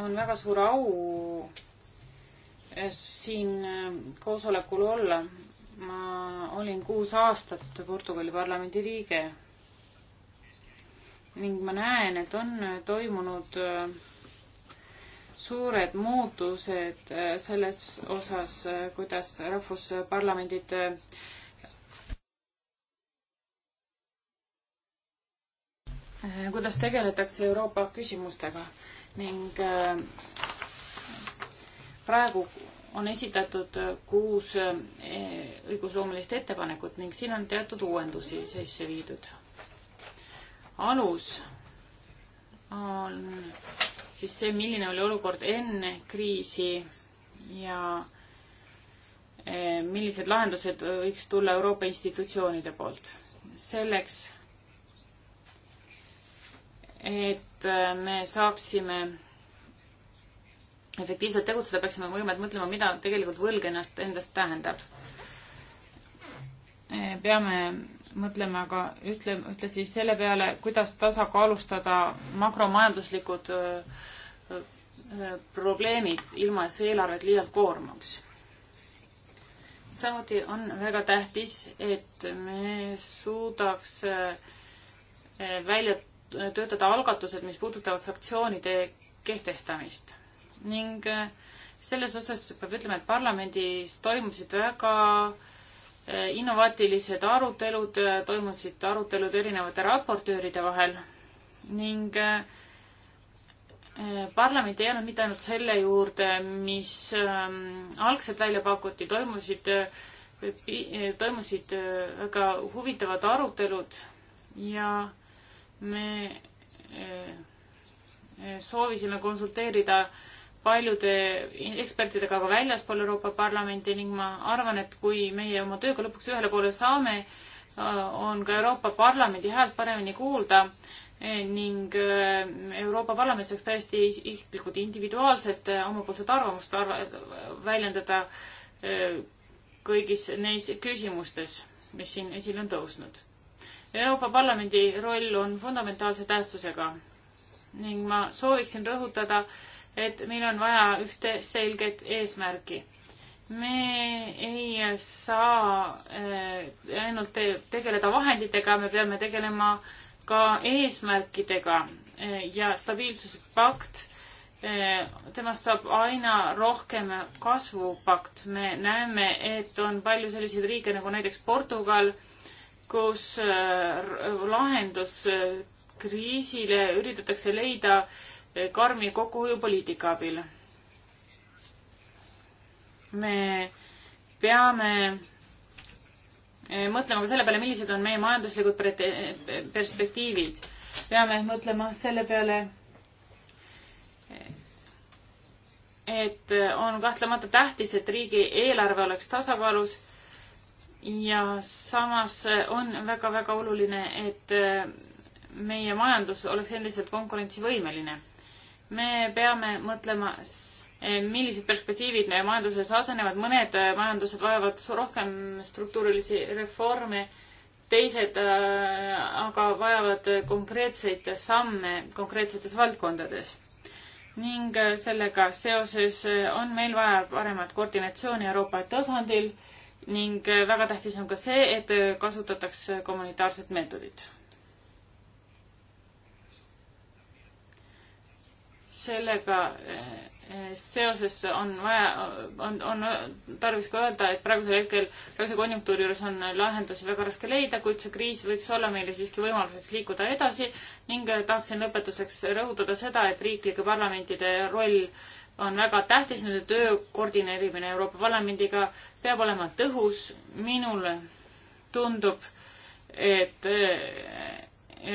S3: on väga suur au äh, siin äh, koosolekul olla. ma olin kuus aastat Portugali parlamendi liige ning ma näen, et on äh, toimunud äh, suured muutused äh, selles osas, äh, kuidas rahvusparlamendid äh, kuidas tegeletakse Euroopa küsimustega ning praegu on esitatud kuus õigusloomulist ettepanekut ning siin on teatud uuendusi sisse viidud. alus on siis see, milline oli olukord enne kriisi ja e, millised lahendused võiks tulla Euroopa institutsioonide poolt. selleks, et e, me saaksime efektiivselt tegutseda, peaksime võimelt mõtlema, mida tegelikult võlg ennast, endast tähendab. E, peame mõtleme aga ütle, ütle siis selle peale, kuidas tasakaalustada makromajanduslikud probleemid, ilma et see eelarvet liialt koormaks. samuti on väga tähtis, et me suudaks välja töötada algatused, mis puudutavad sanktsioonide kehtestamist ning selles osas peab ütlema, et parlamendis toimusid väga äh, Äh, innovaatilised arutelud, äh, toimusid arutelud erinevate raportööride vahel ning äh, parlament ei jäänud mitte ainult selle juurde, mis ähm, algselt välja pakuti, toimusid, toimusid väga huvitavad arutelud ja me soovisime konsulteerida äh, paljude ekspertidega ka väljaspool Euroopa Parlamenti ning ma arvan, et kui meie oma tööga lõpuks ühele poole saame, äh, on ka Euroopa Parlamendi häält paremini kuulda eh, ning äh, Euroopa Parlament saaks täiesti isiklikult individuaalselt äh, omapoolset arvamust arva, väljendada kõigis neis küsimustes, mis siin esile on tõusnud. Euroopa Parlamendi roll on fundamentaalse tähtsusega ning ma sooviksin rõhutada äh, et meil on vaja ühte selget eesmärki. me ei saa eh, ainult tegeleda vahenditega, me peame tegelema ka eesmärkidega eh, ja stabiilsuspakt, eh, temast saab aina rohkem kasvupakt. me näeme, et on palju selliseid riike nagu näiteks Portugal, kus lahendus kriisile üritatakse leida äh, karmi kokkuhoiupoliitika abil. me peame eh, mõtlema ka selle peale, millised on meie majanduslikud perspektiivid. peame mõtlema selle peale, et on kahtlemata tähtis, et riigi eelarve oleks tasakaalus ja samas on väga-väga oluline, et meie majandus oleks endiselt konkurentsivõimeline me peame mõtlema, eh, millised perspektiiviid meie majanduses asenevad, mõned eh, majandused vajavad rohkem struktuurilisi reforme, teised eh, aga vajavad konkreetseid samme konkreetsetes valdkondades. ning sellega seoses on meil vaja paremat koordinatsiooni Euroopa tasandil ning väga tähtis on ka see, et kasutatakse kommunitaarset meetodit sellega eh, seoses on vaja, on, on tarvis ka öelda, et praegusel hetkel, praeguse konjunktuuri juures on lahendusi väga raske leida, kuid see kriis võiks olla meile siiski võimaluseks liikuda edasi ning eh, tahaksin lõpetuseks rõhutada seda, et riiklike parlamentide roll on väga tähtis, nende töö koordineerimine Euroopa Parlamendiga peab olema tõhus. minule tundub, et, eh,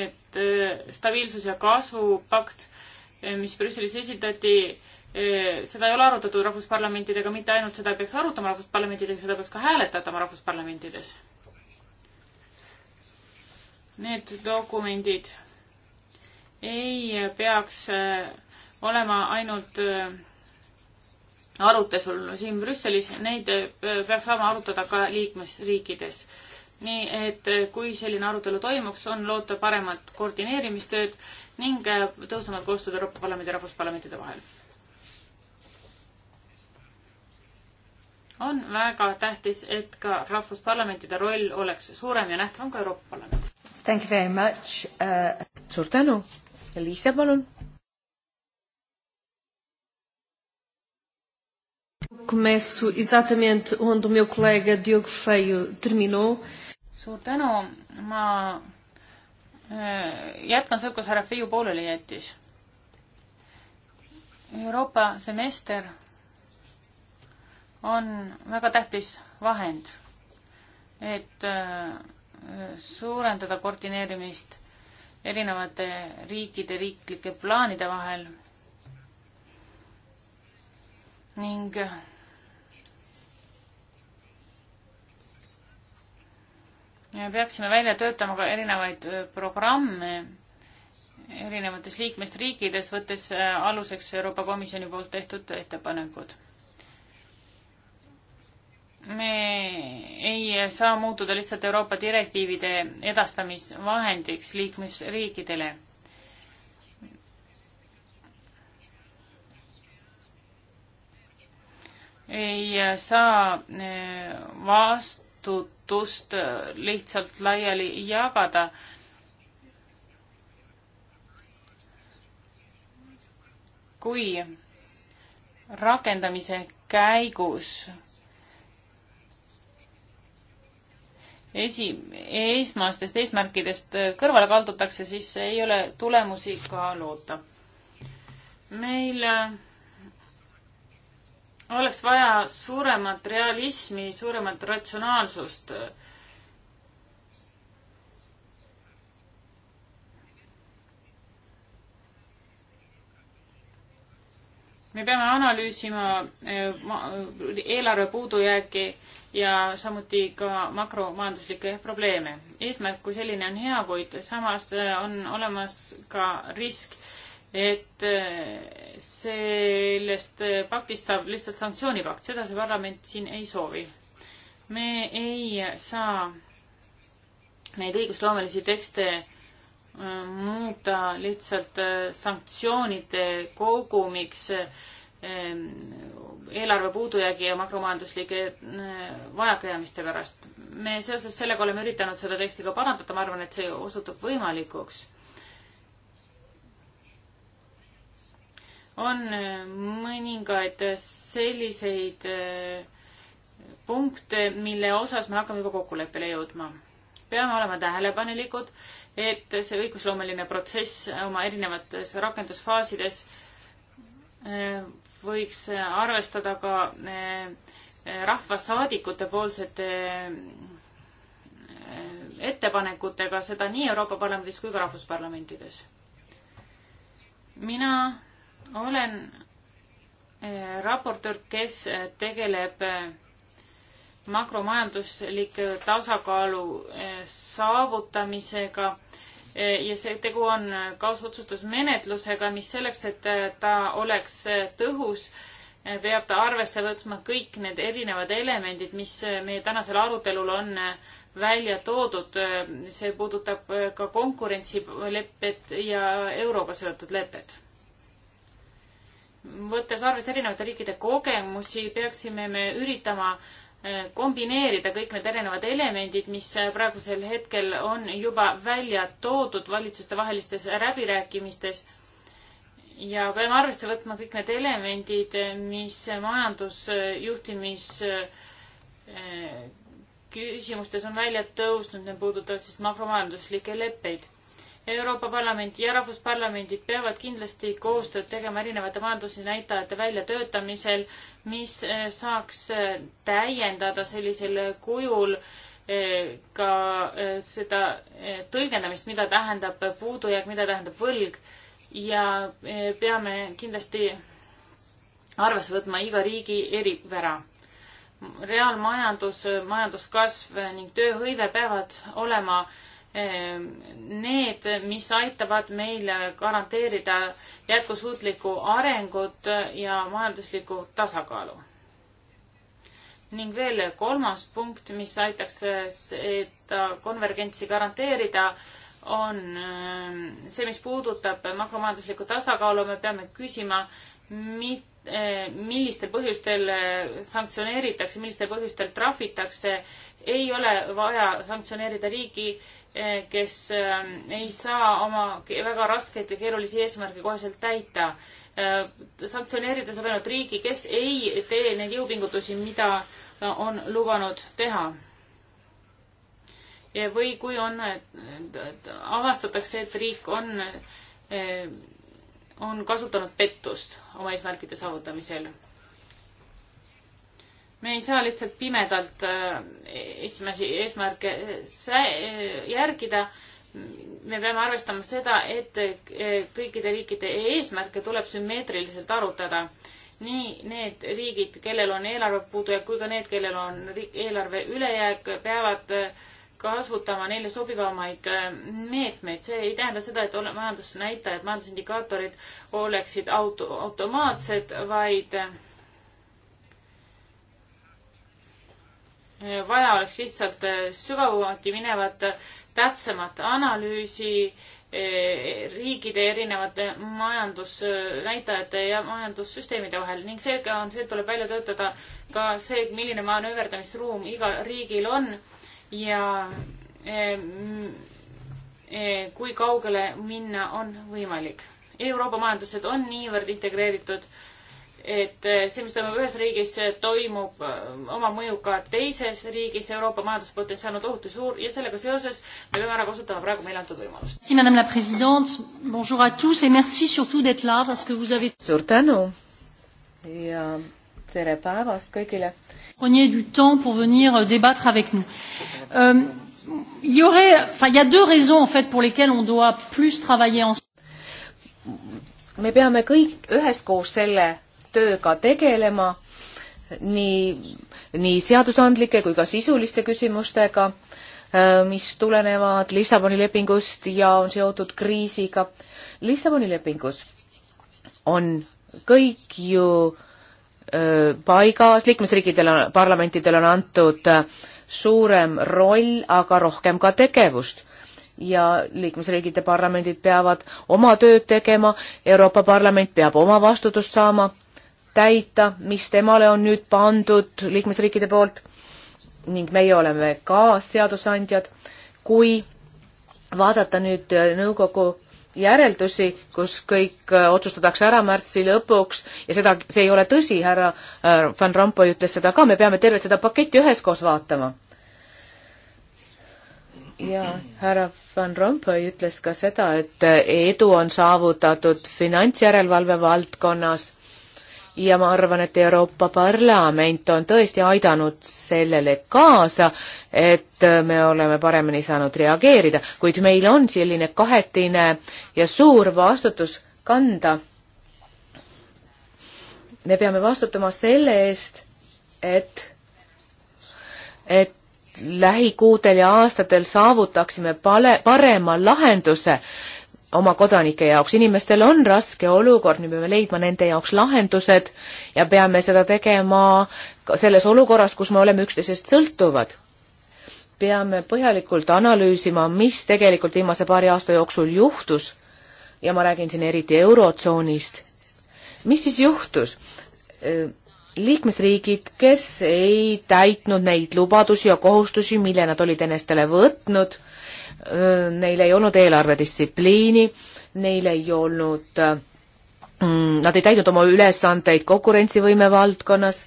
S3: et stabiilsus ja kasvupakt mis Brüsselis esitati, eh, seda ei ole arutatud rahvusparlamentidega, mitte ainult seda ei peaks arutama rahvusparlamentidega, seda peaks ka hääletatama rahvusparlamentides. Need dokumendid ei peaks eh, olema ainult eh, arutelul siin Brüsselis, neid peaks saama arutada ka liikmesriikides. nii et kui selline arutelu toimuks, on loota paremat koordineerimistööd ning äh, tõhusamat koostööd Euroopa Parlamendi ja rahvusparlamentide vahel. on väga tähtis, et ka rahvusparlamentide roll oleks suurem ja nähtavam ka Euroopa Parlamendis.
S1: Thank you very much uh.... suur tänu. Liise, palun. Começo exatamente onde o meu colega Diogo Feio terminou.
S3: Suur tänu, ma Äh, jätkan sealt, kus härra Fiu pooleli jättis. Euroopa semester on väga tähtis vahend, et äh, suurendada koordineerimist erinevate riikide riiklike plaanide vahel ning peaksime välja töötama ka erinevaid programme erinevates liikmesriikides, võttes aluseks Euroopa Komisjoni poolt tehtud ettepanekud. me ei saa muutuda lihtsalt Euroopa direktiivide edastamisvahendiks liikmesriikidele ei saa vast-, vastutust äh, lihtsalt laiali jagada. kui rakendamise käigus esi, esmastest eesmärkidest äh, kõrvale kaldutakse, siis ei ole tulemusi ka loota. meil äh, oleks vaja suuremat realismi, suuremat ratsionaalsust. me peame analüüsima eh, eelarve puudujääki ja samuti ka makromajanduslikke probleeme. eesmärk kui selline on hea, kuid samas eh, on olemas ka risk, et eh, sellest eh, paktist saab lihtsalt sanktsioonipakt, seda see parlament siin ei soovi. me ei saa neid õigusloomelisi tekste eh, muuta lihtsalt sanktsioonide kogumiks eelarve puudujäägi ja makromajanduslike vajakajäämiste pärast. me seoses sellega oleme üritanud seda teksti ka parandada, ma arvan, et see osutub võimalikuks on äh, mõningaid selliseid äh, punkte, mille osas me hakkame juba kokkuleppele jõudma. peame olema tähelepanelikud, et see õigusloomeline protsess oma erinevates rakendusfaasides äh, võiks arvestada ka rahvasaadikute poolsete ettepanekutega, seda nii Euroopa Parlamendis kui ka rahvusparlamentides. mina olen eh, raportöör, kes eh, tegeleb eh, makromajanduslike tasakaalu saavutamisega ja see tegu on kaasotsustusmenetlusega, mis selleks, et ta oleks tõhus, peab ta arvesse võtma kõik need erinevad elemendid, mis meie tänasel arutelul on välja toodud. see puudutab ka konkurentsilepet ja euroga seotud lepet võttes arvesse erinevate riikide kogemusi, peaksime me üritama eh, kombineerida kõik need erinevad elemendid, mis eh, praegusel hetkel on juba välja toodud valitsustevahelistes läbirääkimistes. ja peame arvesse võtma kõik need elemendid, mis majandusjuhtimis eh, küsimustes on välja tõusnud, need puudutavad siis makromajanduslikke leppeid Euroopa Parlament ja Rahvusparlamendid peavad kindlasti koostööd tegema erinevate majandusnäitajate väljatöötamisel, mis eh, saaks eh, täiendada sellisel kujul eh, ka seda tõlgendamist, mida tähendab puudujääk, mida tähendab võlg ja peame kindlasti arvesse võtma iga riigi eripära. reaalmajandus, majanduskasv ning tööhõive peavad olema äh, Ehm, need, mis aitavad meil garanteerida jätkusuutlikku arengut ja majanduslikku tasakaalu. ning veel kolmas punkt, mis aitaks seda konvergentsi garanteerida, on ehm, see, mis puudutab makromajanduslikku tasakaalu, me peame küsima, mit-, ehm, millistel põhjustel sanktsioneeritakse, millistel põhjustel trahvitakse, ei ole vaja sanktsioneerida riigi, Eh, kes ähm, ei saa oma väga raskeid ja keerulisi eesmärke koheselt täita. Äh, sanktsioneerida saab ainult riigi, kes ei tee neid jõupingutusi, mida äh, on lubanud teha. või kui on, äh, avastatakse, et riik on, on kasutanud pettust oma eesmärkide saavutamisel me ei saa lihtsalt pimedalt äh, esimesi eesmärke äh, järgida. me peame arvestama seda, et äh, kõikide riikide eesmärke tuleb sümmeetriliselt arutada. nii need riigid, kellel on eelarve puudujääk, kui ka need, kellel on eelarve ülejääk, peavad kasutama neile sobivamaid meetmeid. see ei tähenda seda, et majandusnäitajad, majandusindikaatorid oleksid auto, automaatsed, vaid vaja oleks lihtsalt äh, sügavamuti minevat täpsemat analüüsi äh, riikide erinevate majandusnäitajate äh, ja majandussüsteemide vahel ning seega on, see tuleb välja töötada ka see, milline manööverdamisruum igal riigil on ja kui kaugele minna on võimalik. Euroopa majandused on niivõrd integreeritud et eh, see, mis toimub ühes riigis, toimub eh, oma mõjuga teises riigis. Euroopa majanduspotentsiaal on tohutu suur ja sellega seoses me peame ära kasutama praegu meile antud võimalust. suur tänu ja tere päevast kõigile. Preniez du temps pour venir euh, débattre avec nous. Euh, il y aurait, enfin, il y a deux raisons en fait pour lesquelles on doit plus travailler ensemble.
S1: me peame kõik üheskoos selle tööga tegelema, nii, nii seadusandlike kui ka sisuliste küsimustega, äh, mis tulenevad Lissaboni lepingust ja on seotud kriisiga. Lissaboni lepingus on kõik ju äh, paigas, liikmesriikidel on, parlamentidel on antud äh, suurem roll, aga rohkem ka tegevust. ja liikmesriigid ja parlamendid peavad oma tööd tegema, Euroopa Parlament peab oma vastutust saama täita, mis temale on nüüd pandud liikmesriikide poolt ning meie oleme ka seadusandjad. kui vaadata nüüd nõukogu järeldusi, kus kõik äh, otsustatakse ära märtsi lõpuks ja seda, see ei ole tõsi, härra äh, Van Rompuy ütles seda ka, me peame tervet seda paketti üheskoos vaatama. ja härra Van Rompuy ütles ka seda, et äh, edu on saavutatud finantsjärelevalve valdkonnas ja ma arvan, et Euroopa Parlament on tõesti aidanud sellele kaasa, et me oleme paremini saanud reageerida, kuid meil on selline kahetine ja suur vastutus kanda. me peame vastutama selle eest, et, et lähikuudel ja aastatel saavutaksime pale, parema lahenduse oma kodanike jaoks. inimestel on raske olukord, me peame leidma nende jaoks lahendused ja peame seda tegema ka selles olukorras, kus me oleme üksteisest sõltuvad. peame põhjalikult analüüsima, mis tegelikult viimase paari aasta jooksul juhtus ja ma räägin siin eriti Eurotsoonist. mis siis juhtus? liikmesriigid, kes ei täitnud neid lubadusi ja kohustusi, mille nad olid enestele võtnud, neil ei olnud eelarvedistsipliini, neil ei olnud, mm, nad ei täitnud oma ülesandeid konkurentsivõime valdkonnas,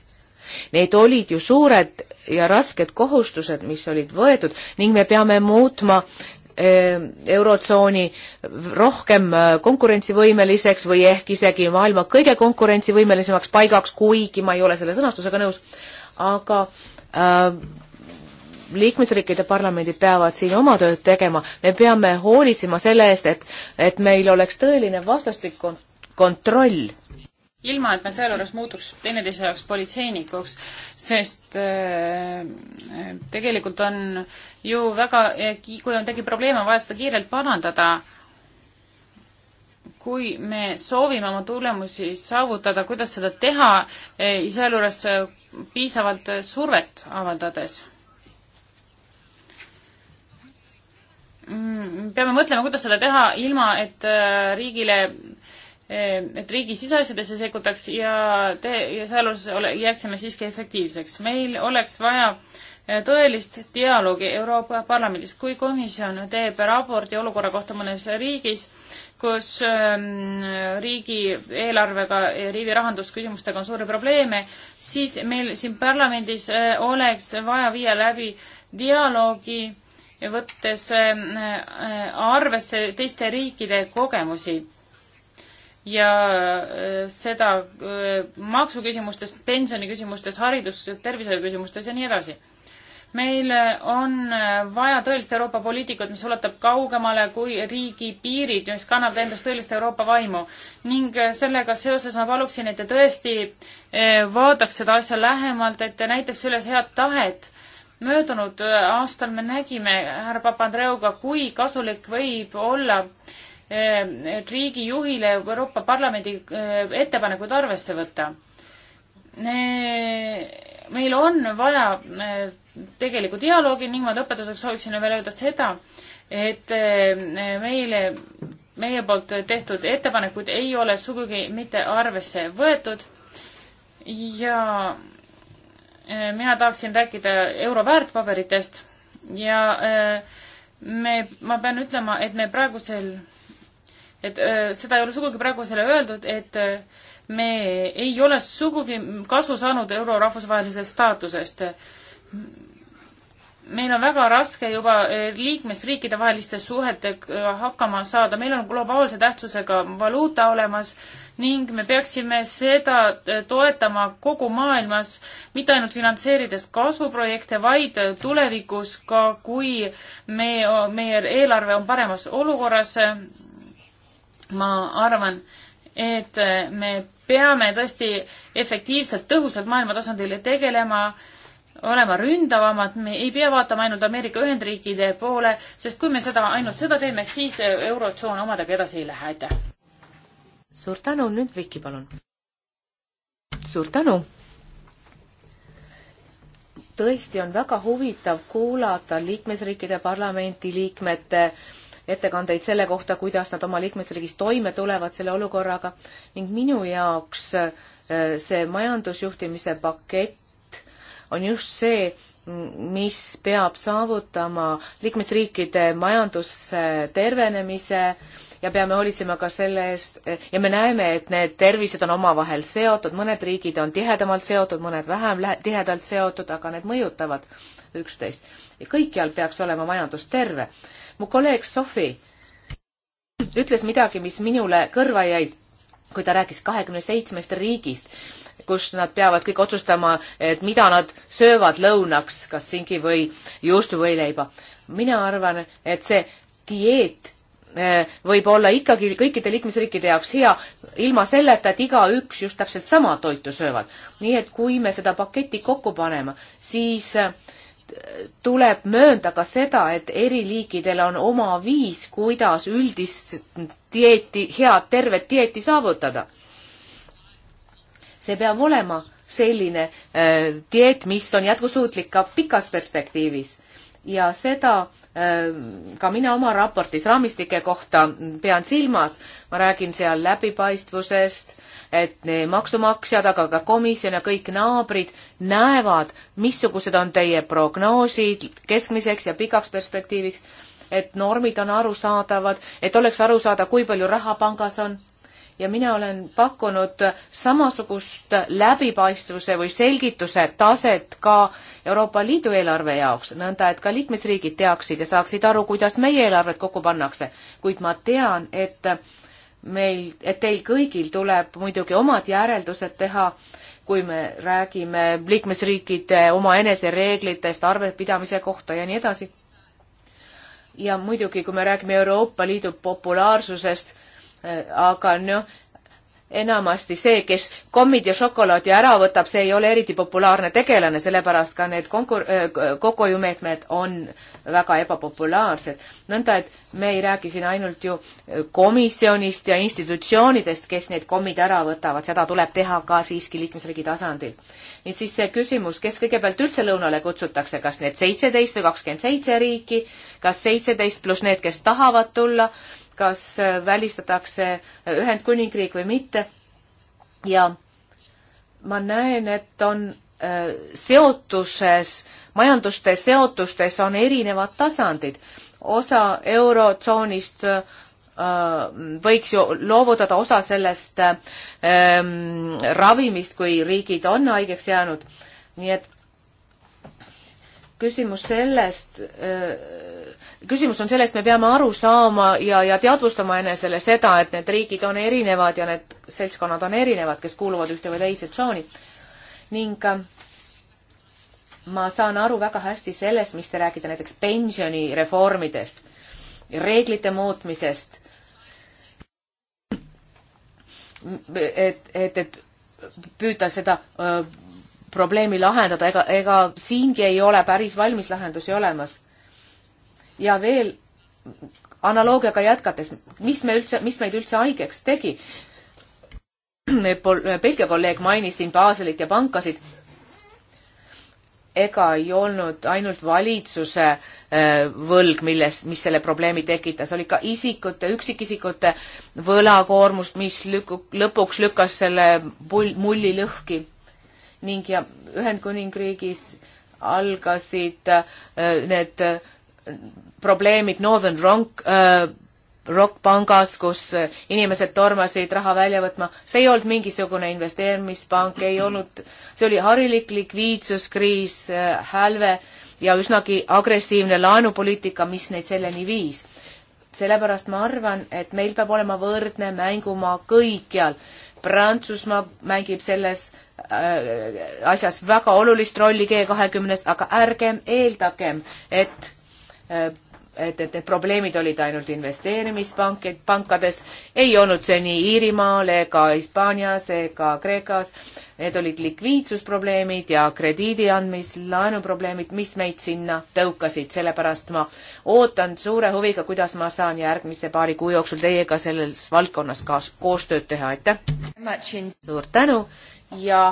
S1: need olid ju suured ja rasked kohustused, mis olid võetud ning me peame muutma eurotsooni rohkem konkurentsivõimeliseks või ehk isegi maailma kõige konkurentsivõimelisemaks paigaks, kuigi ma ei ole selle sõnastusega nõus, aga äh, liikmesriikide parlamendid peavad siin oma tööd tegema, me peame hoolitsema selle eest, et, et meil oleks tõeline vastastik kontroll.
S3: ilma, et me sealjuures muutuks teineteise jaoks politseinikuks, sest äh, tegelikult on ju väga, eh, kui on mingi probleem, on vaja seda kiirelt parandada kui me soovime oma tulemusi saavutada, kuidas seda teha, eh, sealjuures eh, piisavalt survet avaldades. Mm, peame mõtlema, kuidas seda teha, ilma et äh, riigile, äh, et riigi siseasjadesse sekkutaks ja te, ja sealhulgas ole, jääksime siiski efektiivseks. meil oleks vaja äh, tõelist dialoogi Euroopa Parlamendis, kui komisjon teeb raporti olukorra kohta mõnes riigis, kus ähm, riigi eelarvega, riigi rahandusküsimustega on suuri probleeme, siis meil siin parlamendis oleks vaja viia läbi dialoogi äh, võttes äh, äh, arvesse teiste riikide kogemusi ja äh, seda maksuküsimustes, pensioniküsimustes, haridus, tervishoiuküsimustes ja nii edasi. meil on vaja tõelist Euroopa poliitikat, mis ulatab kaugemale kui riigipiirid ja mis kannab endast tõelist Euroopa vaimu. ning sellega seoses ma paluksin, et te tõesti vaataks seda asja lähemalt, et te näitaks üles head tahet möödunud äh, aastal me nägime härra Papandreouga, kui kasulik võib olla äh, riigijuhile Euroopa Parlamendi äh, ettepanekuid arvesse võtta. meil on vaja tegelikku dialoogi ning ma lõpetuseks sooviksin veel öelda seda, et meile, meie poolt tehtud ettepanekuid ei ole sugugi mitte arvesse võetud ja mina tahaksin rääkida euro väärtpaberitest ja äh, me, ma pean ütlema, et me praegusel, et äh, seda ei ole sugugi praegusele öeldud, et äh, me ei ole sugugi kasu saanud euro rahvusvahelisest staatusest. meil on väga raske juba liikmesriikide vaheliste suhetega hakkama saada, meil on globaalse tähtsusega valuuta olemas ning me peaksime seda äh, toetama kogu maailmas, mitte ainult finantseerides kasvuprojekte, vaid tulevikus ka, kui me, meie eelarve on paremas olukorras. ma arvan, et äh, me peame tõesti efektiivselt, tõhusalt maailma tasandil tegelema olema ründavamad, me ei pea vaatama ainult Ameerika Ühendriikide poole, sest kui me seda, ainult seda teeme, siis äh, Eurotsoon omadega edasi ei lähe, aitäh
S1: suur tänu, nüüd Viki, palun. suur tänu. tõesti on väga huvitav kuulata liikmesriikide parlamendi liikmete ettekandeid selle kohta, kuidas nad oma liikmesriigis toime tulevad selle olukorraga ning minu jaoks äh, see majandusjuhtimise pakett on just see, mis peab saavutama liikmesriikide majanduse tervenemise äh, ja peame hoolitsema ka selle eest ja me näeme, et need tervised on omavahel seotud, mõned riigid on tihedamalt seotud, mõned vähem tihedalt seotud, aga need mõjutavad üksteist. kõikjal peaks olema majandus terve. mu kolleeg Sofi ütles midagi, mis minule kõrva jäi, kui ta rääkis kahekümne seitsmest riigist, kus nad peavad kõik otsustama, et mida nad söövad lõunaks, kas singi või juustu või leiba. mina arvan, et see dieet Äh, võib olla ikkagi kõikide liikmesriikide jaoks hea, ilma selleta, et igaüks just täpselt sama toitu söövad. nii et kui me seda paketti kokku paneme, siis äh, tuleb möönda ka seda, et eri liikidel on oma viis, kuidas üldist dieeti, head tervet dieeti saavutada. see peab olema selline äh, dieet, mis on jätkusuutlik ka pikas perspektiivis ja seda äh, ka mina oma raportis raamistike kohta pean silmas. ma räägin seal läbipaistvusest, et maksumaksjad, aga ka komisjon ja kõik naabrid näevad, missugused on teie prognoosid keskmiseks ja pikaks perspektiiviks, et normid on arusaadavad, et oleks aru saada, kui palju raha pangas on ja mina olen pakkunud samasugust läbipaistvuse või selgituse taset ka Euroopa Liidu eelarve jaoks, nõnda et ka liikmesriigid teaksid ja saaksid aru, kuidas meie eelarvet kokku pannakse. kuid ma tean, et meil, et teil kõigil tuleb muidugi omad järeldused teha, kui me räägime liikmesriikide omaenese reeglitest, arvepidamise kohta ja nii edasi ja muidugi, kui me räägime Euroopa Liidu populaarsusest, Äh, aga noh, enamasti see, kes kommid ja šokolaadi ära võtab, see ei ole eriti populaarne tegelane, sellepärast ka need konkur-, äh, kokkuhoiumeetmed on väga ebapopulaarsed. nõnda, et me ei räägi siin ainult ju äh, komisjonist ja institutsioonidest, kes need kommid ära võtavad, seda tuleb teha ka siiski liikmesriigi tasandil. nii et siis see küsimus, kes kõigepealt üldse lõunale kutsutakse, kas need seitseteist või kakskümmend seitse riiki, kas seitseteist pluss need, kes tahavad tulla kas välistatakse Ühendkuningriik või mitte. ja ma näen, et on äh, seotuses, majanduste seotustes on erinevad tasandid. osa eurotsoonist äh, võiks ju loovutada osa sellest ähm, ravimist, kui riigid on haigeks jäänud. nii et küsimus sellest äh,, küsimus on selles, et me peame aru saama ja, ja teadvustama enesele seda, et need riigid on erinevad ja need seltskonnad on erinevad, kes kuuluvad ühte või teise tsooni. ning äh, ma saan aru väga hästi sellest, mis te räägite näiteks pensionireformidest, reeglite muutmisest, et, et, et püüda seda öö, äh, probleemi lahendada, ega, ega siingi ei ole päris valmis lahendusi olemas ja veel analoogiaga jätkates, mis me üldse, mis meid üldse haigeks tegi? Belgia kolleeg mainis siin Baselit ja pankasid. ega ei olnud ainult valitsuse äh, võlg, milles, mis selle probleemi tekitas, oli ka isikute, üksikisikute võlakoormust, mis lükku, lõpuks lükkas selle pull, mulli lõhki. ning ja Ühendkuningriigis algasid äh, need probleemid Northern Rock äh,, Rock pangas, kus äh, inimesed tormasid raha välja võtma, see ei olnud mingisugune investeerimispank, ei olnud, see oli harilik likviidsuskriis äh,, hälve ja üsnagi agressiivne laenupoliitika, mis neid selleni viis. sellepärast ma arvan, et meil peab olema võrdne mängumaa kõikjal. Prantsusmaa mängib selles äh, asjas väga olulist rolli G kahekümnes, aga ärgem eeldagem, et Äh, et, et need probleemid olid ainult investeerimispank, pankades, ei olnud see nii Iirimaal ega Hispaanias ega Kreekas. Need olid likviidsusprobleemid ja krediidi andmis, laenuprobleemid, mis meid sinna tõukasid, sellepärast ma ootan suure huviga, kuidas ma saan järgmise paari kuu jooksul teiega selles valdkonnas kaas-, koostööd teha, aitäh! suur tänu ja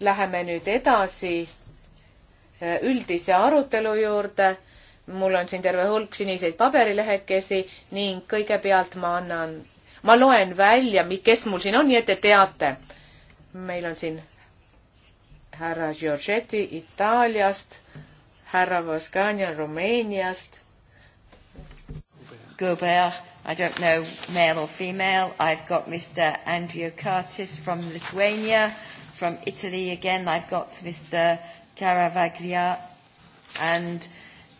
S1: läheme nüüd edasi äh, üldise arutelu juurde mul on siin terve hulk siniseid paberilehekesi ning kõigepealt ma annan, ma loen välja, kes mul siin on, nii et te teate. meil on siin härra Giorgetti Itaaliast, härra Vascanian Rumeeniast. Gobert, I don't know male or female, I've got Mr Andrew Curtis from Lithuania, from Italy again I've got Mr Caravaglia and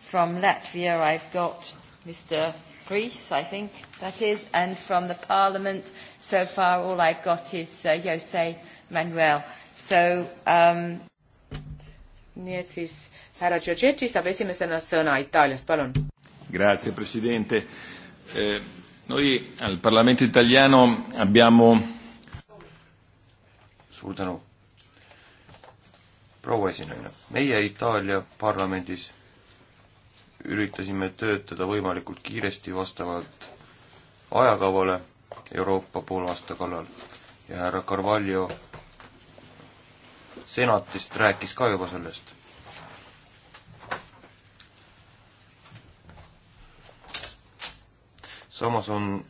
S1: From Latvia, I've got Mr. Greece, I think that is, and from the Parliament, so far all I've got is uh, Jose Manuel. So, um... nii et siis härra Giorgetti saab esimesena sõna Itaaliast, palun.
S2: Grazie, presidente eh,. Noi al Parlamento italiano abbiamo. suur tänu, proua esinaine. meie Itaalia parlamendis üritasime töötada võimalikult kiiresti vastavalt ajakavale Euroopa poolaasta kallal ja härra Carvalho senatist rääkis ka juba sellest. samas on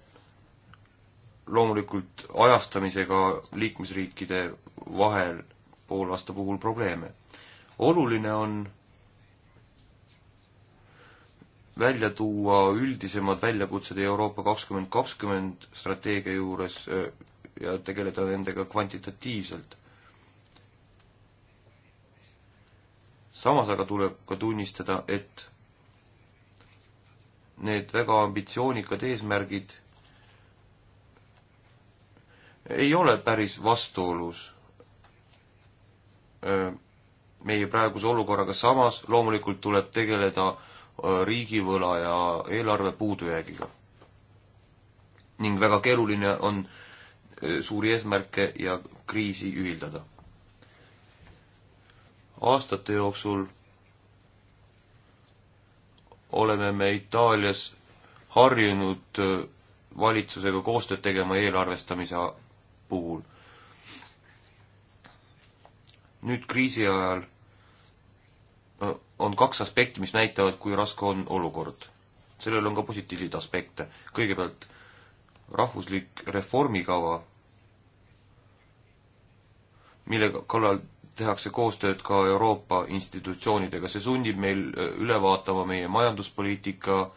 S2: loomulikult ajastamisega liikmesriikide vahel poolaasta puhul probleeme. oluline on välja tuua üldisemad väljakutsed Euroopa kakskümmend kakskümmend strateegia juures äh, ja tegeleda nendega kvantitatiivselt. samas aga tuleb ka tunnistada, et need väga ambitsioonikad eesmärgid ei ole päris vastuolus äh, meie praeguse olukorraga, samas loomulikult tuleb tegeleda äh, Äh, riigivõla ja eelarve puudujäägiga. ning väga keeruline on äh, suuri eesmärke ja kriisi ühildada. aastate jooksul oleme me Itaalias harjunud äh, valitsusega koostööd tegema eelarvestamise puhul. nüüd kriisi ajal on kaks aspekti, mis näitavad, kui raske on olukord. sellel on ka positiivseid aspekte. kõigepealt rahvuslik reformikava, mille kallal tehakse koostööd ka Euroopa institutsioonidega, see sunnib meil üle vaatama meie majanduspoliitika,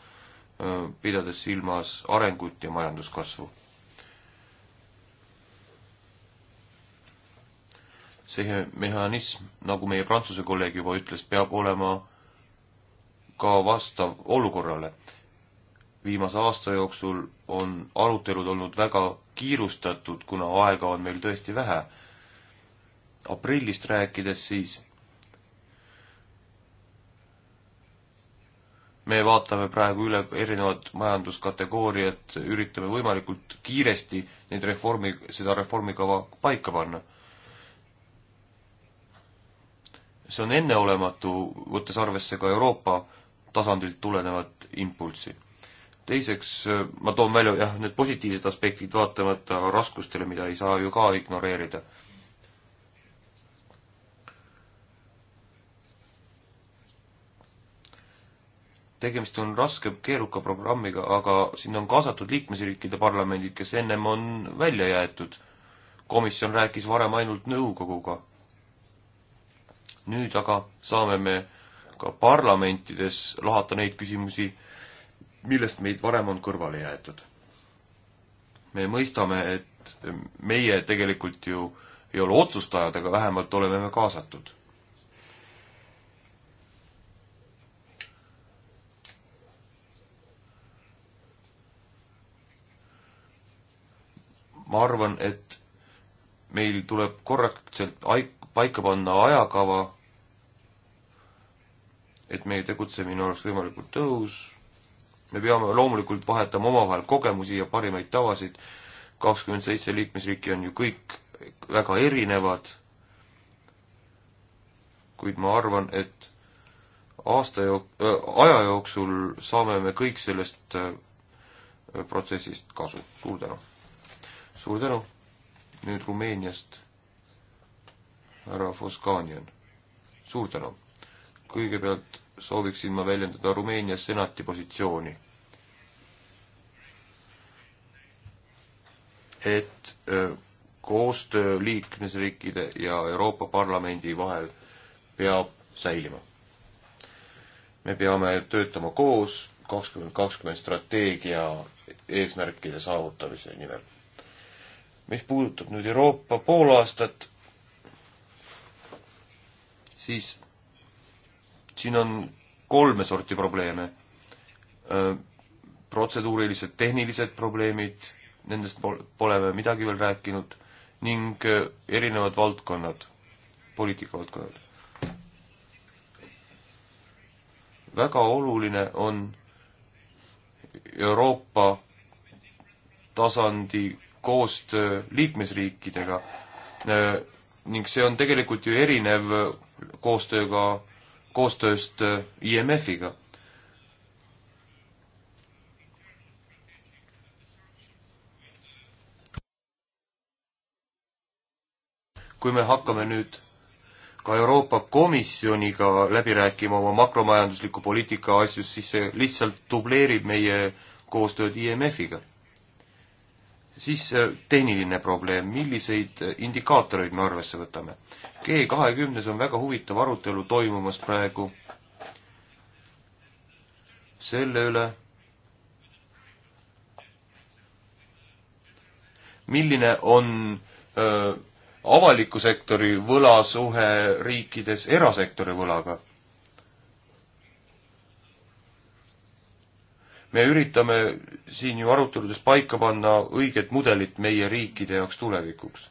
S2: pidades silmas arengut ja majanduskasvu see mehhanism, nagu meie Prantsuse kolleeg juba ütles, peab olema ka vastav olukorrale. viimase aasta jooksul on arutelud olnud väga kiirustatud, kuna aega on meil tõesti vähe. aprillist rääkides siis me vaatame praegu üle erinevad majanduskategooriad, üritame võimalikult kiiresti neid reformi, seda reformikava paika panna see on enneolematu, võttes arvesse ka Euroopa tasandilt tulenevat impulssi. teiseks, äh, ma toon välja jah, need positiivsed aspektid, vaatamata raskustele, mida ei saa ju ka ignoreerida. tegemist on raske, keeruka programmiga, aga sinna on kaasatud liikmesriikide parlamendid, kes ennem on välja jäetud. komisjon rääkis varem ainult nõukoguga nüüd aga saame me ka parlamentides lahata neid küsimusi, millest meid varem on kõrvale jäetud. me mõistame, et meie tegelikult ju ei ole otsustajad, aga vähemalt oleme me kaasatud. ma arvan, et meil tuleb korrektselt aik-, paika panna ajakava, et meie tegutsemine oleks võimalikult tõhus, me peame loomulikult vahetama omavahel kogemusi ja parimaid tavasid, kakskümmend seitse liikmesriiki on ju kõik väga erinevad, kuid ma arvan, et aasta jook-, aja jooksul saame me kõik sellest öö, protsessist kasu, suur tänu! suur tänu! nüüd Rumeeniast härra Foskanian. suur tänu. kõigepealt sooviksin ma väljendada Rumeenia senati positsiooni. et koostöö liikmesriikide ja Euroopa Parlamendi vahel peab säilima. me peame töötama koos kakskümmend kakskümmend strateegia eesmärkide saavutamise nimel. mis puudutab nüüd Euroopa poolaastat, siis siin on kolme sorti probleeme. protseduurilised tehnilised probleemid, nendest pole me midagi veel rääkinud, ning erinevad valdkonnad, poliitikavaldkonnad. väga oluline on Euroopa tasandi koostöö liikmesriikidega ning see on tegelikult ju erinev koostööga, koostööst äh, IMF-iga. kui me hakkame nüüd ka Euroopa Komisjoniga läbi rääkima oma makromajandusliku poliitika asjus, siis see lihtsalt dubleerib meie koostööd IMF-iga siis äh, tehniline probleem, milliseid äh, indikaatoreid me arvesse võtame? G kahekümnes on väga huvitav arutelu toimumas praegu selle üle, milline on öö, äh, avaliku sektori võlasuhe riikides erasektori võlaga me üritame siin ju aruteludes paika panna õiget mudelit meie riikide jaoks tulevikuks.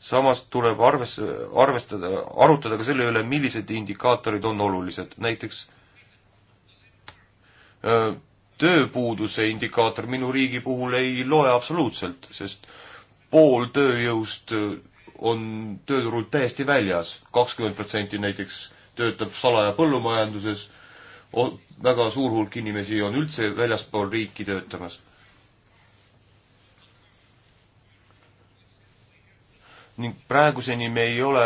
S2: samas tuleb arvesse, arvestada, arutada ka selle üle, millised indikaatorid on olulised, näiteks öö, tööpuuduse indikaator minu riigi puhul ei loe absoluutselt, sest pool tööjõust on tööturult täiesti väljas, kakskümmend protsenti näiteks töötab salaja põllumajanduses on, väga suur hulk inimesi on üldse väljaspool riiki töötamas. ning praeguseni me ei ole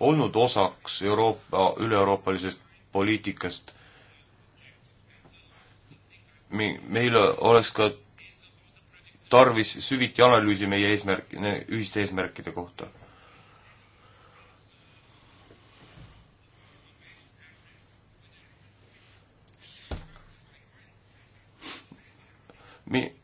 S2: olnud osaks Euroopa, üle-euroopalisest poliitikast. me, meil oleks ka tarvis süviti analüüsi meie eesmärk, ühiste eesmärkide kohta mi-,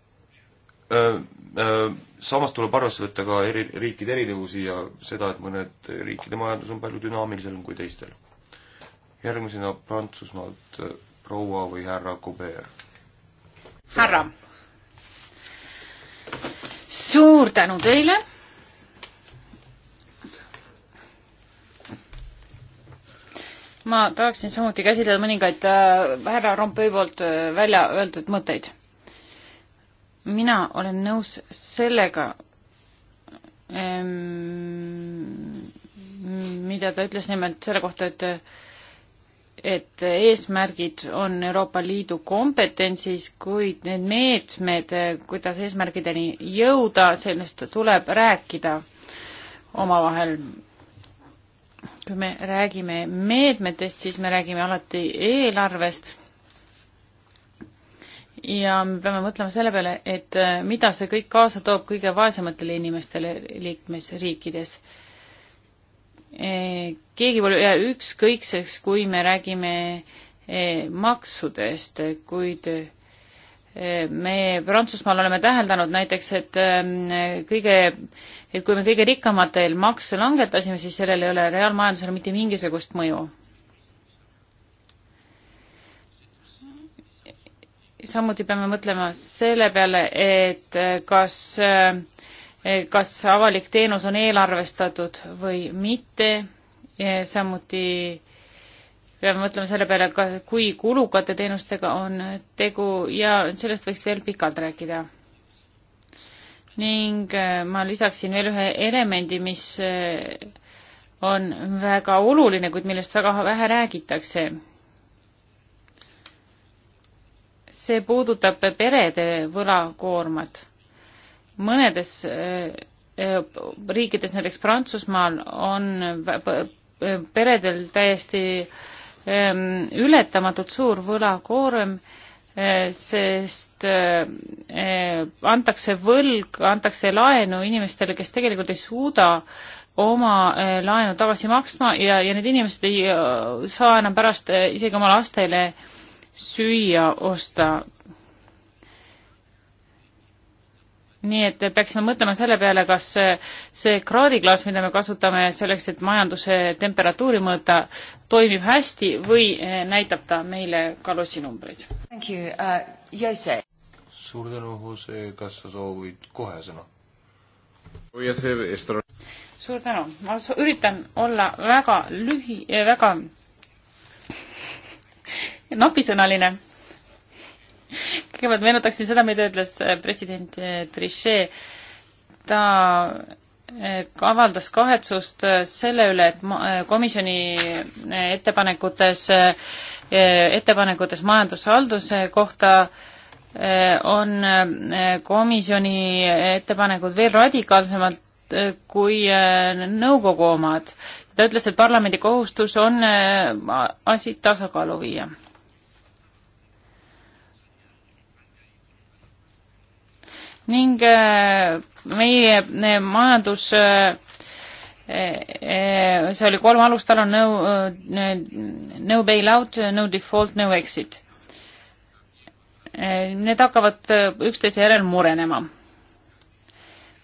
S2: öö, öö, samas tuleb arvesse võtta ka eri, riikide erinevusi ja seda, et mõned riikide majandus on palju dünaamilisem kui teistel. järgmisena Prantsusmaalt proua või härra Kuber. härra.
S3: suur tänu teile. ma tahaksin samuti käsitleda mõningaid äh, härra Rompuy poolt äh, välja öeldud mõtteid mina olen nõus sellega, ehm, mida ta ütles nimelt selle kohta, et et eesmärgid on Euroopa Liidu kompetentsis, kuid need meetmed, kuidas eesmärgideni jõuda, sellest tuleb rääkida omavahel. kui me räägime meetmetest, siis me räägime alati eelarvest ja me peame mõtlema selle peale, et äh, mida see kõik kaasa toob kõige vaesematele inimestele liikmesriikides. Äh, keegi pole jää ükskõikseks, kui me räägime äh, maksudest, kuid me Prantsusmaal oleme täheldanud näiteks, et ähm, kõige, et kui me kõige rikkamatel makse langetasime, siis sellel ei ole reaalmajandusele mitte mingisugust mõju samuti peame mõtlema selle peale, et eh, kas, eh, eh, kas avalik teenus on eelarvestatud või mitte, samuti peame mõtlema selle peale, kui kulukate teenustega on tegu ja sellest võiks veel pikalt rääkida. ning ma lisaksin veel ühe elemendi, mis on väga oluline, kuid millest väga vähe räägitakse see puudutab perede võlakoormat. mõnedes eh, eh, riikides, näiteks Prantsusmaal, on peredel täiesti ehm, ületamatult suur võlakoorem, eh, sest antakse võlg, antakse laenu inimestele, kes tegelikult ei suuda oma laenu tagasi maksma ja, ja need inimesed ei saa enam pärast isegi oma lastele äh, süüa osta. nii et peaksime mõtlema selle peale, kas see, see kraadiklaas, mida me kasutame selleks, et majanduse temperatuuri mõõta, toimib hästi või eh, näitab ta meile ka
S2: lossinumbreid.
S3: Uh,
S2: suur tänu, Jose, kas sa soovid kohe sõna?
S3: suur tänu, ma üritan olla väga lühi, eh, väga napisõnaline. kõigepealt meenutaksin seda, mida ütles äh, president äh, Trichet. ta äh, avaldas kahetsust selle üle, et komisjoni ettepanekutes, ettepanekutes majandushalduse kohta on komisjoni ettepanekud veel radikaalsemalt kui nõukogu omad. ta ütles, et parlamendi kohustus on asi tasakaalu viia ning äh, meie äh, majandus, äh, see oli kolm alust, tal on no, no bail-out, no default, no exit. Need hakkavad üksteise järel murenema.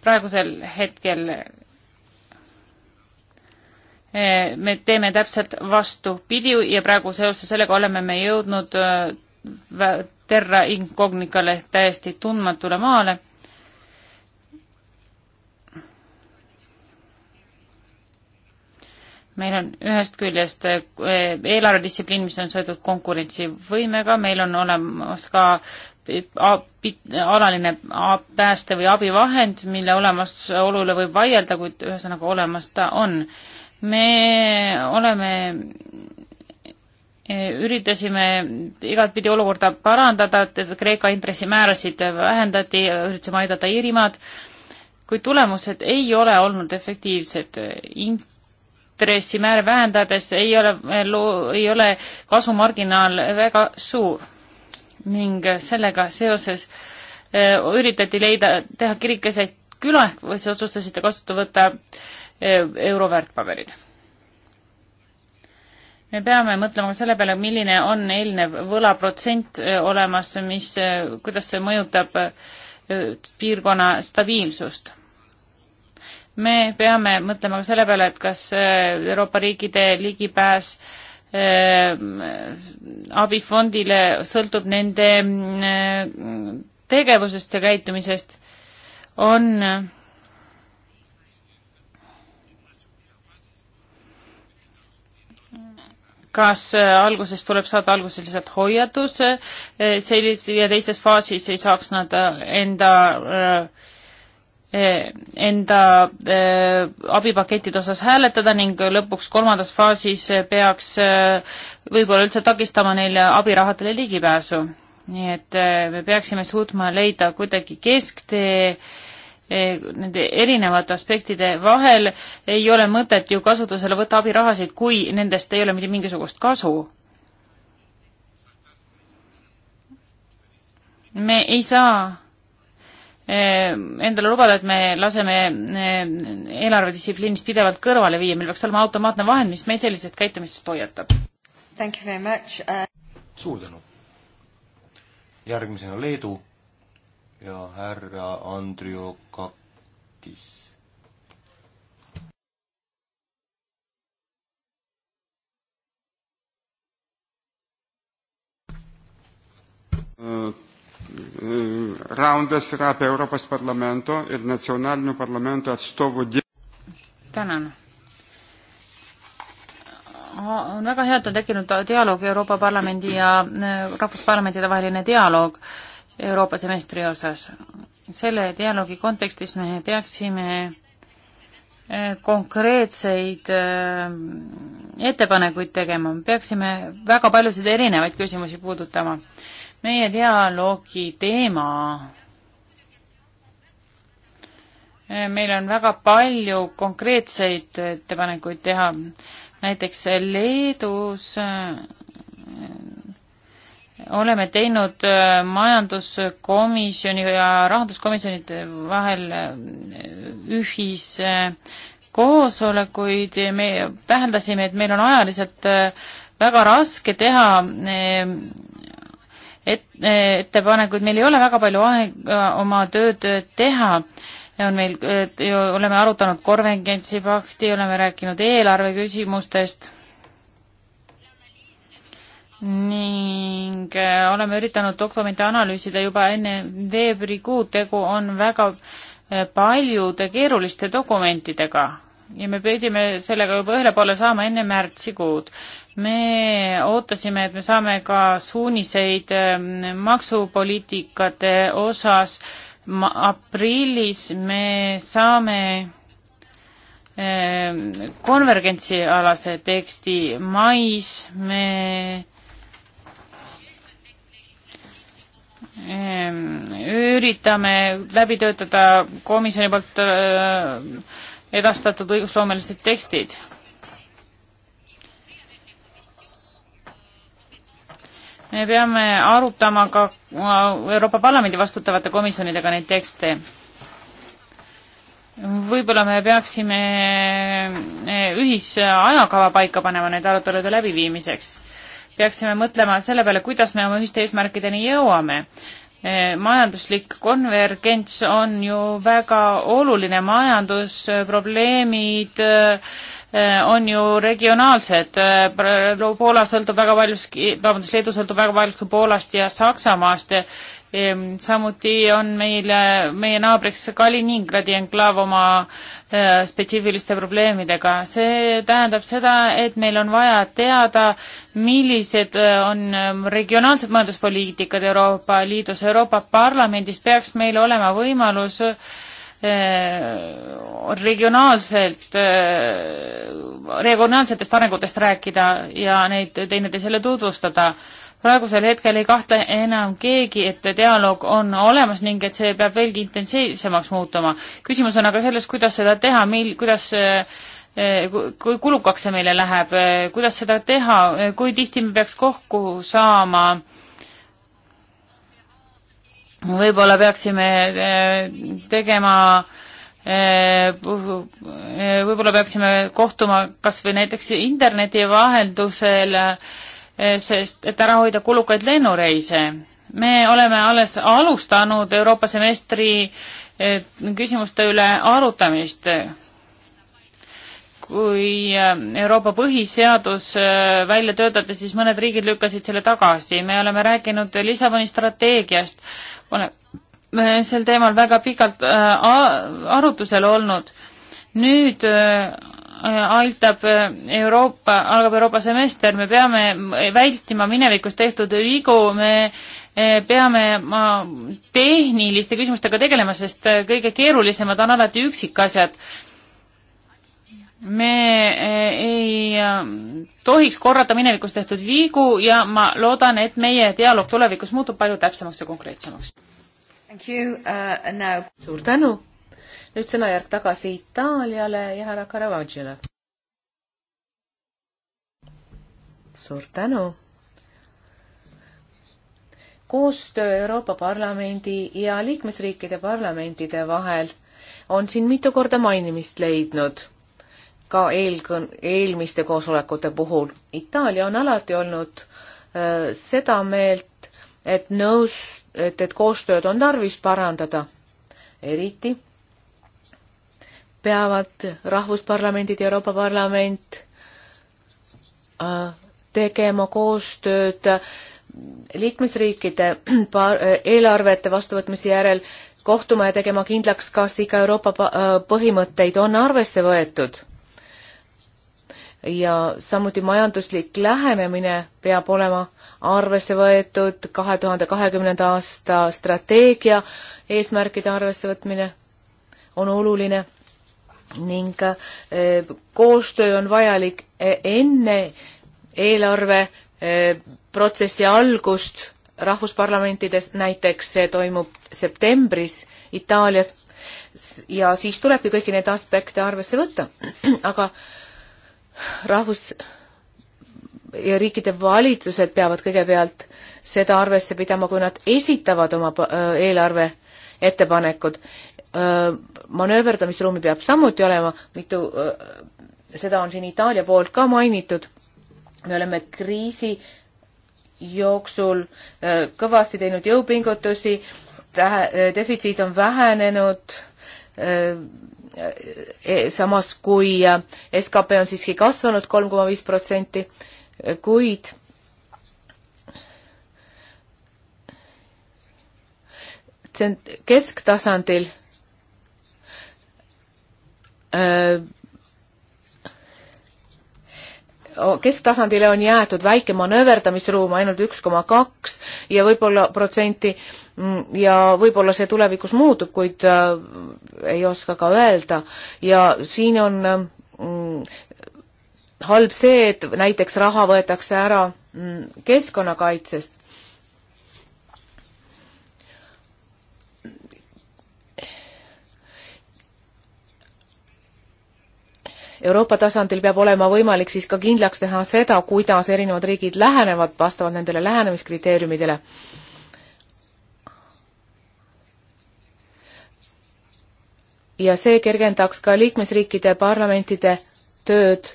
S3: praegusel hetkel me teeme täpselt vastupidi ja praegu seoses sellega oleme me jõudnud terra incognicale ehk täiesti tundmatule maale meil on ühest küljest eh, eelarvedistsipliin, mis on seotud konkurentsivõimega, meil on olemas ka alaline pääste- või abivahend, mille olemasolu üle võib vaielda, kuid ühesõnaga olemas ta on. me oleme, eh, üritasime igatpidi olukorda parandada, Kreeka intressimäärasid vähendati, üritasime aidata Iirimaad, kuid tulemused ei ole olnud efektiivsed. int-, intressimäära vähendades ei ole, ei ole kasumarginaal väga suur ning sellega seoses äh, üritati leida, teha kirikese küla, siis otsustasite kasutada võtta äh, euro väärtpaberid. me peame mõtlema ka selle peale, milline on eelnev võlaprotsent äh, olemas, mis, kuidas see mõjutab piirkonna stabiilsust me peame mõtlema ka selle peale, et kas äh, Euroopa riikide ligipääs äh, abifondile sõltub nende äh, tegevusest ja käitumisest, on kas alguses tuleb saada alguses lihtsalt hoiatus sellise ja teises faasis ei saaks nad enda äh, Eh, enda eh, abipakettide osas hääletada ning lõpuks kolmandas faasis peaks eh, võib-olla üldse takistama neile abirahadele ligipääsu. nii et me peaksime suutma leida kuidagi kesktee nende erinevate aspektide vahel, ei ole mõtet ju kasutusele võtta abirahasid, kui nendest ei ole mitte mingisugust kasu. me ei saa Eh, endale lubada, et me laseme eh, eelarvedistsipliinist pidevalt kõrvale viia, meil peaks olema automaatne vahend, mis meid sellisest käitumisest hoiatab.
S1: Uh...
S3: suur tänu.
S2: järgmisena Leedu ja härra Andrio Kaktis. Uh Mm, raundas yra apie Europos parlamento ir nacionalinių parlamento atstovų tänan.
S3: on väga hea, et on tekkinud dialoog Euroopa Parlamendi ja äh, rahvusparlamentide vaheline dialoog Euroopa semestri osas. selle dialoogi kontekstis me peaksime äh, konkreetseid äh, ettepanekuid tegema, peaksime väga paljusid erinevaid küsimusi puudutama meie dialoogi teema. meil on väga palju konkreetseid ettepanekuid teha, näiteks Leedus eh, oleme teinud eh, majanduskomisjoni ja rahanduskomisjonide vahel eh, ühise koosolekuid ja me täheldasime, et meil on ajaliselt väga raske teha et, eh, ettepanekuid, meil ei ole väga palju aega oma tööd eh, teha, on meil, eh, oleme arutanud konvergentsi pakti, oleme rääkinud eelarve küsimustest ning oleme üritanud dokumente analüüsida juba enne veebruarikuud, tegu on väga paljude keeruliste dokumentidega ja me pidime sellega juba ühele poole saama enne märtsikuud me ootasime, et me saame ka suuniseid ähm, maksupoliitikate osas. aprillis me saame ähm, konvergentsialase teksti, mais me ähm, üritame läbi töötada komisjoni poolt äh, edastatud õigusloomelised tekstid me peame arutama ka äh, Euroopa Parlamendi vastutavate komisjonidega neid tekste. võib-olla me peaksime äh, ühise ajakava paika panema nende arutelude läbiviimiseks. peaksime mõtlema selle peale, kuidas me oma ühiste eesmärkideni jõuame äh, majanduslik konvergents on ju väga oluline, majandusprobleemid äh, Äh, on ju regionaalsed. Äh, Poola sõltub väga paljuski, vabandust, Leedu sõltub väga paljuski Poolast ja Saksamaast. Ehm, samuti on meil, äh, meie naabriks Kaliningradi enklaav oma spetsiifiliste probleemidega. see tähendab seda, et meil on vaja teada, millised on ähm, regionaalsed majanduspoliitikad Euroopa Liidus. Euroopa Parlamendis peaks meil olema võimalus äh, Äh, regionaalselt, äh, regionaalsetest arengutest rääkida ja neid teineteisele tutvustada. praegusel hetkel ei kahtle enam keegi, et dialoog on olemas ning et see peab veelgi intensiivsemaks muutuma. küsimus on aga selles, kuidas seda teha, mil-, kuidas äh, kui kulukaks see meile läheb, kuidas seda teha, kui tihti me peaks kokku saama võib-olla peaksime eh, tegema eh, eh, võib-olla peaksime kohtuma kas või näiteks interneti vahendusel, sest et ära hoida kulukaid lennureise. me oleme alles alustanud Euroopa semestri küsimuste üle arutamist. kui Euroopa põhiseadus välja töötati, siis mõned riigid lükkasid selle tagasi, me oleme rääkinud Lissaboni strateegiast oleme sel teemal väga pikalt äh, arutusel olnud. nüüd äh, aitab äh, Euroopa, algab Euroopa semester, me peame vältima minevikus tehtud vigu, me peame ma tehniliste küsimustega tegelema, sest kõige keerulisemad on alati üksikasjad me eh, ei ähm, tohiks korrata minevikus tehtud viigu ja ma loodan, et meie dialoog tulevikus muutub palju täpsemaks ja konkreetsemaks.
S1: Uh, suur tänu. nüüd sõnajärg tagasi Itaaliale ja härra Caravaggiole. suur tänu. koostöö Euroopa Parlamendi ja liikmesriikide parlamentide vahel on siin mitu korda mainimist leidnud ka eelkõn-, eelmiste koosolekute puhul. Itaalia on alati olnud äh, seda meelt, et nõus, et, et koostööd on tarvis parandada. eriti peavad rahvusparlamendid ja Euroopa Parlament äh, tegema koostööd liikmesriikide par-, äh, eelarvete vastuvõtmise järel kohtuma ja tegema kindlaks, kas ikka Euroopa äh, põhimõtteid on arvesse võetud ja samuti majanduslik lähenemine peab olema arvesse võetud, kahe tuhande kahekümnenda aasta strateegia eesmärkide arvessevõtmine on oluline ning eh, koostöö on vajalik eh, enne eelarve eh, protsessi algust rahvusparlamentides, näiteks see toimub septembris Itaalias ja siis tulebki kõiki neid aspekte arvesse võtta. aga äh, rahvus ja riikide valitsused peavad kõigepealt seda arvesse pidama, kui nad esitavad oma äh, eelarve ettepanekud. Äh, manööverdamisruumi peab samuti olema, mitu, äh, seda on siin Itaalia poolt ka mainitud. me oleme kriisi jooksul kõvasti teinud jõupingutusi, defitsiit on vähenenud, E, samas kui äh, skp on siiski kasvanud kolm koma viis protsenti, äh, kuid see on kesktasandil äh, kesktasandile on jäetud väike manööverdamisruum, ainult üks koma kaks ja võib-olla protsenti mm, ja võib-olla see tulevikus muutub, kuid äh, ei oska ka öelda ja siin on äh, halb see, et näiteks raha võetakse ära mm, keskkonnakaitsest Euroopa tasandil peab olema võimalik siis ka kindlaks teha seda, kuidas erinevad riigid lähenevad vastavalt nendele lähenemiskriteeriumidele. ja see kergendaks ka liikmesriikide parlamentide tööd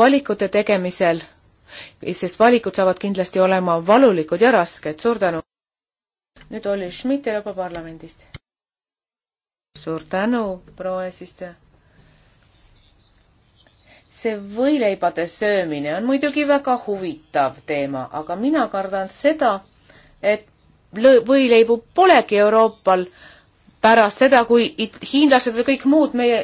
S1: valikute tegemisel, sest valikud saavad kindlasti olema valulikud ja rasked, suur tänu! nüüd Olli Schmidt Euroopa Parlamendist. suur tänu, proua eesistuja! see võileibade söömine on muidugi väga huvitav teema, aga mina kardan seda, et võileibu polegi Euroopal pärast seda, kui hiinlased või kõik muud meie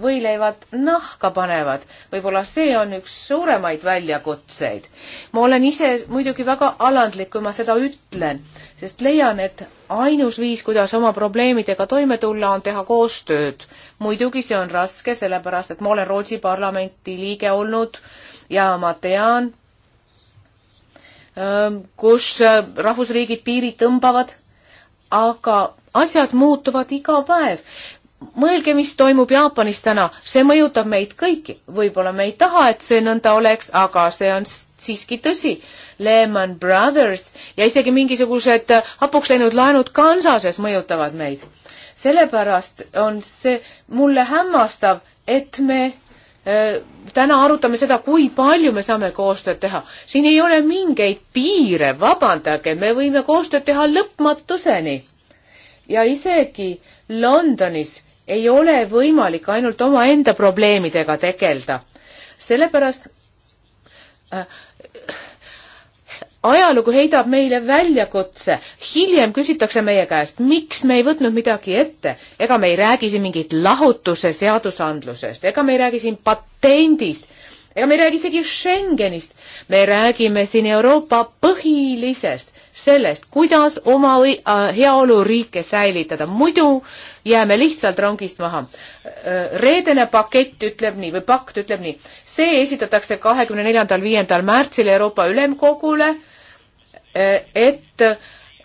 S1: võileivad nahka panevad. võib-olla see on üks suuremaid väljakutseid. ma olen ise muidugi väga alandlik, kui ma seda ütlen, sest leian, et ainus viis, kuidas oma probleemidega toime tulla, on teha koostööd. muidugi see on raske, sellepärast et ma olen Rootsi parlamenti liige olnud ja ma tean, ähm, kus äh, rahvusriigid piiri tõmbavad, aga asjad muutuvad iga päev mõelge, mis toimub Jaapanis täna, see mõjutab meid kõiki, võib-olla me ei taha, et see nõnda oleks, aga see on siiski tõsi. Lehman Brothers ja isegi mingisugused hapuks läinud laenud Kansases mõjutavad meid. sellepärast on see mulle hämmastav, et me öö, täna arutame seda, kui palju me saame koostööd teha. siin ei ole mingeid piire, vabandage, me võime koostööd teha lõpmatuseni. ja isegi Londonis ei ole võimalik ainult omaenda probleemidega tegeleda. sellepärast äh, ajalugu heidab meile väljakutse, hiljem küsitakse meie käest, miks me ei võtnud midagi ette, ega me ei räägi siin mingit lahutuse seadusandlusest, ega me ei räägi siin patendist, ega me ei räägi isegi Schengenist, me räägime siin Euroopa põhilisest, sellest, kuidas oma äh, heaoluriike säilitada, muidu jääme lihtsalt rongist maha. reedene pakett ütleb nii või pakt ütleb nii. see esitatakse kahekümne neljandal, viiendal märtsil Euroopa Ülemkogule, et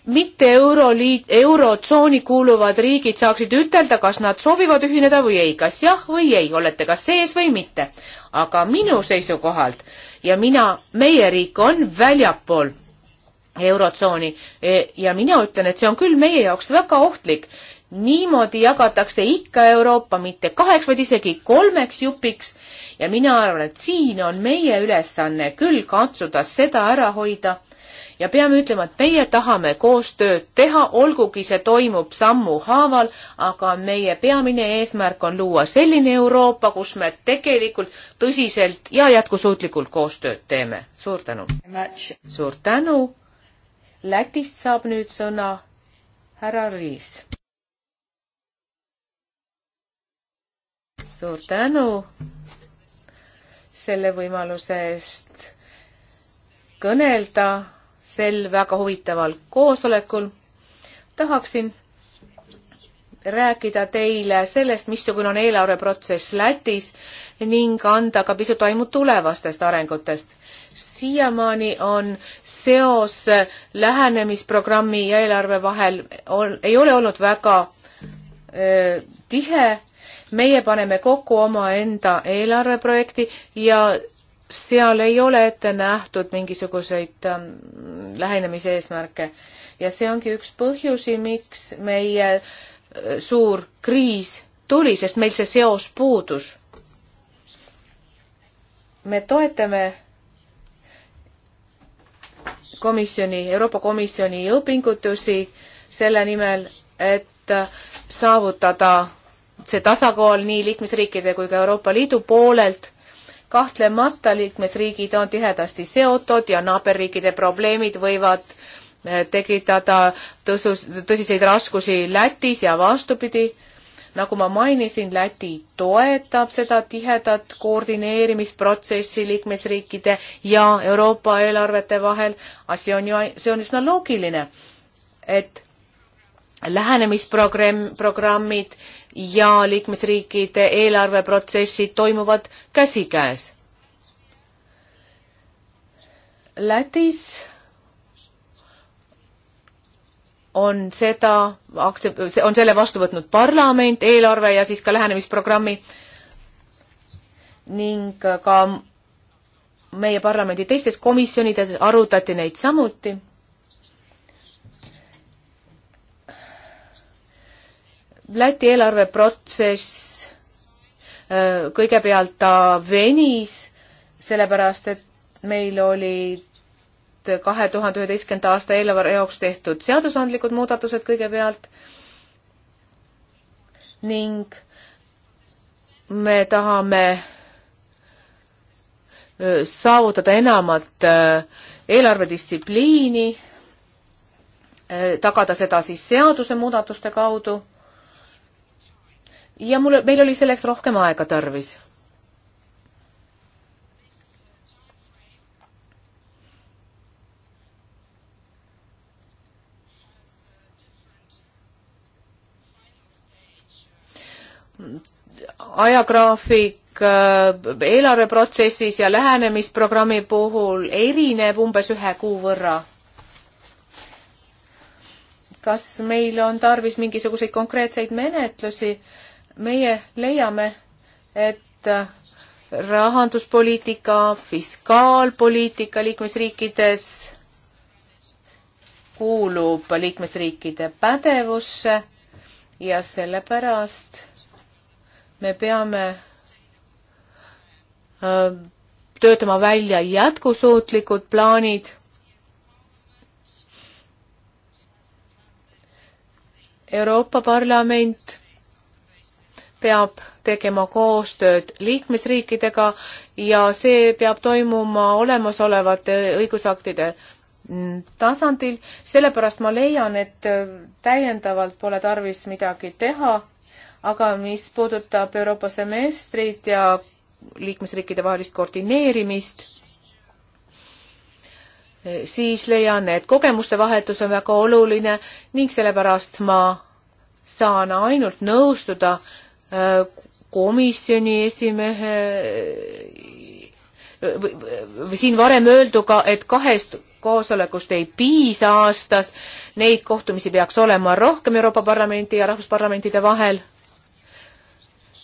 S1: mitte euroliit, eurotsooni kuuluvad riigid saaksid ütelda, kas nad soovivad ühineda või ei, kas jah või ei, olete kas sees või mitte. aga minu seisukohalt ja mina, meie riik on väljapool eurotsooni e, ja mina ütlen, et see on küll meie jaoks väga ohtlik niimoodi jagatakse ikka Euroopa mitte kaheks, vaid isegi kolmeks jupiks ja mina arvan, et siin on meie ülesanne küll katsuda seda ära hoida ja peame ütlema, et meie tahame koostööd teha, olgugi see toimub sammu haaval, aga meie peamine eesmärk on luua selline Euroopa, kus me tegelikult tõsiselt ja jätkusuutlikult koostööd teeme. suur tänu! suur tänu! Lätist saab nüüd sõna härra Riis. suur tänu selle võimaluse eest kõnelda sel väga huvitaval koosolekul. tahaksin rääkida teile sellest, missugune on eelarveprotsess Lätis ning anda ka pisut aimu tulevastest arengutest. siiamaani on seos lähenemisprogrammi ja eelarve vahel, ei ole olnud väga öö, tihe meie paneme kokku omaenda eelarveprojekti ja seal ei ole ette nähtud mingisuguseid äh, lähenemise eesmärke. ja see ongi üks põhjusi, miks meie äh, suur kriis tuli, sest meil see seos puudus. me toetame komisjoni, Euroopa Komisjoni jõupingutusi selle nimel, et äh, saavutada see tasakaal nii liikmesriikide kui ka Euroopa Liidu poolelt. kahtlemata liikmesriigid on tihedasti seotud ja naaberriikide probleemid võivad eh, tekitada tõsus, tõsiseid raskusi Lätis ja vastupidi. nagu ma mainisin, Läti toetab seda tihedat koordineerimisprotsessi liikmesriikide ja Euroopa eelarvete vahel. asi on ju, see on üsna loogiline, et lähenemisprogrammid ja liikmesriikide eelarveprotsessid toimuvad käsikäes. Lätis on seda, on selle vastu võtnud parlament, eelarve ja siis ka lähenemisprogrammi ning ka meie parlamendi teistes komisjonides arutati neid samuti Läti eelarveprotsess kõigepealt ta venis, sellepärast et meil olid kahe tuhande üheteistkümnenda aasta eelarve jaoks tehtud seadusandlikud muudatused kõigepealt ning me tahame saavutada enamat eelarvedistsipliini, tagada seda siis seadusemuudatuste kaudu ja mul, meil oli selleks rohkem aega tarvis. ajagraafik äh, eelarveprotsessis ja lähenemisprogrammi puhul erineb umbes ühe kuu võrra kas meil on tarvis mingisuguseid konkreetseid menetlusi meie leiame, et rahanduspoliitika, fiskaalpoliitika liikmesriikides kuulub liikmesriikide pädevusse ja sellepärast me peame äh, töötama välja jätkusuutlikud plaanid. Euroopa Parlament peab tegema koostööd liikmesriikidega ja see peab toimuma olemasolevate õigusaktide tasandil, sellepärast ma leian, et täiendavalt pole tarvis midagi teha, aga mis puudutab Euroopa semestrit ja liikmesriikide vahelist koordineerimist, siis leian, et kogemuste vahetus on väga oluline ning sellepärast ma saan ainult nõustuda komisjoni esimehe või, või siin varem öelduga, et kahest koosolekust ei piisa aastas, neid kohtumisi peaks olema rohkem Euroopa Parlamendi ja rahvusparlamentide vahel,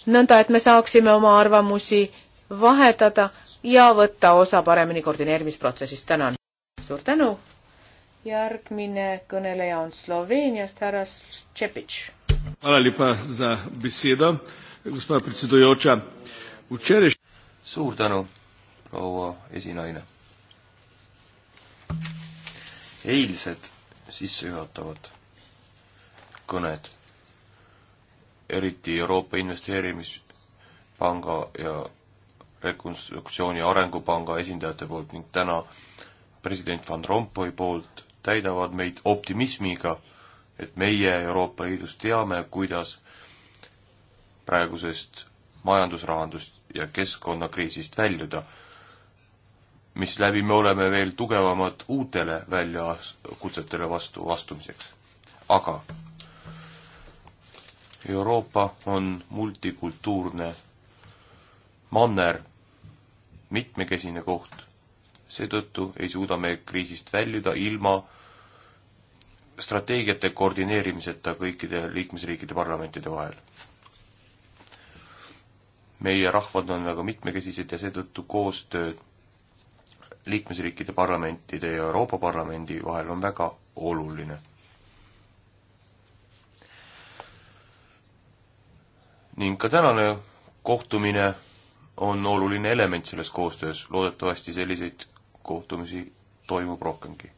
S1: nõnda et me saaksime oma arvamusi vahetada ja võtta osa paremini koordineerimisprotsessist. tänan! suur tänu! järgmine kõneleja on Sloveeniast, härra Ščepitš
S2: Hvala lepa za besedo, gospa predsedujoča. Včeraj... suur tänu, proua esinaine. eilsed sissejuhatavad kõned, eriti Euroopa Investeerimispanga ja Rekonstruktsiooni Arengupanga esindajate poolt ning täna president Van Rompuy poolt täidavad meid optimismiga et meie Euroopa Liidus teame, kuidas praegusest majandus, rahandus ja keskkonnakriisist väljuda, misläbi me oleme veel tugevamad uutele väljakutsetele vastu astumiseks. aga Euroopa on multikultuurne manner, mitmekesine koht. seetõttu ei suuda me kriisist väljuda ilma strateegiate koordineerimiseta kõikide liikmesriikide parlamentide vahel. meie rahvad on väga mitmekesised ja seetõttu koostöö liikmesriikide parlamentide ja Euroopa Parlamendi vahel on väga oluline. ning ka tänane kohtumine on oluline element selles koostöös, loodetavasti selliseid kohtumisi toimub rohkemgi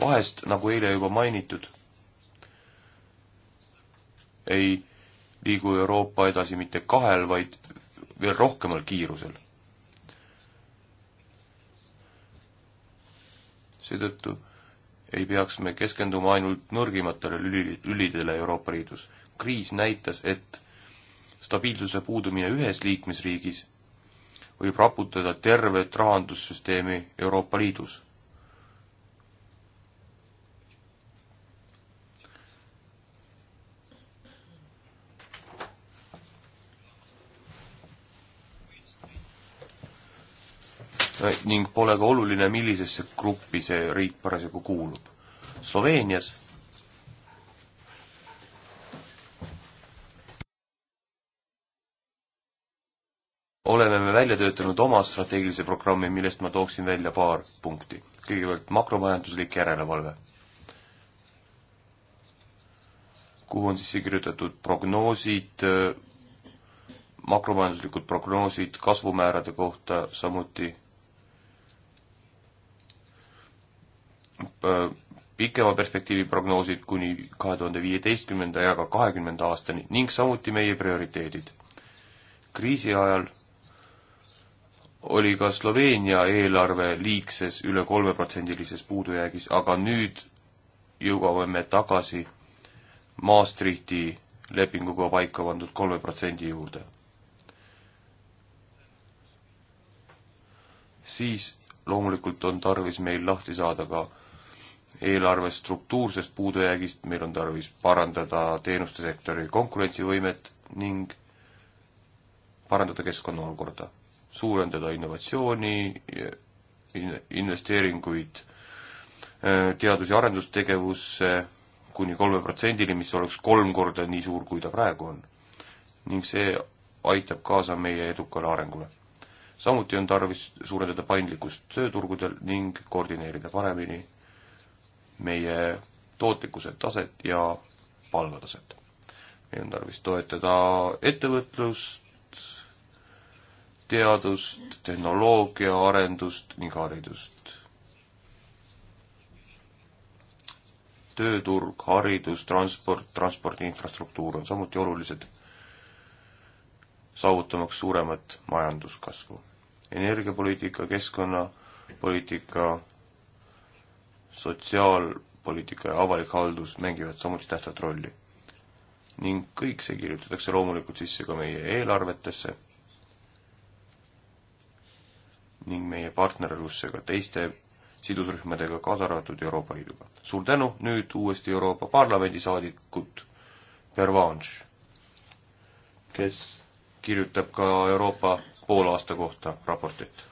S2: vahest, nagu eile juba mainitud, ei liigu Euroopa edasi mitte kahel, vaid veel rohkemal kiirusel. seetõttu ei peaks me keskenduma ainult nõrgimatele lüli, lülidele Euroopa Liidus. kriis näitas, et stabiilsuse puudumine ühes liikmesriigis võib raputada tervet rahandussüsteemi Euroopa Liidus ning pole ka oluline, millisesse gruppi see riik parasjagu kuulub. Sloveenias oleme me välja töötanud oma strateegilise programmi, millest ma tooksin välja paar punkti. kõigepealt makromajanduslik järelevalve, kuhu on sisse kirjutatud prognoosid, makromajanduslikud prognoosid kasvumäärade kohta, samuti Äh, pikema perspektiivi prognoosid kuni kahe tuhande viieteistkümnenda ja ka kahekümnenda aastani ning samuti meie prioriteedid. kriisi ajal oli ka Sloveenia eelarve liigses üle kolmeprotsendilises puudujäägis, aga nüüd jõuame me tagasi Maastrichti lepinguga paika pandud kolme protsendi juurde. siis loomulikult on tarvis meil lahti saada ka eelarve struktuursest puudujäägist, meil on tarvis parandada teenuste sektori konkurentsivõimet ning parandada keskkonna olukorda, suurendada innovatsiooni, investeeringuid äh, teadus- ja arendustegevusse kuni kolme protsendini, mis oleks kolm korda nii suur, kui ta praegu on. ning see aitab kaasa meie edukale arengule. samuti on tarvis suurendada paindlikkust tööturgudel ning koordineerida paremini meie tootlikkuse taset ja palgataset. meil on tarvis toetada ettevõtlust, teadust, tehnoloogia arendust ning haridust. tööturg, haridus, transport, transpordi infrastruktuur on samuti olulised, saavutamaks suuremat majanduskasvu. energiapoliitika, keskkonnapoliitika, sotsiaalpoliitika ja avalik haldus mängivad samuti tähtsat rolli. ning kõik see kirjutatakse loomulikult sisse ka meie eelarvetesse ning meie partnerlusse ka teiste sidusrühmadega, kaasa arvatud Euroopa Liiduga. suur tänu, nüüd uuesti Euroopa Parlamendi saadikut Pervanš, kes kirjutab ka Euroopa poolaasta kohta raportit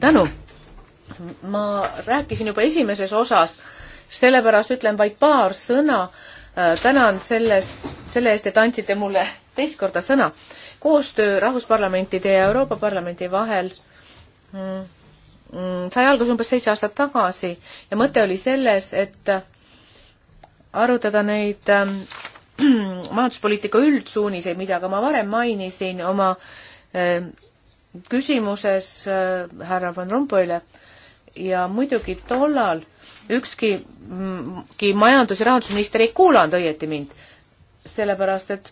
S1: tänu. ma rääkisin juba esimeses osas, sellepärast ütlen vaid paar sõna. Äh, tänan selles, selle eest, et andsite mulle teist korda sõna. koostöö Rahvusparlamentide ja Euroopa Parlamendi vahel mm, mm, sai alguse umbes seitse aastat tagasi ja mõte oli selles, et arutada neid ähm, majanduspoliitika üldsuuniseid, mida ka ma varem mainisin oma äh, küsimuses äh, härra Van Rompuyle ja muidugi tollal ükski majandus- ja rahandusminister ei kuulanud õieti mind, sellepärast et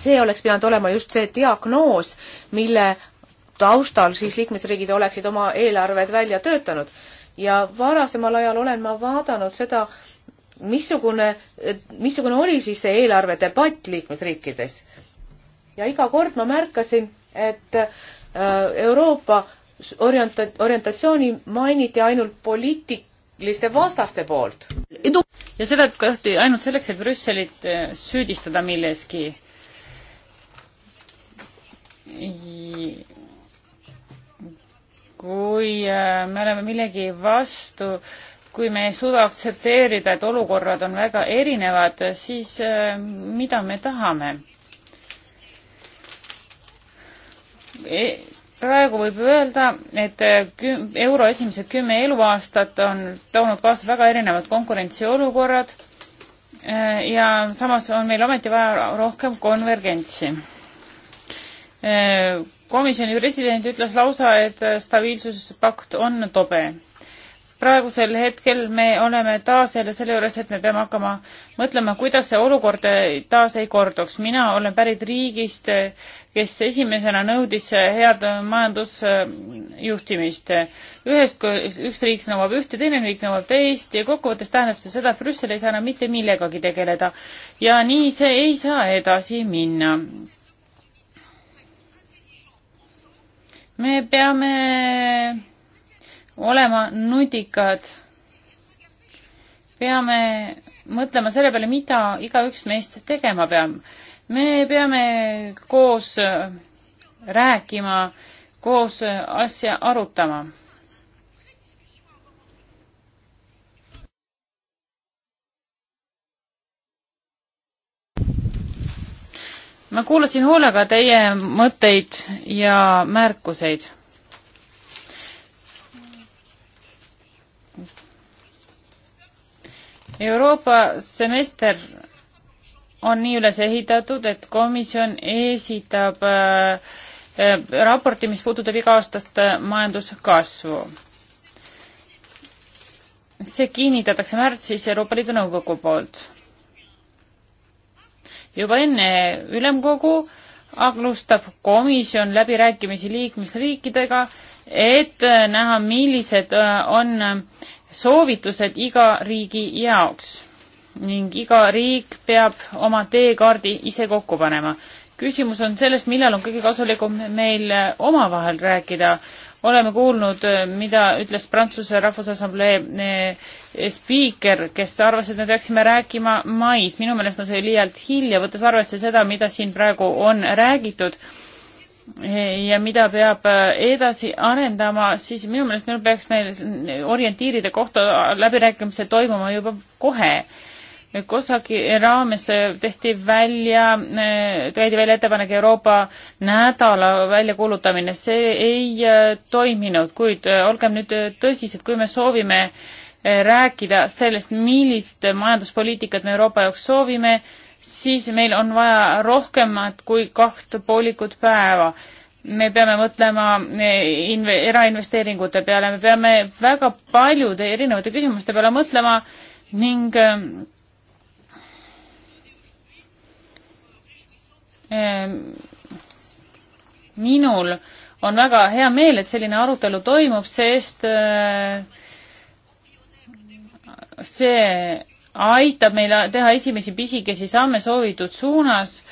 S1: see oleks pidanud olema just see diagnoos, mille taustal siis liikmesriigid oleksid oma eelarved välja töötanud. ja varasemal ajal olen ma vaadanud seda, missugune, missugune oli siis see eelarvedebatt liikmesriikides. ja iga kord ma märkasin, et äh, Euroopa orienta-, orientatsiooni mainiti ainult poliitiliste
S3: vastaste poolt. ja seda tehti ainult selleks, et Brüsselit äh, süüdistada milleski. kui äh, me oleme millegi vastu, kui me ei suuda aktsepteerida, et olukorrad on väga erinevad, siis mida me tahame? E, praegu võib öelda, et äh, küm, euro esimesed kümme eluaastat on toonud kaasa väga erinevad konkurentsiolukorrad äh, ja samas on meil ometi vaja rohkem konvergentsi. Äh, komisjoni president ütles lausa, et stabiilsuspakt on tobe praegusel hetkel me oleme taas jälle selle juures, et me peame hakkama mõtlema, kuidas see olukord eh, taas ei korduks. mina olen pärit riigist, eh, kes esimesena nõudis eh, head majandusjuhtimist. ühest, üks riik nõuab ühte, teine riik nõuab teist ja kokkuvõttes tähendab see seda, et Brüssel ei saa enam mitte millegagi tegeleda. ja nii see ei saa edasi minna me peame olema nutikad. peame mõtlema selle peale, mida igaüks meist tegema peab. me peame koos äh, rääkima, koos äh, asja arutama ma kuulasin hoolega teie mõtteid ja märkuseid. Euroopa semester on nii üles ehitatud, et komisjon esitab äh, äh, raporti, mis puudutab iga-aastast äh, majanduskasvu. see kinnitatakse märtsis Euroopa Liidu Nõukogu poolt. juba enne ülemkogu alustab komisjon läbirääkimisi liikmesriikidega, et näha, millised on soovitused iga riigi jaoks ning iga riik peab oma teekaardi ise kokku panema. küsimus on selles, millal on kõige kasulikum meil omavahel rääkida. oleme kuulnud, mida ütles Prantsuse Rahvusassamblee eh, spiiker, kes arvas, et me peaksime rääkima mais. minu meelest on see liialt hilja, võttes arvesse seda, mida siin praegu on räägitud ja mida peab äh, edasi arendama, siis minu meelest meil peaks meil orientiiride kohta läbirääkimised toimuma juba kohe. COSAC-i raames tehti välja, äh, toodi välja ettepanek Euroopa nädala väljakuulutamine, see ei äh, toiminud, kuid olgem nüüd tõsised, kui me soovime rääkida sellest, millist majanduspoliitikat me Euroopa jaoks soovime, siis meil on vaja rohkemat kui kaht poolikut päeva. me peame mõtlema eh, inve-, erainvesteeringute peale, me peame väga paljude erinevate küsimuste peale mõtlema ning eh, minul on väga hea meel, et selline arutelu toimub, sest eh, see aitab meil teha esimesi pisikesi samme soovitud suunas.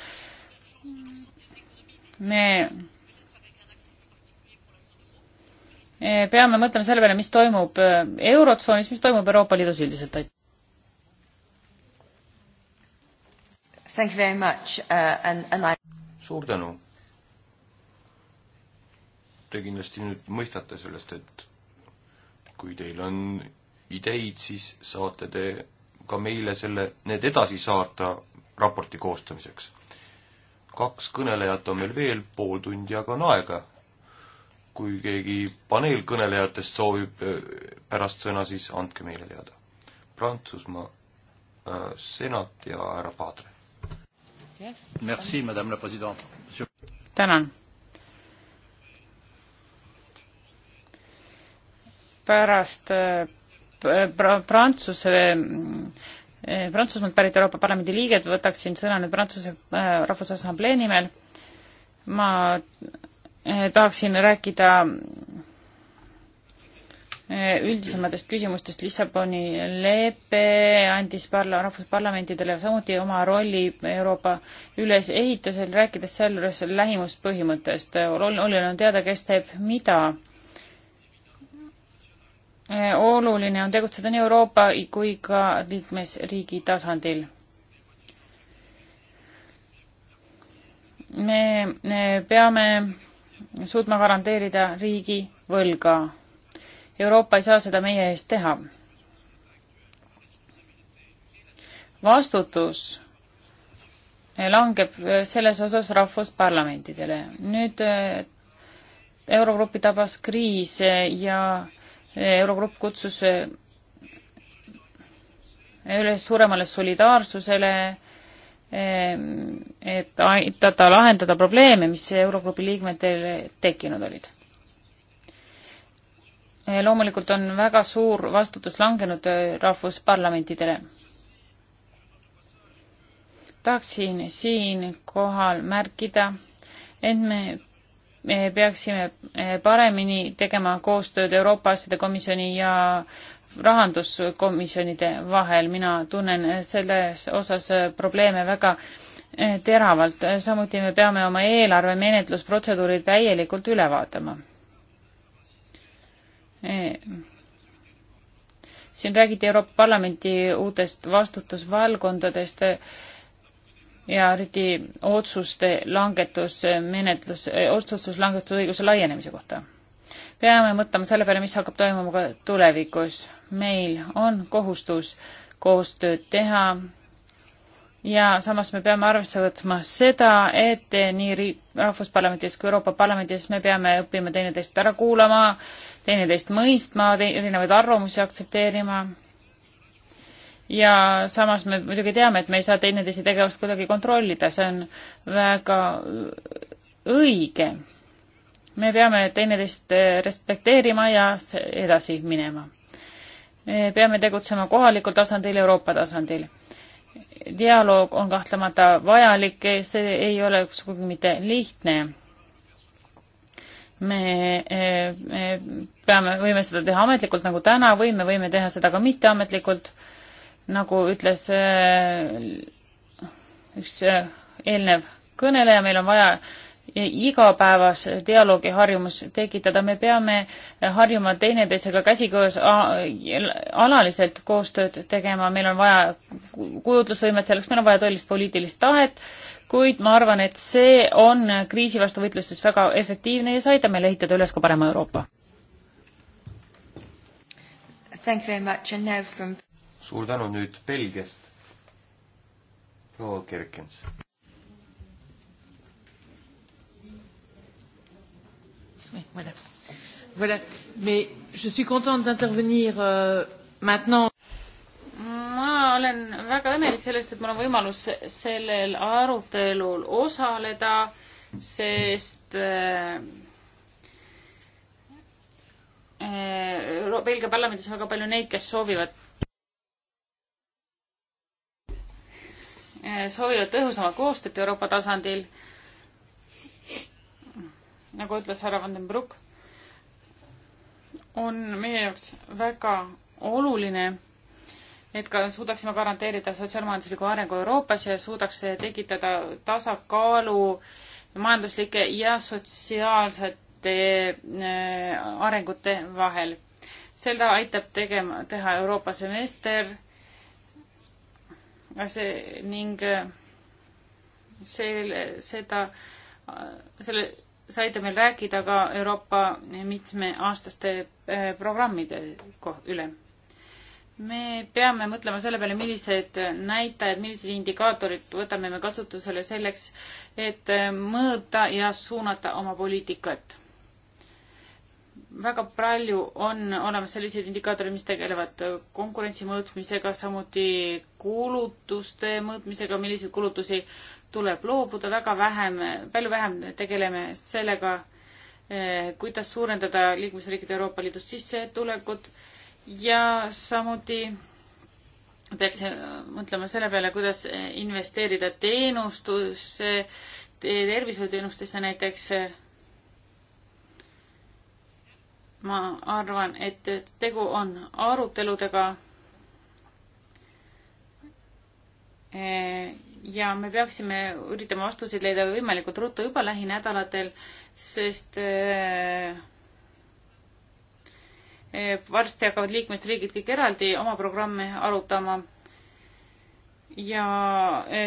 S3: me peame mõtlema selle peale, mis toimub äh, Eurotsoonis, mis toimub Euroopa Liidus üldiselt. Thank
S2: you very much uh, and, and I suur tänu. Te kindlasti nüüd mõistate sellest, et kui teil on ideid, siis saate te ka meile selle, need edasi saata raporti koostamiseks. kaks kõnelejat on meil veel, pool tundi aga on aega. kui keegi paneelkõnelejatest soovib äh, pärast sõna, siis andke meile teada. Prantsusmaa äh, senat ja härra Padre yes.. Merci, madame la president.
S3: tänan pärast äh, Prantsuse eh, Prantsusmaalt pärit Euroopa Parlamendi liiget, võtaksin sõna nüüd Prantsuse eh, Rahvusassamblee nimel. ma eh, tahaksin rääkida üldisematest küsimustest, Lissaboni lepe andis parla-, rahvusparlamentidele samuti oma rolli Euroopa ülesehitusel, rääkides sealjuures lähimuspõhimõttest. oluline on teada, kes teeb mida Eh, oluline on tegutseda nii Euroopa kui ka liikmesriigi tasandil. me peame suutma garanteerida riigi võlga. Euroopa ei saa seda meie eest teha. vastutus langeb selles osas rahvusparlamentidele. nüüd eh, Eurogrupi tabas kriis eh, ja Eurogrupp kutsus eh, üles suuremale solidaarsusele, eh, et aitada lahendada probleeme, mis Eurogrupi liikmetel tekkinud olid. Eh, loomulikult on väga suur vastutus langenud rahvusparlamentidele. tahaksin siinkohal märkida, et me me peaksime eh, paremini tegema koostööd Euroopa Asjade Komisjoni ja rahanduskomisjonide vahel, mina tunnen selles osas eh, probleeme väga eh, teravalt, samuti me peame oma eelarve menetlusprotseduurid täielikult üle vaatama. siin räägiti Euroopa Parlamenti uutest vastutusvaldkondadest ja eriti otsuste langetusmenetlus, otsustuslangetusõiguse laienemise kohta. peame mõtlema selle peale, mis hakkab toimuma ka tulevikus. meil on kohustus koostööd teha ja samas me peame arvesse võtma seda, et nii Rahvusparlamendis kui Euroopa Parlamendis me peame õppima teineteist ära kuulama, teineteist mõistma, erinevaid arvamusi aktsepteerima ja samas me muidugi teame, et me ei saa teineteise tegevust kuidagi kontrollida, see on väga õige. me peame teineteist respekteerima ja edasi minema. me peame tegutsema kohalikul tasandil, Euroopa tasandil. dialoog on kahtlemata vajalik, see ei ole sugugi mitte lihtne me eh, peame, võime seda teha ametlikult nagu täna või me võime teha seda ka mitteametlikult nagu ütles äh, üks äh, eelnev kõneleja, meil on vaja äh, igapäevas dialoogi harjumus tekitada, me peame harjuma teineteisega käsikoos alaliselt koostööd tegema, meil on vaja kujutlusvõimet selleks, meil on vaja tõelist poliitilist tahet, kuid ma arvan, et see on kriisi vastu võitluses väga efektiivne ja see aitab meil ehitada üles ka parema Euroopa. From
S2: suur tänu nüüd Belgiast, proua Kerkens.
S3: Voilà. Voilà. Mais je suis contente d'intervenir euh, maintenant. ma olen väga õnnelik sellest, et mul on võimalus sellel arutelul osaleda, sest äh, äh Belgia parlamendis on väga palju neid, kes soovivad Eh, soovivad tõhusamat koostööd Euroopa tasandil. nagu ütles härra Vandenbruck, on meie jaoks väga oluline, et ka suudaksime garanteerida sotsiaalmajandusliku arengu Euroopas ja suudaks tekitada tasakaalu majanduslike ja sotsiaalsete eh, arengute vahel. seda aitab tegema, teha Euroopa semester see ning äh, see, seda, äh, selle, see aitab meil rääkida ka Euroopa mitmeaastaste äh, programmide üle. me peame mõtlema selle peale, millised näitajad, millised indikaatorid võtame me kasutusele selleks, et mõõta ja suunata oma poliitikat väga palju on olemas selliseid indikaatoreid, mis tegelevad konkurentsi mõõtmisega, samuti kulutuste mõõtmisega, milliseid kulutusi tuleb loobuda, väga vähem, palju vähem tegeleme sellega, eh, kuidas suurendada liikmesriikide Euroopa Liidust sissetulekut ja samuti peaks mõtlema selle peale, kuidas investeerida teenustusse, tervishoiuteenustesse näiteks ma arvan, et tegu on aruteludega. E, ja me peaksime üritama vastuseid leida võimalikult ruttu juba lähinädalatel, sest e, e, varsti hakkavad liikmesriigid kõik eraldi oma programme arutama. ja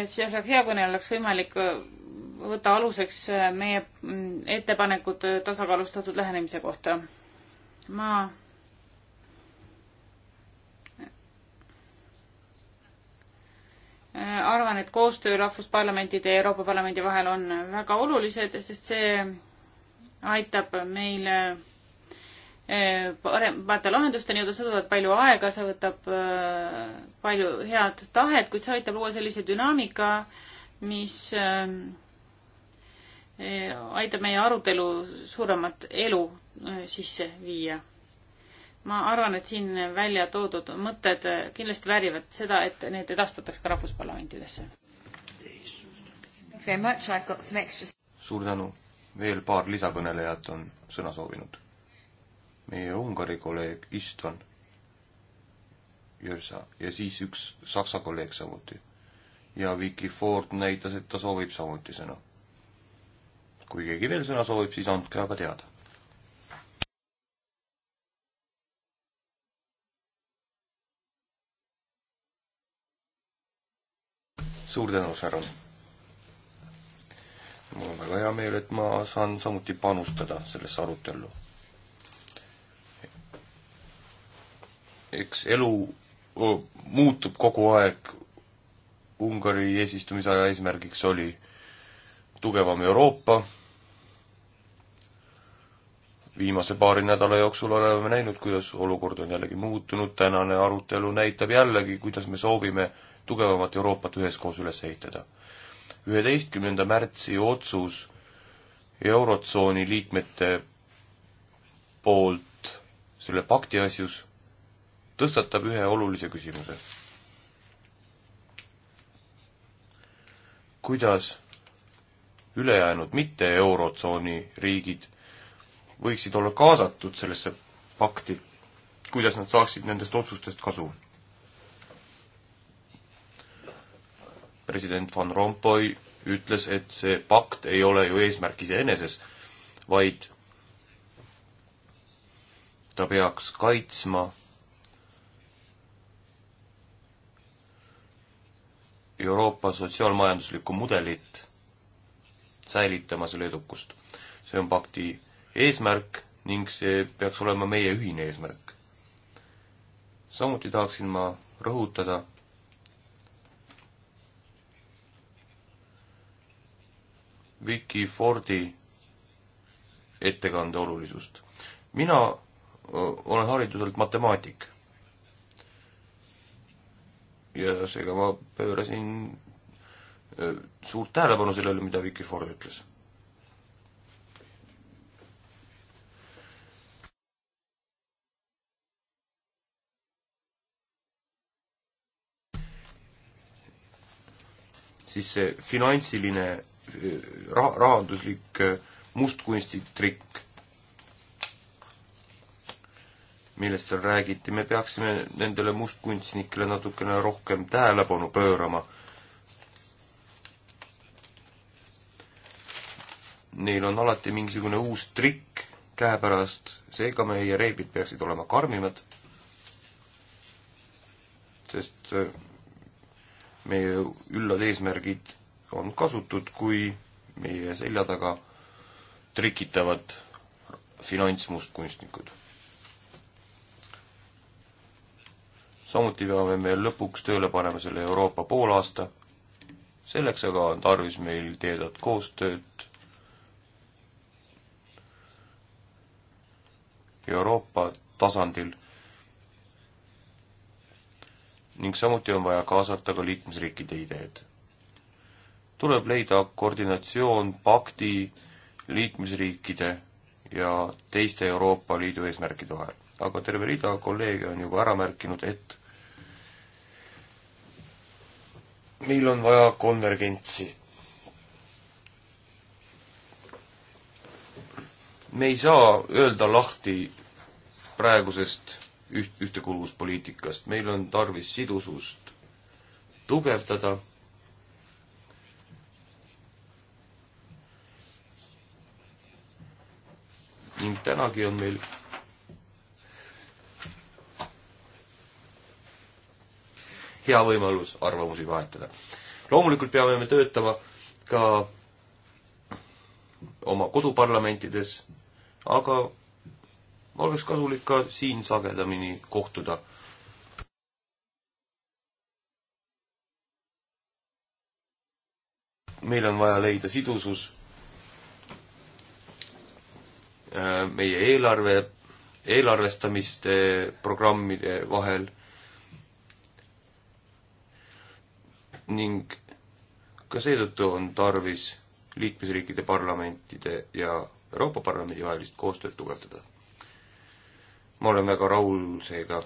S3: see oleks hea, kui neil oleks võimalik võtta aluseks meie mm, ettepanekud tasakaalustatud lähenemise kohta ma arvan, et koostöö rahvusparlamentide ja Euroopa Parlamendi vahel on väga olulised, sest see aitab meil eh, paremate lahendusteni jõuda, see võtab palju aega, see võtab eh, palju head tahet, kuid see aitab luua sellise dünaamika, mis eh, aitab meie arutelu suuremat elu Äh, sisse viia. ma arvan, et siin välja toodud mõtted kindlasti väärivad seda, et need edastataks ka rahvusparlamentidesse.
S2: suur tänu. veel paar lisakõnelejat on sõna soovinud. meie Ungari kolleeg Istvan Jürsa ja siis üks Saksa kolleeg samuti. ja Vicky Ford näitas, et ta soovib samuti sõna. kui keegi veel sõna soovib, siis andke aga teada. suur tänu, Sharon. mul on väga hea meel, et ma saan samuti panustada sellesse arutellu. eks elu öö, muutub kogu aeg. Ungari eesistumisaja eesmärgiks oli tugevam Euroopa. viimase paari nädala jooksul oleme näinud, kuidas olukord on jällegi muutunud, tänane arutelu näitab jällegi, kuidas me soovime tugevamat Euroopat üheskoos üles ehitada. üheteistkümnenda märtsi otsus Eurotsooni liikmete poolt selle pakti asjus tõstatab ühe olulise küsimuse. kuidas ülejäänud mitte Eurotsooni riigid võiksid olla kaasatud sellesse pakti, kuidas nad saaksid nendest otsustest kasu? president Van Rompuy ütles, et see pakt ei ole ju eesmärk iseeneses, vaid ta peaks kaitsma Euroopa sotsiaalmajanduslikku mudelit, säilitama selle edukust. see on pakti eesmärk ning see peaks olema meie ühine eesmärk. samuti tahaksin ma rõhutada, Vicky Fordi ettekande olulisust. mina olen hariduselt matemaatik. ja seega ma pöörasin suurt tähelepanu sellele, mida Vicky Ford ütles. siis see finantsiline ra-, rahanduslik äh, mustkunstitrikk, millest seal räägiti, me peaksime nendele mustkunstnikele natukene rohkem tähelepanu pöörama. Neil on alati mingisugune uus trikk käepärast, seega meie reeglid peaksid olema karmimad, sest äh, meie üllad eesmärgid on kasutud, kui meie selja taga trikitavad finantsmustkunstnikud. samuti peame me lõpuks tööle panema selle Euroopa poolaasta, selleks aga on tarvis meil tihedat koostööd Euroopa tasandil ning samuti on vaja kaasata ka liikmesriikide ideed tuleb leida koordinatsioon pakti liikmesriikide ja teiste Euroopa Liidu eesmärkide vahel. aga terve rida kolleege on juba ära märkinud, et meil on vaja konvergentsi. me ei saa öelda lahti praegusest üht, ühtekuuluvuspoliitikast, meil on tarvis sidusust tugevdada ning tänagi on meil hea võimalus arvamusi vahetada. loomulikult peame me töötama ka oma koduparlamentides, aga oleks kasulik ka siin sagedamini kohtuda meil on vaja leida sidusus Äh, meie eelarve, eelarvestamiste programmide vahel ning ka seetõttu on tarvis liikmesriikide parlamentide ja Euroopa Parlamendi vahelist koostööd tugevdada. ma olen väga rahul seega,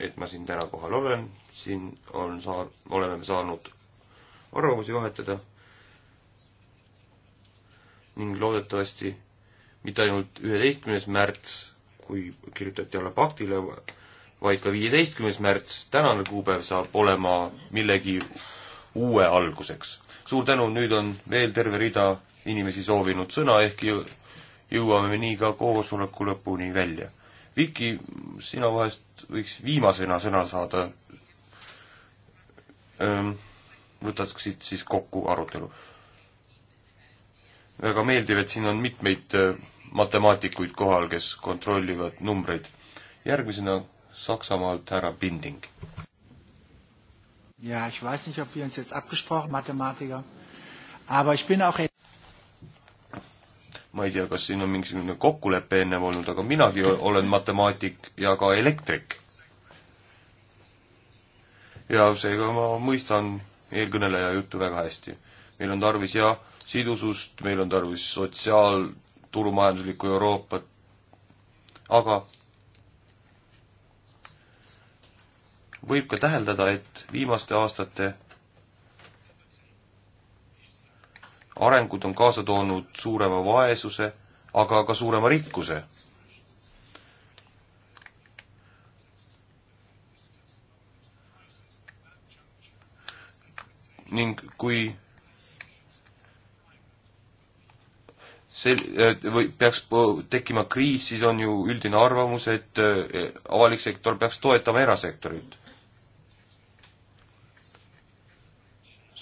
S2: et ma siin täna kohal olen, siin on saa-, oleme saanud arvamusi vahetada ning loodetavasti mitte ainult üheteistkümnes märts, kui kirjutati alla paktile, vaid ka viieteistkümnes märts, tänane kuupäev saab olema millegi uue alguseks. suur tänu, nüüd on veel terve rida inimesi soovinud sõna, ehkki jõuame nii ka koosoleku lõpuni välja. Viki, sina vahest võiks viimasena sõna saada. võtaksid siis kokku arutelu. väga meeldiv, et siin on mitmeid matemaatikuid kohal, kes kontrollivad numbreid. järgmisena Saksamaalt härra Binding.
S1: Ja, ich weiß nicht, ob wir uns jetzt abgesprochen, Mathematiker, aber ich bin auch
S2: ma ei tea, kas siin on mingisugune kokkulepe ennem olnud, aga minagi olen matemaatik ja ka elektrik. ja seega ma mõistan eelkõneleja juttu väga hästi. meil on tarvis ja sidusust, meil on tarvis sotsiaal, turumajanduslikku Euroopat, aga võib ka täheldada, et viimaste aastate arengud on kaasa toonud suurema vaesuse, aga ka suurema rikkuse. ning kui see äh, või peaks tekkima kriis, siis on ju üldine arvamus, et äh, avalik sektor peaks toetama erasektorit.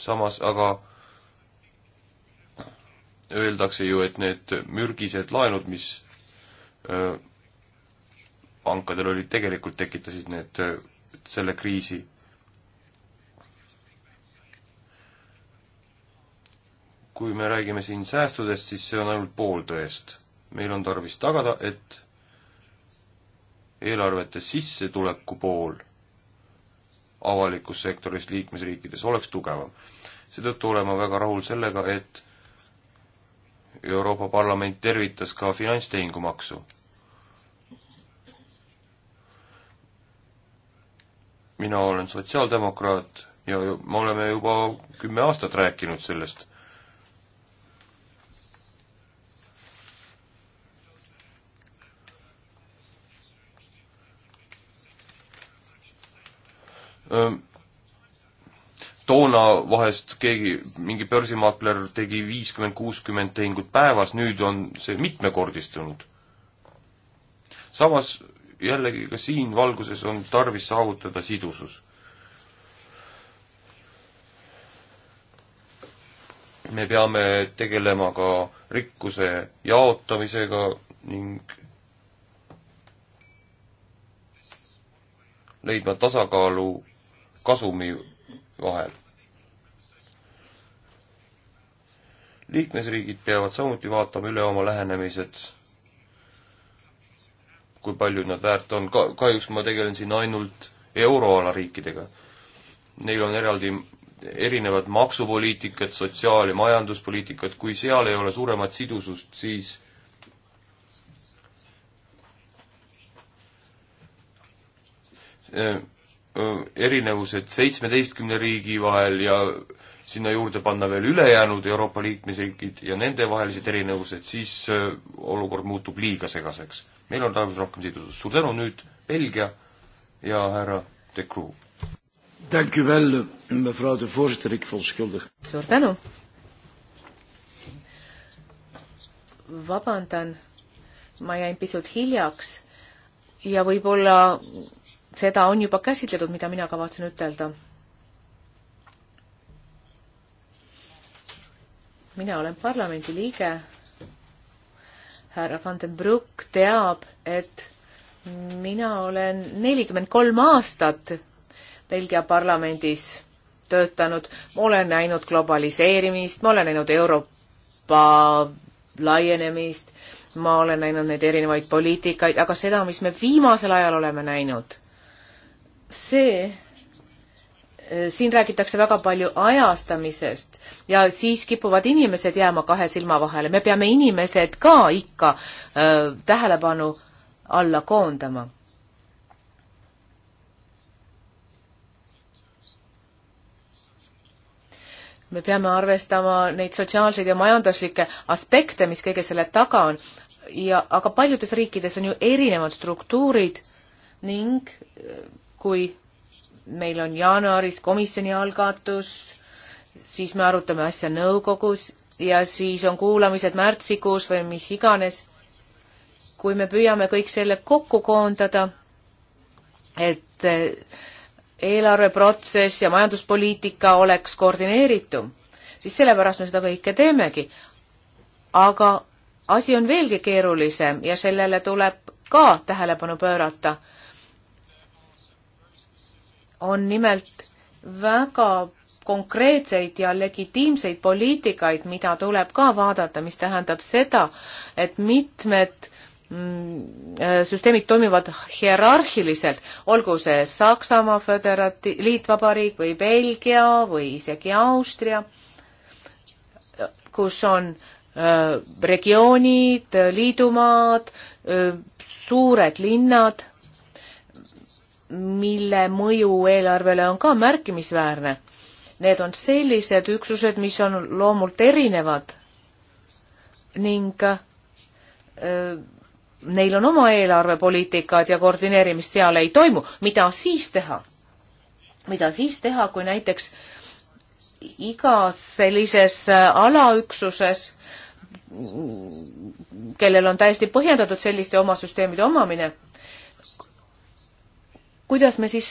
S2: samas aga öeldakse ju, et need mürgised laenud, mis äh, pankadel olid, tegelikult tekitasid need, selle kriisi kui me räägime siin säästudest, siis see on ainult pool tõest. meil on tarvis tagada, et eelarvete sissetuleku pool avalikus sektoris liikmesriikides oleks tugevam. seetõttu olen ma väga rahul sellega, et Euroopa Parlament tervitas ka finantstehingumaksu. mina olen sotsiaaldemokraat ja me oleme juba kümme aastat rääkinud sellest toona vahest keegi, mingi börsimaakler tegi viiskümmend, kuuskümmend tehingut päevas, nüüd on see mitmekordistunud. samas jällegi ka siin valguses on tarvis saavutada sidusus. me peame tegelema ka rikkuse jaotamisega ning leidma tasakaalu kasumi vahel. liikmesriigid peavad samuti vaatama üle oma lähenemised, kui palju nad väärt on, ka-, kahjuks ma tegelen siin ainult euroala riikidega. Neil on eraldi erinevad maksupoliitikad, sotsiaal- ja majanduspoliitikad, kui seal ei ole suuremat sidusust, siis erinevused seitsmeteistkümne riigi vahel ja sinna juurde panna veel ülejäänud Euroopa liikmesriigid ja nendevahelised erinevused, siis olukord muutub liiga segaseks. meil on tarvis rohkem sidusust. suur tänu nüüd, Belgia ja härra De Croo.
S1: suur tänu. vabandan, ma jäin pisut hiljaks ja võib-olla seda on juba käsitletud, mida mina kavatsen ütelda. mina olen parlamendi liige. härra Van den Broek teab, et mina olen nelikümmend kolm aastat Belgia parlamendis töötanud, ma olen näinud globaliseerimist, ma olen näinud Euroopa laienemist, ma olen näinud neid erinevaid poliitikaid, aga seda, mis me viimasel ajal oleme näinud see, eh, siin räägitakse väga palju ajastamisest ja siis kipuvad inimesed jääma kahe silma vahele, me peame inimesed ka ikka öö, eh, tähelepanu alla koondama me peame arvestama neid sotsiaalseid ja majanduslikke aspekte, mis kõige selle taga on ja, aga paljudes riikides on ju erinevad struktuurid ning eh, kui meil on jaanuaris komisjoni algatus, siis me arutame asja nõukogus ja siis on kuulamised märtsikuus või mis iganes. kui me püüame kõik selle kokku koondada, et eh, eelarveprotsess ja majanduspoliitika oleks koordineeritum, siis sellepärast me seda kõike teemegi. aga asi on veelgi keerulisem ja sellele tuleb ka tähelepanu pöörata on nimelt väga konkreetseid ja legitiimseid poliitikaid, mida tuleb ka vaadata, mis tähendab seda, et mitmed mm, äh, süsteemid toimivad hierarhiliselt, olgu see Saksamaa föderati-, liitvabariik või Belgia või isegi Austria, kus on öö, äh, regioonid, liidumaad, äh, suured linnad mille mõju eelarvele on ka märkimisväärne. Need on sellised üksused, mis on loomult erinevad ning öö, neil on oma eelarvepoliitikad ja koordineerimist seal ei toimu. mida siis teha? mida siis teha, kui näiteks igas sellises äh, alaüksuses, kellel on täiesti põhjendatud selliste oma süsteemide omamine, kuidas me siis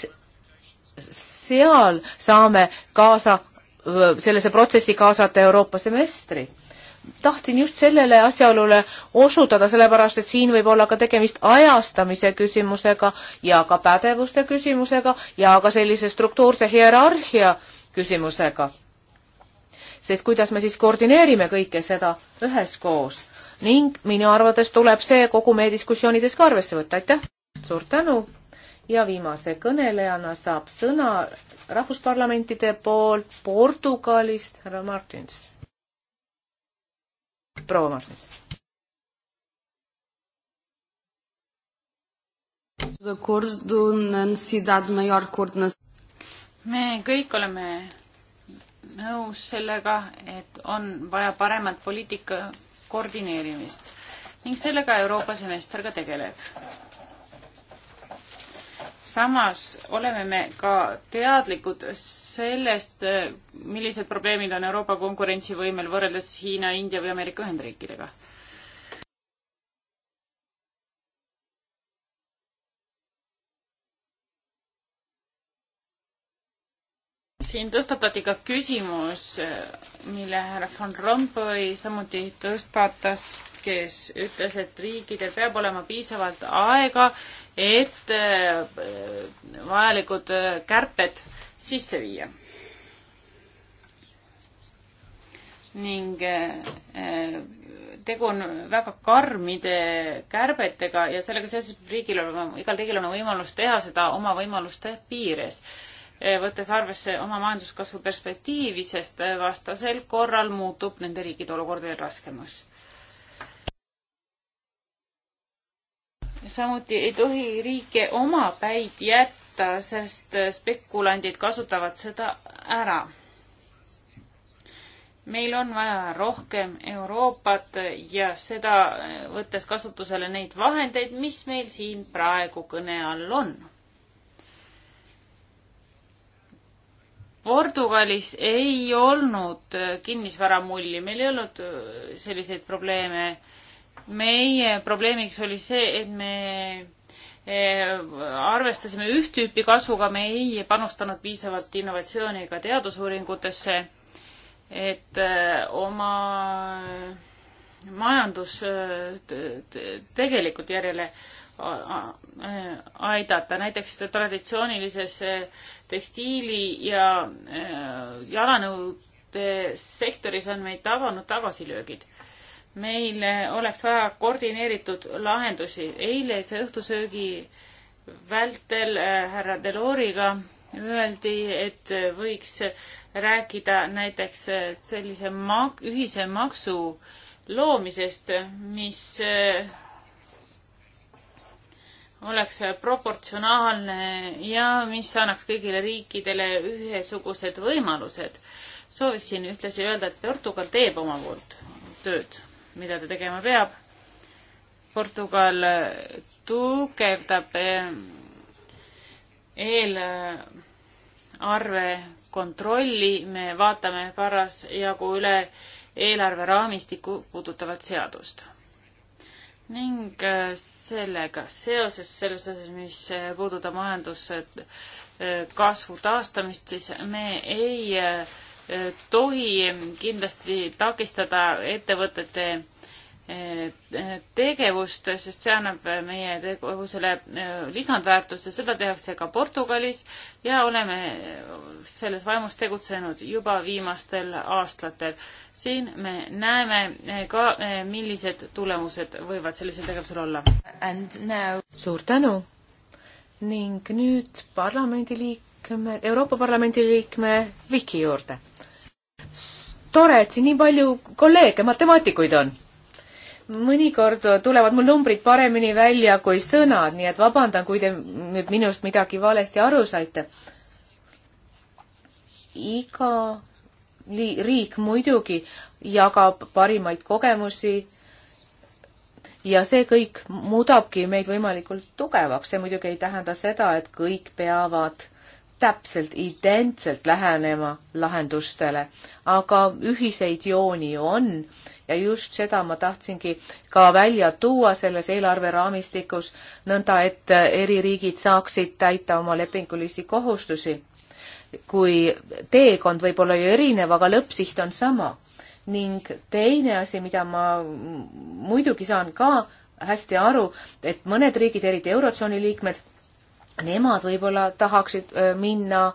S1: seal saame kaasa, sellesse protsessi kaasata Euroopa semestri? tahtsin just sellele asjaolule osutada, sellepärast et siin võib olla ka tegemist ajastamise küsimusega ja ka pädevuste küsimusega ja ka sellise struktuurse hierarhia küsimusega. sest kuidas me siis koordineerime kõike seda üheskoos ning minu arvates tuleb see kogu meie diskussioonides ka arvesse võtta, aitäh! suur tänu! ja viimase kõnelejana saab sõna rahvusparlamentide poolt Portugalist härra Martins. proua Martins.
S3: me kõik oleme nõus sellega, et on vaja paremat poliitika koordineerimist ning sellega Euroopa semester ka tegeleb samas oleme me ka teadlikud sellest, millised probleemid on Euroopa konkurentsivõimel võrreldes Hiina, India või Ameerika Ühendriikidega siin tõstatati ka küsimus, mille härra von Rompuy samuti tõstatas, kes ütles, et riikidel peab olema piisavalt aega, et äh, vajalikud äh, kärped sisse viia. ning äh, tegu on väga karmide kärbetega ja sellega seoses riigil on, igal riigil on võimalus teha seda oma võimaluste piires Eh, võttes arvesse oma majanduskasvu perspektiivi, sest eh, vastasel korral muutub nende riikide olukord veel raskemaks. samuti ei tohi riike omapäid jätta, sest eh, spekulandid kasutavad seda ära. meil on vaja rohkem Euroopat ja seda, võttes kasutusele neid vahendeid, mis meil siin praegu kõne all on Portugalis ei olnud äh, kinnisvaramulli, meil ei olnud äh, selliseid probleeme. meie probleemiks oli see, et me äh, arvestasime üht tüüpi kasvuga, me ei panustanud piisavalt innovatsiooni ega teadusuuringutesse, et oma majandus tegelikult järjele E, aidata, näiteks traditsioonilises e, tekstiili ja e, jalanõude sektoris on meid tabanud tagasilöögid. meil oleks vaja koordineeritud lahendusi. eilse õhtusöögi vältel härra Deloriga öeldi, et võiks rääkida näiteks sellise mak-, ühise maksu loomisest, mis oleks proportsionaalne ja mis annaks kõigile riikidele ühesugused võimalused. sooviksin ühtlasi öelda, et Portugal teeb oma poolt tööd, mida ta tegema peab. Portugal tugevdab eh, eelarve kontrolli, me vaatame parasjagu üle eelarveraamistiku puudutavat seadust ning äh, sellega seoses, selles osas, mis äh, puudutab majanduskasvu äh, taastamist, siis me ei tohi kindlasti takistada ettevõtete Eh, tegevust, sest see annab meie tegevusele eh, lisandväärtuse, seda tehakse ka Portugalis ja oleme selles vaimus tegutsenud juba viimastel aastatel. siin me näeme eh, ka, millised tulemused võivad sellisel tegevusel olla. Now...
S1: suur tänu ning nüüd parlamendiliikme, Euroopa Parlamendi liikme Viki juurde. tore, et siin nii palju kolleege, matemaatikuid on mõnikord tulevad mul numbrid paremini välja kui sõnad, nii et vabandan, kui te nüüd minust midagi valesti aru saite. iga riik muidugi jagab parimaid kogemusi ja see kõik muudabki meid võimalikult tugevaks, see muidugi ei tähenda seda, et kõik peavad täpselt identselt lähenema lahendustele, aga ühiseid jooni ju on ja just seda ma tahtsingi ka välja tuua selles eelarveraamistikus, nõnda et eri riigid saaksid täita oma lepingulisi kohustusi. kui teekond võib olla ju erinev, aga lõppsiht on sama. ning teine asi, mida ma muidugi saan ka hästi aru, et mõned riigid, eriti Eurotsooni liikmed, nemad võib-olla tahaksid minna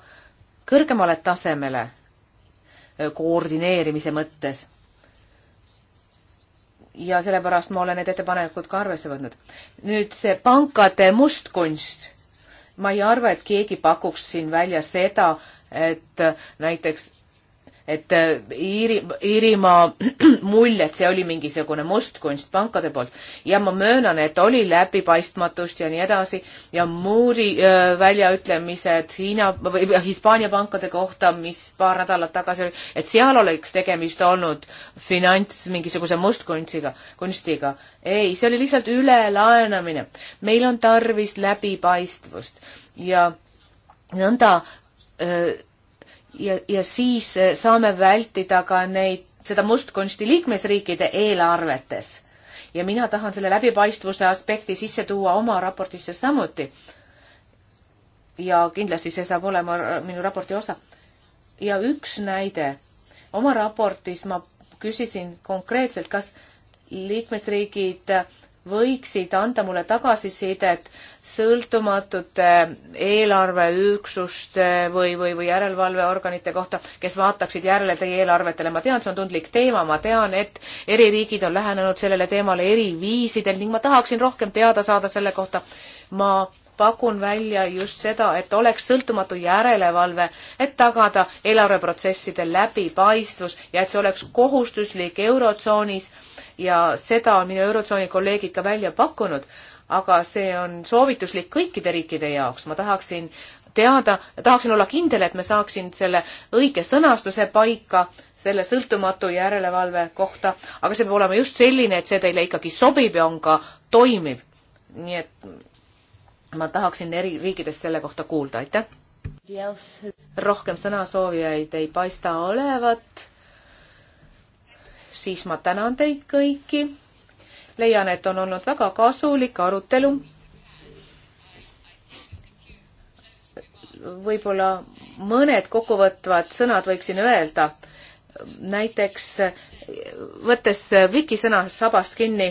S1: kõrgemale tasemele koordineerimise mõttes. ja sellepärast ma olen need ettepanekud ka arvesse võtnud. nüüd see pankade mustkunst. ma ei arva, et keegi pakuks siin välja seda, et äh, näiteks et äh, Iiri, Iirimaa mulj, et see oli mingisugune mustkunst pankade poolt ja ma möönan, et oli läbipaistmatust ja nii edasi ja Moody äh, väljaütlemised Hiina või Hispaania pankade kohta, mis paar nädalat tagasi oli, et seal oleks tegemist olnud finants mingisuguse mustkunstiga, kunstiga. ei, see oli lihtsalt ülelaenamine. meil on tarvis läbipaistvust ja nõnda öö, äh, ja, ja siis eh, saame vältida ka neid, seda mustkunsti liikmesriikide eelarvetes. ja mina tahan selle läbipaistvuse aspekti sisse tuua oma raportisse samuti. ja kindlasti see saab olema minu raporti osa. ja üks näide. oma raportis ma küsisin konkreetselt, kas liikmesriigid võiksid anda mulle tagasisidet sõltumatute eelarveüksuste või, või, või järelevalveorganite kohta, kes vaataksid järele teie eelarvetele. ma tean, see on tundlik teema, ma tean, et eri riigid on lähenenud sellele teemale eri viisidel ning ma tahaksin rohkem teada saada selle kohta. ma pakun välja just seda, et oleks sõltumatu järelevalve, et tagada eelarveprotsesside läbipaistvus ja et see oleks kohustuslik Eurotsoonis ja seda on minu Eurotsooni kolleegid ka välja pakkunud aga see on soovituslik kõikide riikide jaoks, ma tahaksin teada, tahaksin olla kindel, et ma saaksin selle õige sõnastuse paika selle sõltumatu järelevalve kohta, aga see peab olema just selline, et see teile ikkagi sobib ja on ka toimiv. nii et ma tahaksin eri riikidest selle kohta kuulda, aitäh. rohkem sõnasoovijaid ei paista olevat. siis ma tänan teid kõiki leian, et on olnud väga kasulik arutelu. võib-olla mõned kokkuvõtvad sõnad võiksin öelda. näiteks võttes Viki sõna sabast kinni,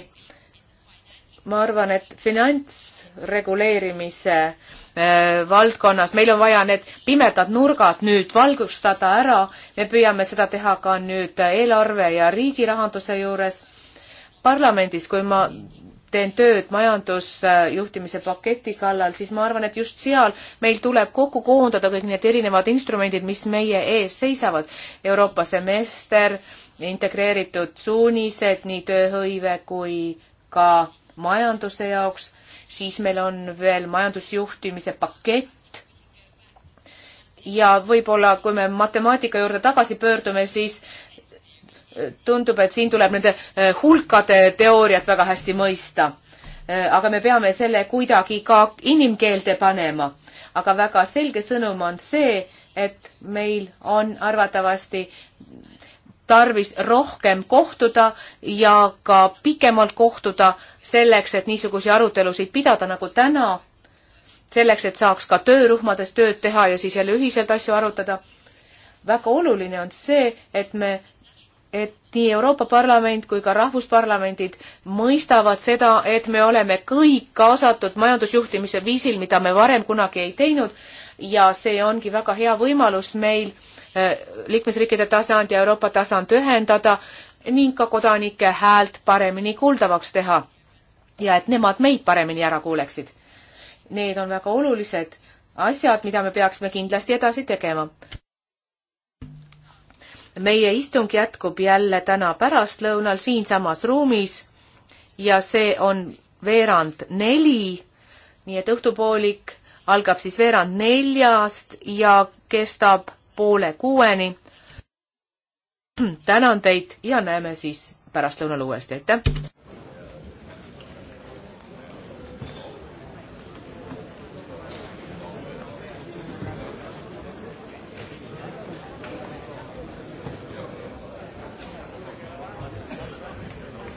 S1: ma arvan, et finantsreguleerimise äh, valdkonnas, meil on vaja need pimedad nurgad nüüd valgustada ära, me püüame seda teha ka nüüd eelarve ja riigi rahanduse juures parlamendis, kui ma teen tööd majandusjuhtimise paketi kallal, siis ma arvan, et just seal meil tuleb kokku koondada kõik need erinevad instrumendid, mis meie ees seisavad. Euroopa semester, integreeritud suunised nii tööhõive kui ka majanduse jaoks, siis meil on veel majandusjuhtimise pakett, ja võib-olla, kui me matemaatika juurde tagasi pöördume, siis tundub, et siin tuleb nende eh, hulkade teooriat väga hästi mõista. Eh, aga me peame selle kuidagi ka inimkeelde panema. aga väga selge sõnum on see, et meil on arvatavasti tarvis rohkem kohtuda ja ka pikemalt kohtuda selleks, et niisuguseid arutelusid pidada nagu täna, selleks, et saaks ka töörühmades tööd teha ja siis jälle ühiselt asju arutada. väga oluline on see, et me et nii Euroopa Parlament kui ka rahvusparlamendid mõistavad seda, et me oleme kõik kaasatud majandusjuhtimise viisil, mida me varem kunagi ei teinud ja see ongi väga hea võimalus meil eh, liikmesriikide tasand ja Euroopa tasand ühendada ning ka kodanike häält paremini kuuldavaks teha ja et nemad meid paremini ära kuuleksid. Need on väga olulised asjad, mida me peaksime kindlasti edasi tegema meie istung jätkub jälle täna pärastlõunal siinsamas ruumis ja see on veerand neli, nii et õhtupoolik algab siis veerand neljast ja kestab poole kuueni. tänan teid ja näeme siis pärastlõunal uuesti, aitäh!